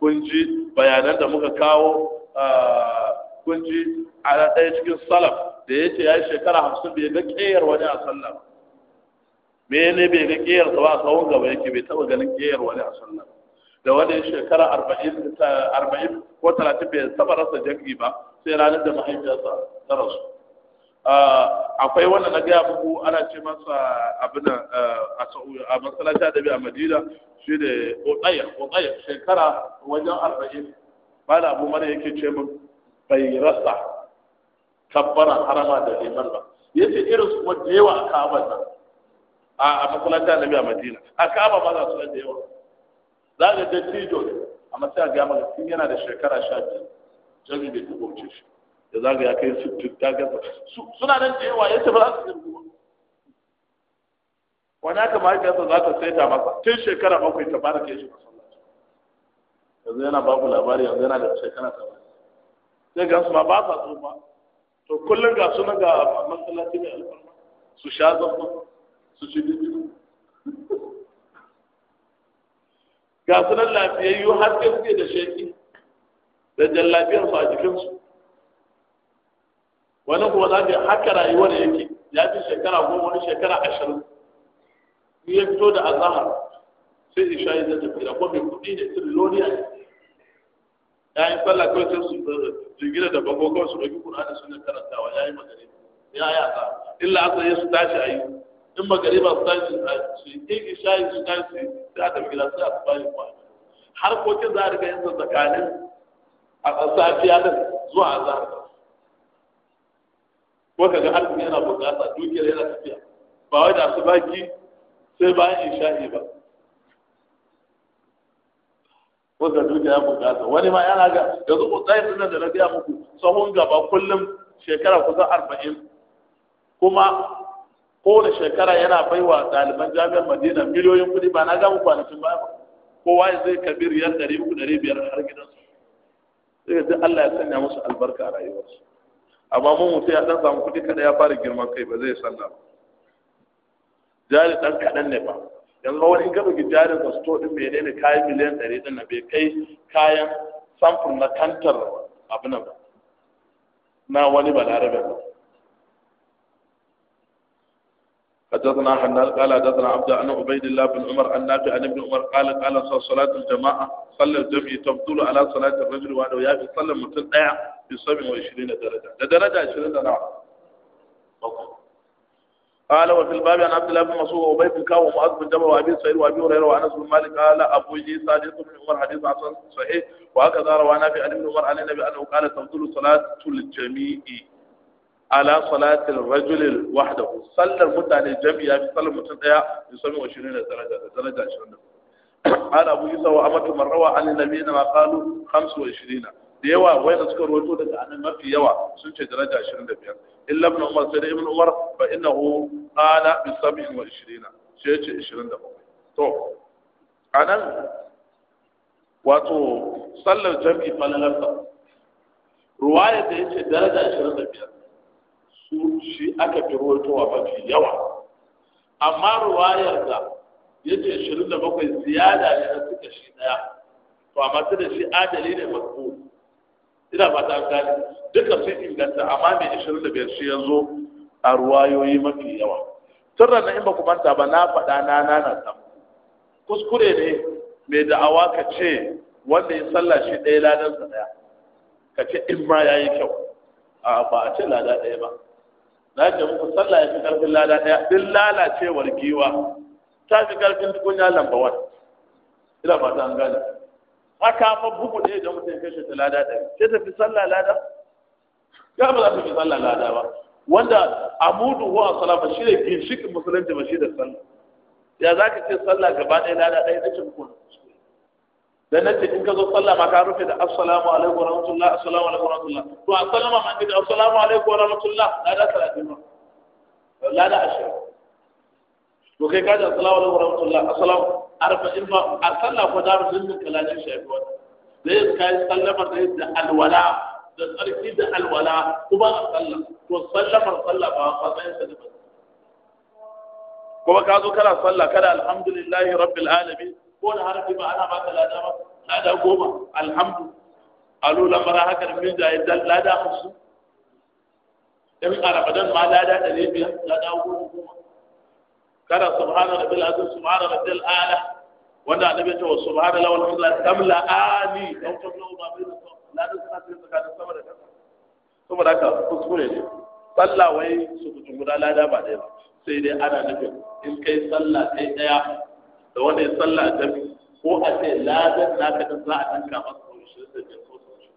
كنجي بيانا دا مكاو كنجي على تيشك الصلف da ya ce ya yi shekara hamsin bai ga ƙeyar wani a sallah me ne bai ga ƙeyar ba a tsawon gaba yake bai taɓa ganin ƙeyar wani a sallah da wani shekara arba'in ko talatin bai taɓa rasa jam'i ba sai ranar da mahaifiyarsa ta rasu Ah, akwai wanda na gaya muku ana ce masa abin ah, a masalata da bi a madina shi da ƙoƙaya ƙoƙaya shekara wajen arba'in ba da abu mara yake ce min bai rasa tabbara harama da liman ba ya ce irin su da yawa a ka'aba nan a masalata da bi a madina a kaba ba za su da yawa za ga dattijo ne a masalata ga magana yana da shekara sha biyu jami'in bai kuɓauce shi da za ga ya kai sittin ta gasa suna nan da yawa yace ba za su yi ba wani aka mahaifiyarsa za ta saita masa tun shekara bakwai ta fara kai shi masallaci yanzu yana ba ku labari yanzu yana da shekara ta ba sai ga su ma ba sa tsufa to kullum ga su nan ga masallaci ne alfarma su sha zamba su ci dindin ga su nan lafiyayyu har kai suke da sheki da jallabiyarsu a jikinsu wani kuma za ka haka rayuwar yake ya fi shekara goma wani shekara ashirin in ya fito da azahar sai isha ya tafi da ko mai kuɗi ne triloniya ne yi sallah kawai sai su eh, jirgina da bako kawai su ɗauki da suna karantawa ya yi magari ya yi asa illa asa ya su tashi a yi in magari ba su tashi a su yi isha ya su tashi sai a tafi gida sai a su bayi kwa harkokin za a riga yin tsakanin a safiya da zuwa azahar ko kaga azumi yana bunƙasa dukiyar yana tafiya ba wai da su baki sai bayan isha'i ba ko ka dukiya ya bunƙasa wani ma yana ga yanzu ko tsayin nan da na gaya muku sahun gaba kullum shekara kusan arba'in kuma kowane shekara yana baiwa ɗaliban jami'ar madina miliyoyin kuɗi ba na gamu kwanakin baya ba kowa ya zai kabir yan ɗari uku ɗari biyar har gidansu sai ga Allah ya sanya musu albarka a rayuwarsu amma mun mutu ya dan samu kuɗi kada ya fara girman kai ba zai sallah jari ɗan kaɗan ne ba yanzu wani in ka ɗauki jarin sto ɗin menene kayan miliyan ɗari ɗin na bai kai kayan samfur na kantar abu nan ba na wani ba حدثنا حنان قال حدثنا عبد عن عبيد الله بن عمر عن نافع عن ابن عمر قال قال صلاة الجماعة صلى الجمع تبطل على صلاة الرجل وحده يا صلى متن بسبع وعشرين درجة درجة عشرين درجة نعم. قال وفي الباب عن عبد الله بن مسعود وابي بن كعب ومعاذ بن جبل وابي سعيد وابي هريره وانس بن مالك قال ابو جي صادق بن عمر حديث حسن صحيح وهكذا روى نافع عن ابن عمر عن النبي انه قال تفضل صلاه الجميع على صلاه الرجل وحده صلى المتعن الجميع في صلى المتعن ديا 27 20 درجه درجه 20 قال ابو يوسف وامته من روى عن النبي ما قالوا 25 da yawa da suka rawaito daga annabi mafi yawa sun ce daraja 25 illa ibn umar sai ibn umar fa innahu qala bi 27 sai ya ce 27 to anan wato sallar jami'i falalarsa ruwaya da yake daraja 25 su shi aka fi wa mafi yawa amma ruwayar da yace 27 ziyada ne na suka shi daya to amma sai da shi adali ne mazmuni ina ba ta gani duka sun inganta amma mai ishirin da biyar shi ya zo a ruwayoyi mafi yawa tun na, in ba ku manta ba na faɗa na nana ta kuskure ne mai da'awa ka ce wanda ya sallah shi ɗaya sa ɗaya ka ce in ma ya yi kyau a ba a ce lada ɗaya ba na ce muku sallah ya fi ƙarfin lada ɗaya din lalacewar giwa ta fi ƙarfin tukunya lamba wani ina ba ta gane tsaka fa bugu ɗaya da mutum ke ta lada da sai ta fi sallah lada ya ba za ta fi sallah lada ba wanda amudu huwa sallah shi ne ginshikin musulunci ba shi da sallah ya za ka ce sallah gaba ɗaya lada ɗaya na cin kuna da na ce in ka zo sallah ma ka rufe da assalamu alaikum wa rahmatullah assalamu alaikum wa rahmatullah to assalamu ma ce assalamu alaikum wa rahmatullah lada talatin ba lada ashirin to kai ka ce assalamu alaikum wa rahmatullah assalamu arba'in ba a sallah ko zamu dindin kalalin shafi wata zai kai sallamar da da alwala da tsarki da alwala kuma a sallah to sallamar sallah ba matsayin sa da kuma ka zo kana sallah kana alhamdulillahi rabbil alamin ko da harafi ba ana ba ka lada ba lada goma alhamdu alu lamara haka da mija ya dan lada musu in a ramadan ma lada ɗari biyar lada goma goma kada subhana rabbil azim subhana rabbil ala wanda annabi ya ce wa subhana lawal hamla tamla ani dan tamla ma bai da la da sana cikin tsakanin sama da kasa saboda haka kuskure ne sallah wai su kutu guda lada ba ɗaya sai dai ana nufin in kai sallah sai ɗaya da wanda ya sallah ta biyu ko a ce ladan naka din za a tanka masa sau ishirin da biyar ko sau ishirin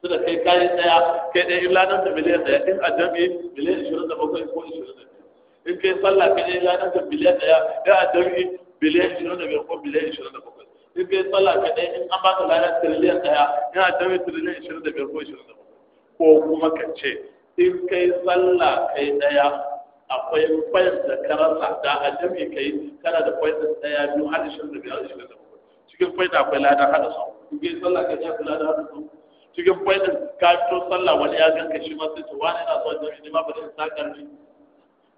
su da kai kayi ɗaya kai dai in ladan da miliyan ɗaya in a jami'i miliyan ishirin da bakwai ko ishirin da biyar in kai sallah ka je ranar da bile daya ya a bile biliyan ishirin da biyar ko bile biliyan ishirin da bakwai in kai sallah ka dai in an ba baka ranar tiriliyan daya ya a dauki tiriliyan ishirin da biyar ko ishirin da bakwai ko kuma ka ce in kai sallah kai ɗaya akwai kwayar da ka da a jami'i kai kana da kwayar da ɗaya biyu har ishirin da biyar ishirin da bakwai cikin kwayar da akwai ladan hada sau in kai sallah ka ɗaya akwai ladan hada sau cikin kwayar da ka fito sallah wani ya ganka shi ma sai to wani na son jami'i ne ma ba zai sa ƙarfi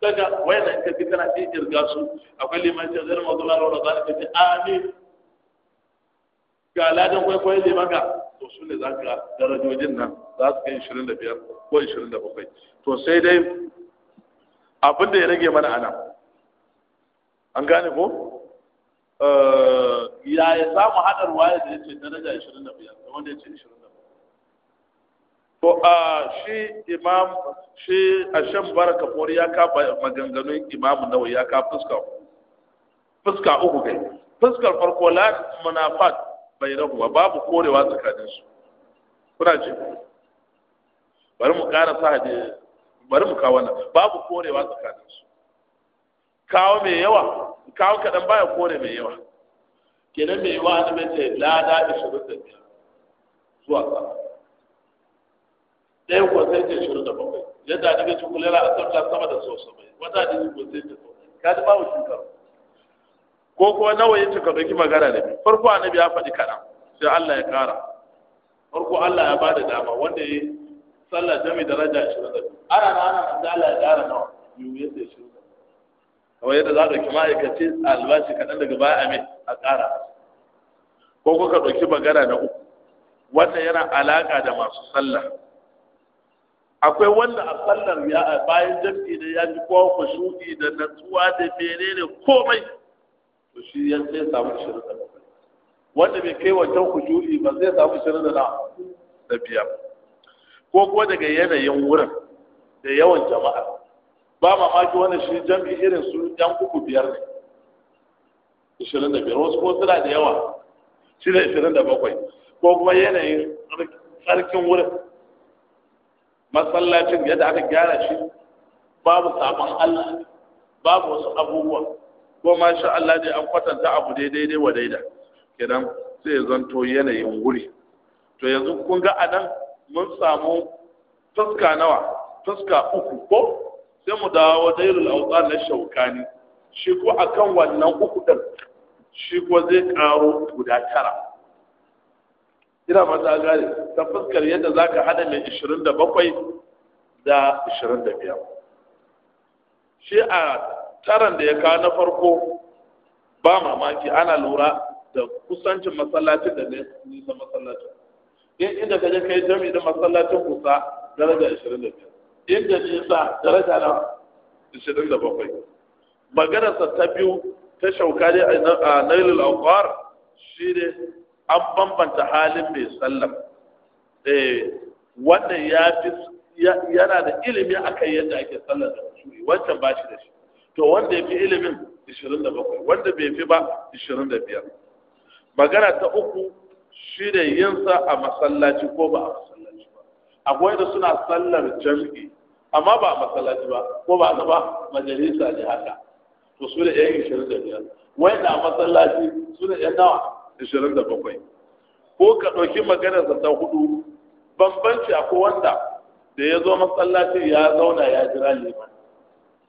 kaga wayan ka ji kana ji su akwai liman ce zai mazu lalwa da zai ka ji amin ga ladan kwaikwayo liman ga to su ne za ka darajojin nan za su kai 25 ko 27 to sai dai abin da ya rage mana ana an gane ko eh, yaya za mu hadar waya da ya ce daraja 25, da wanda ya ce to a shi imam shi a shan baraka fori ya kafa maganganun imam nawa ya ka fuska fuska uku kai fuskar farko la munafat bai rahuwa babu korewa tsakanin su kuna ji bari mu ƙara sa hadi bari mu kawo wannan babu korewa tsakanin su kawo mai yawa kawo kaɗan baya kore mai yawa kenan mai yawa mai ce lada 25 zuwa tsara ɗaya kuwa sai ce shirin da bakwai yadda a daga cikin lera a tsarta sama da sau sama wata a daga cikin sai ce ka ji babu karo ko kuma nawa ya cika ɗauki magana da bi farko annabi ya faɗi kaɗan sai Allah ya ƙara farko Allah ya bada dama wanda ya sallah jami da raja shirin da biyu ana na ana na Allah ya ƙara nawa biyu yadda ya shirin da kamar yadda za ka ɗauki ma'aikaci albashi kaɗan daga baya a mai a ƙara ko kuka ɗauki magana na uku wannan yana alaƙa da masu sallah akwai wanda a sallar ya bayan jam'i da ya ji kowa shuɗi da natsuwa da menene komai to shi ya sai samu shirin da wanda bai kai wancan kujuri ba zai samu shirin da na da biyar ko kuma daga yanayin wurin da yawan jama'a ba mamaki wani shi jam'i irin su yan uku biyar ne ishirin da biyar wasu ko suna da yawa shi da ishirin da bakwai ko kuma yanayin tsarkin wurin masallacin yadda aka gyara shi babu sabon Allah babu wasu abubuwa ko ma sha Allah dai an kwatanta abu daidai dai wa daida idan sai zanto yanayin wuri to yanzu kun ga anan mun samu fuska nawa fuska uku ko sai mu dawo dairul awtan na shaukani shi ko akan wannan uku ɗin shi ko zai karo guda tara ina mata gane ta fuskar yadda za ka haɗa mai ishirin da bakwai da ishirin da biyar shi a taron da ya kawo na farko ba mamaki ana lura da kusancin masallacin da nisa masallacin in inda ka je kai jami da masallacin kusa daraja ishirin da biyar inda nisa daraja na ishirin da bakwai maganarsa ta biyu ta shauka ne a nailul awqar shi ne an bambanta halin mai sallar. Eh, wanda ya fi yana da ilimi kan yadda ake sallar da kusuri wancan ba shi da shi to wanda ya fi ilimin 27 wanda bai fi ba 25 magana ta uku shi da yinsa a masallaci ko ba a masallaci ba akwai da suna sallar jami'i amma ba a masallaci ba ko ba a ba majalisa ne haka to su da yan 25 wanda a masallaci su da yan nawa ishirin da bakwai ko ka ɗauki maganar ta hudu bambanci akwai wanda da ya zo masallaci ya zauna ya jira liman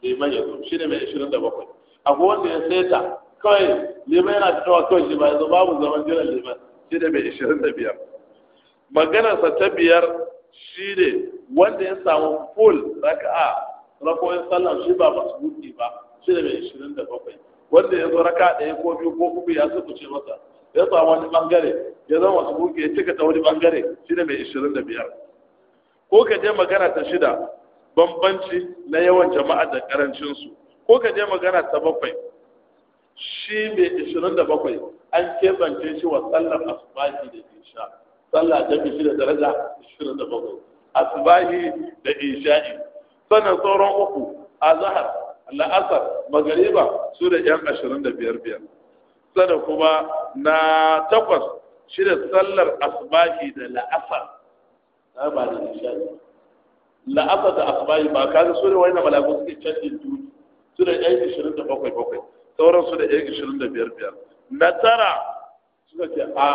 liman ya zo shi ne mai ishirin da bakwai akwai wanda ya seta kawai liman yana fitowa kawai shi ba ya zo babu zaman jiran liman shi ne mai ishirin da biyar maganarsa ta biyar shi ne wanda ya samu full raka'a rakoyin sallah shi ba masu ba shi ne mai ishirin da bakwai wanda ya zo raka ɗaya ko biyu ko kuma ya ce masa ya samu wani bangare ya zama wasu buke ya cika ta wani bangare shi ne mai ishirin da biyar ko ka je magana ta shida bambanci na yawan jama'a da karancinsu ko ka je magana ta bakwai shi mai ishirin da bakwai an keɓance shi wa sallar asubahi da isha tsalla ta fi shi da daraja ishirin da bakwai asubahi da isha'i sannan sauran uku a zahar la'asar magariba su da yan ashirin da biyar biyar sada kuma na takwas shi da sallar asibaki da la'asar ta ba da nishadi la'asar da asibaki ba ka ga sura wani malaku suke canji duni su da yan ishirin da bakwai bakwai sauran su da yan ishirin da biyar biyar na tara suka ce a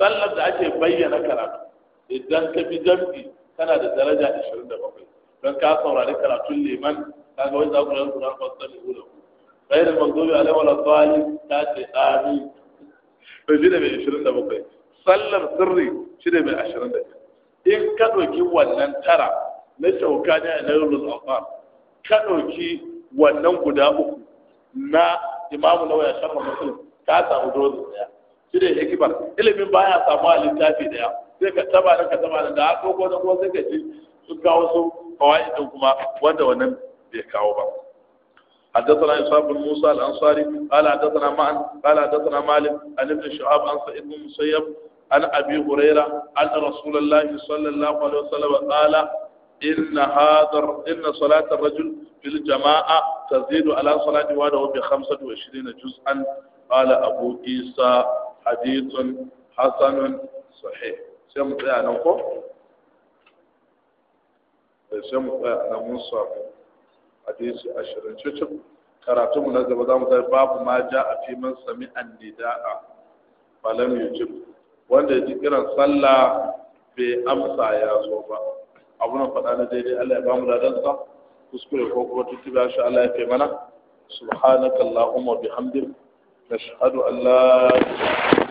sallar da ake bayyana karatu idan ka bi jam'i kana da daraja ishirin da bakwai don ka saurari karatun liman kaga wani zakuran kuran fasalin ulahu غير المغضوب عليهم ولا الضالين تاتي امين فجينا من 27 sallar sirri shine mai 25 in ka ɗauki wannan tara na shauka ne a nairul afar ka wannan guda uku na imamu na waya shafa musulun ka samu dozin daya shi ne hikimar ilimin baya samu a littafi daya sai ka taba nan ka taba nan da haka ko da kuma sai ka ji sun kawo su kawai kuma wanda wannan bai kawo ba حدثنا إسحاق بن موسى الأنصاري قال حدثنا معن قال حدثنا مالك عن ابن شهاب عن سعيد بن مسيب عن أبي هريرة أن رسول الله صلى الله عليه وسلم قال إن هذا إن صلاة الرجل في الجماعة تزيد على صلاة وحده ب 25 جزءا قال أبو عيسى حديث حسن صحيح سمع يعني نقول سمع يعني نقول hadisi ashirin cicin karatu mu na gaba za mu zai babu ma ja a fiman sami an nida'a falam yujib wanda ya ji kiran sallah bai amsa ya zo ba abu nan faɗa na daidai Allah ya bamu ladansa kuskure ko kuma tutubi ya sha Allah ya kai mana subhanaka allahumma bihamdik nashhadu an la ilaha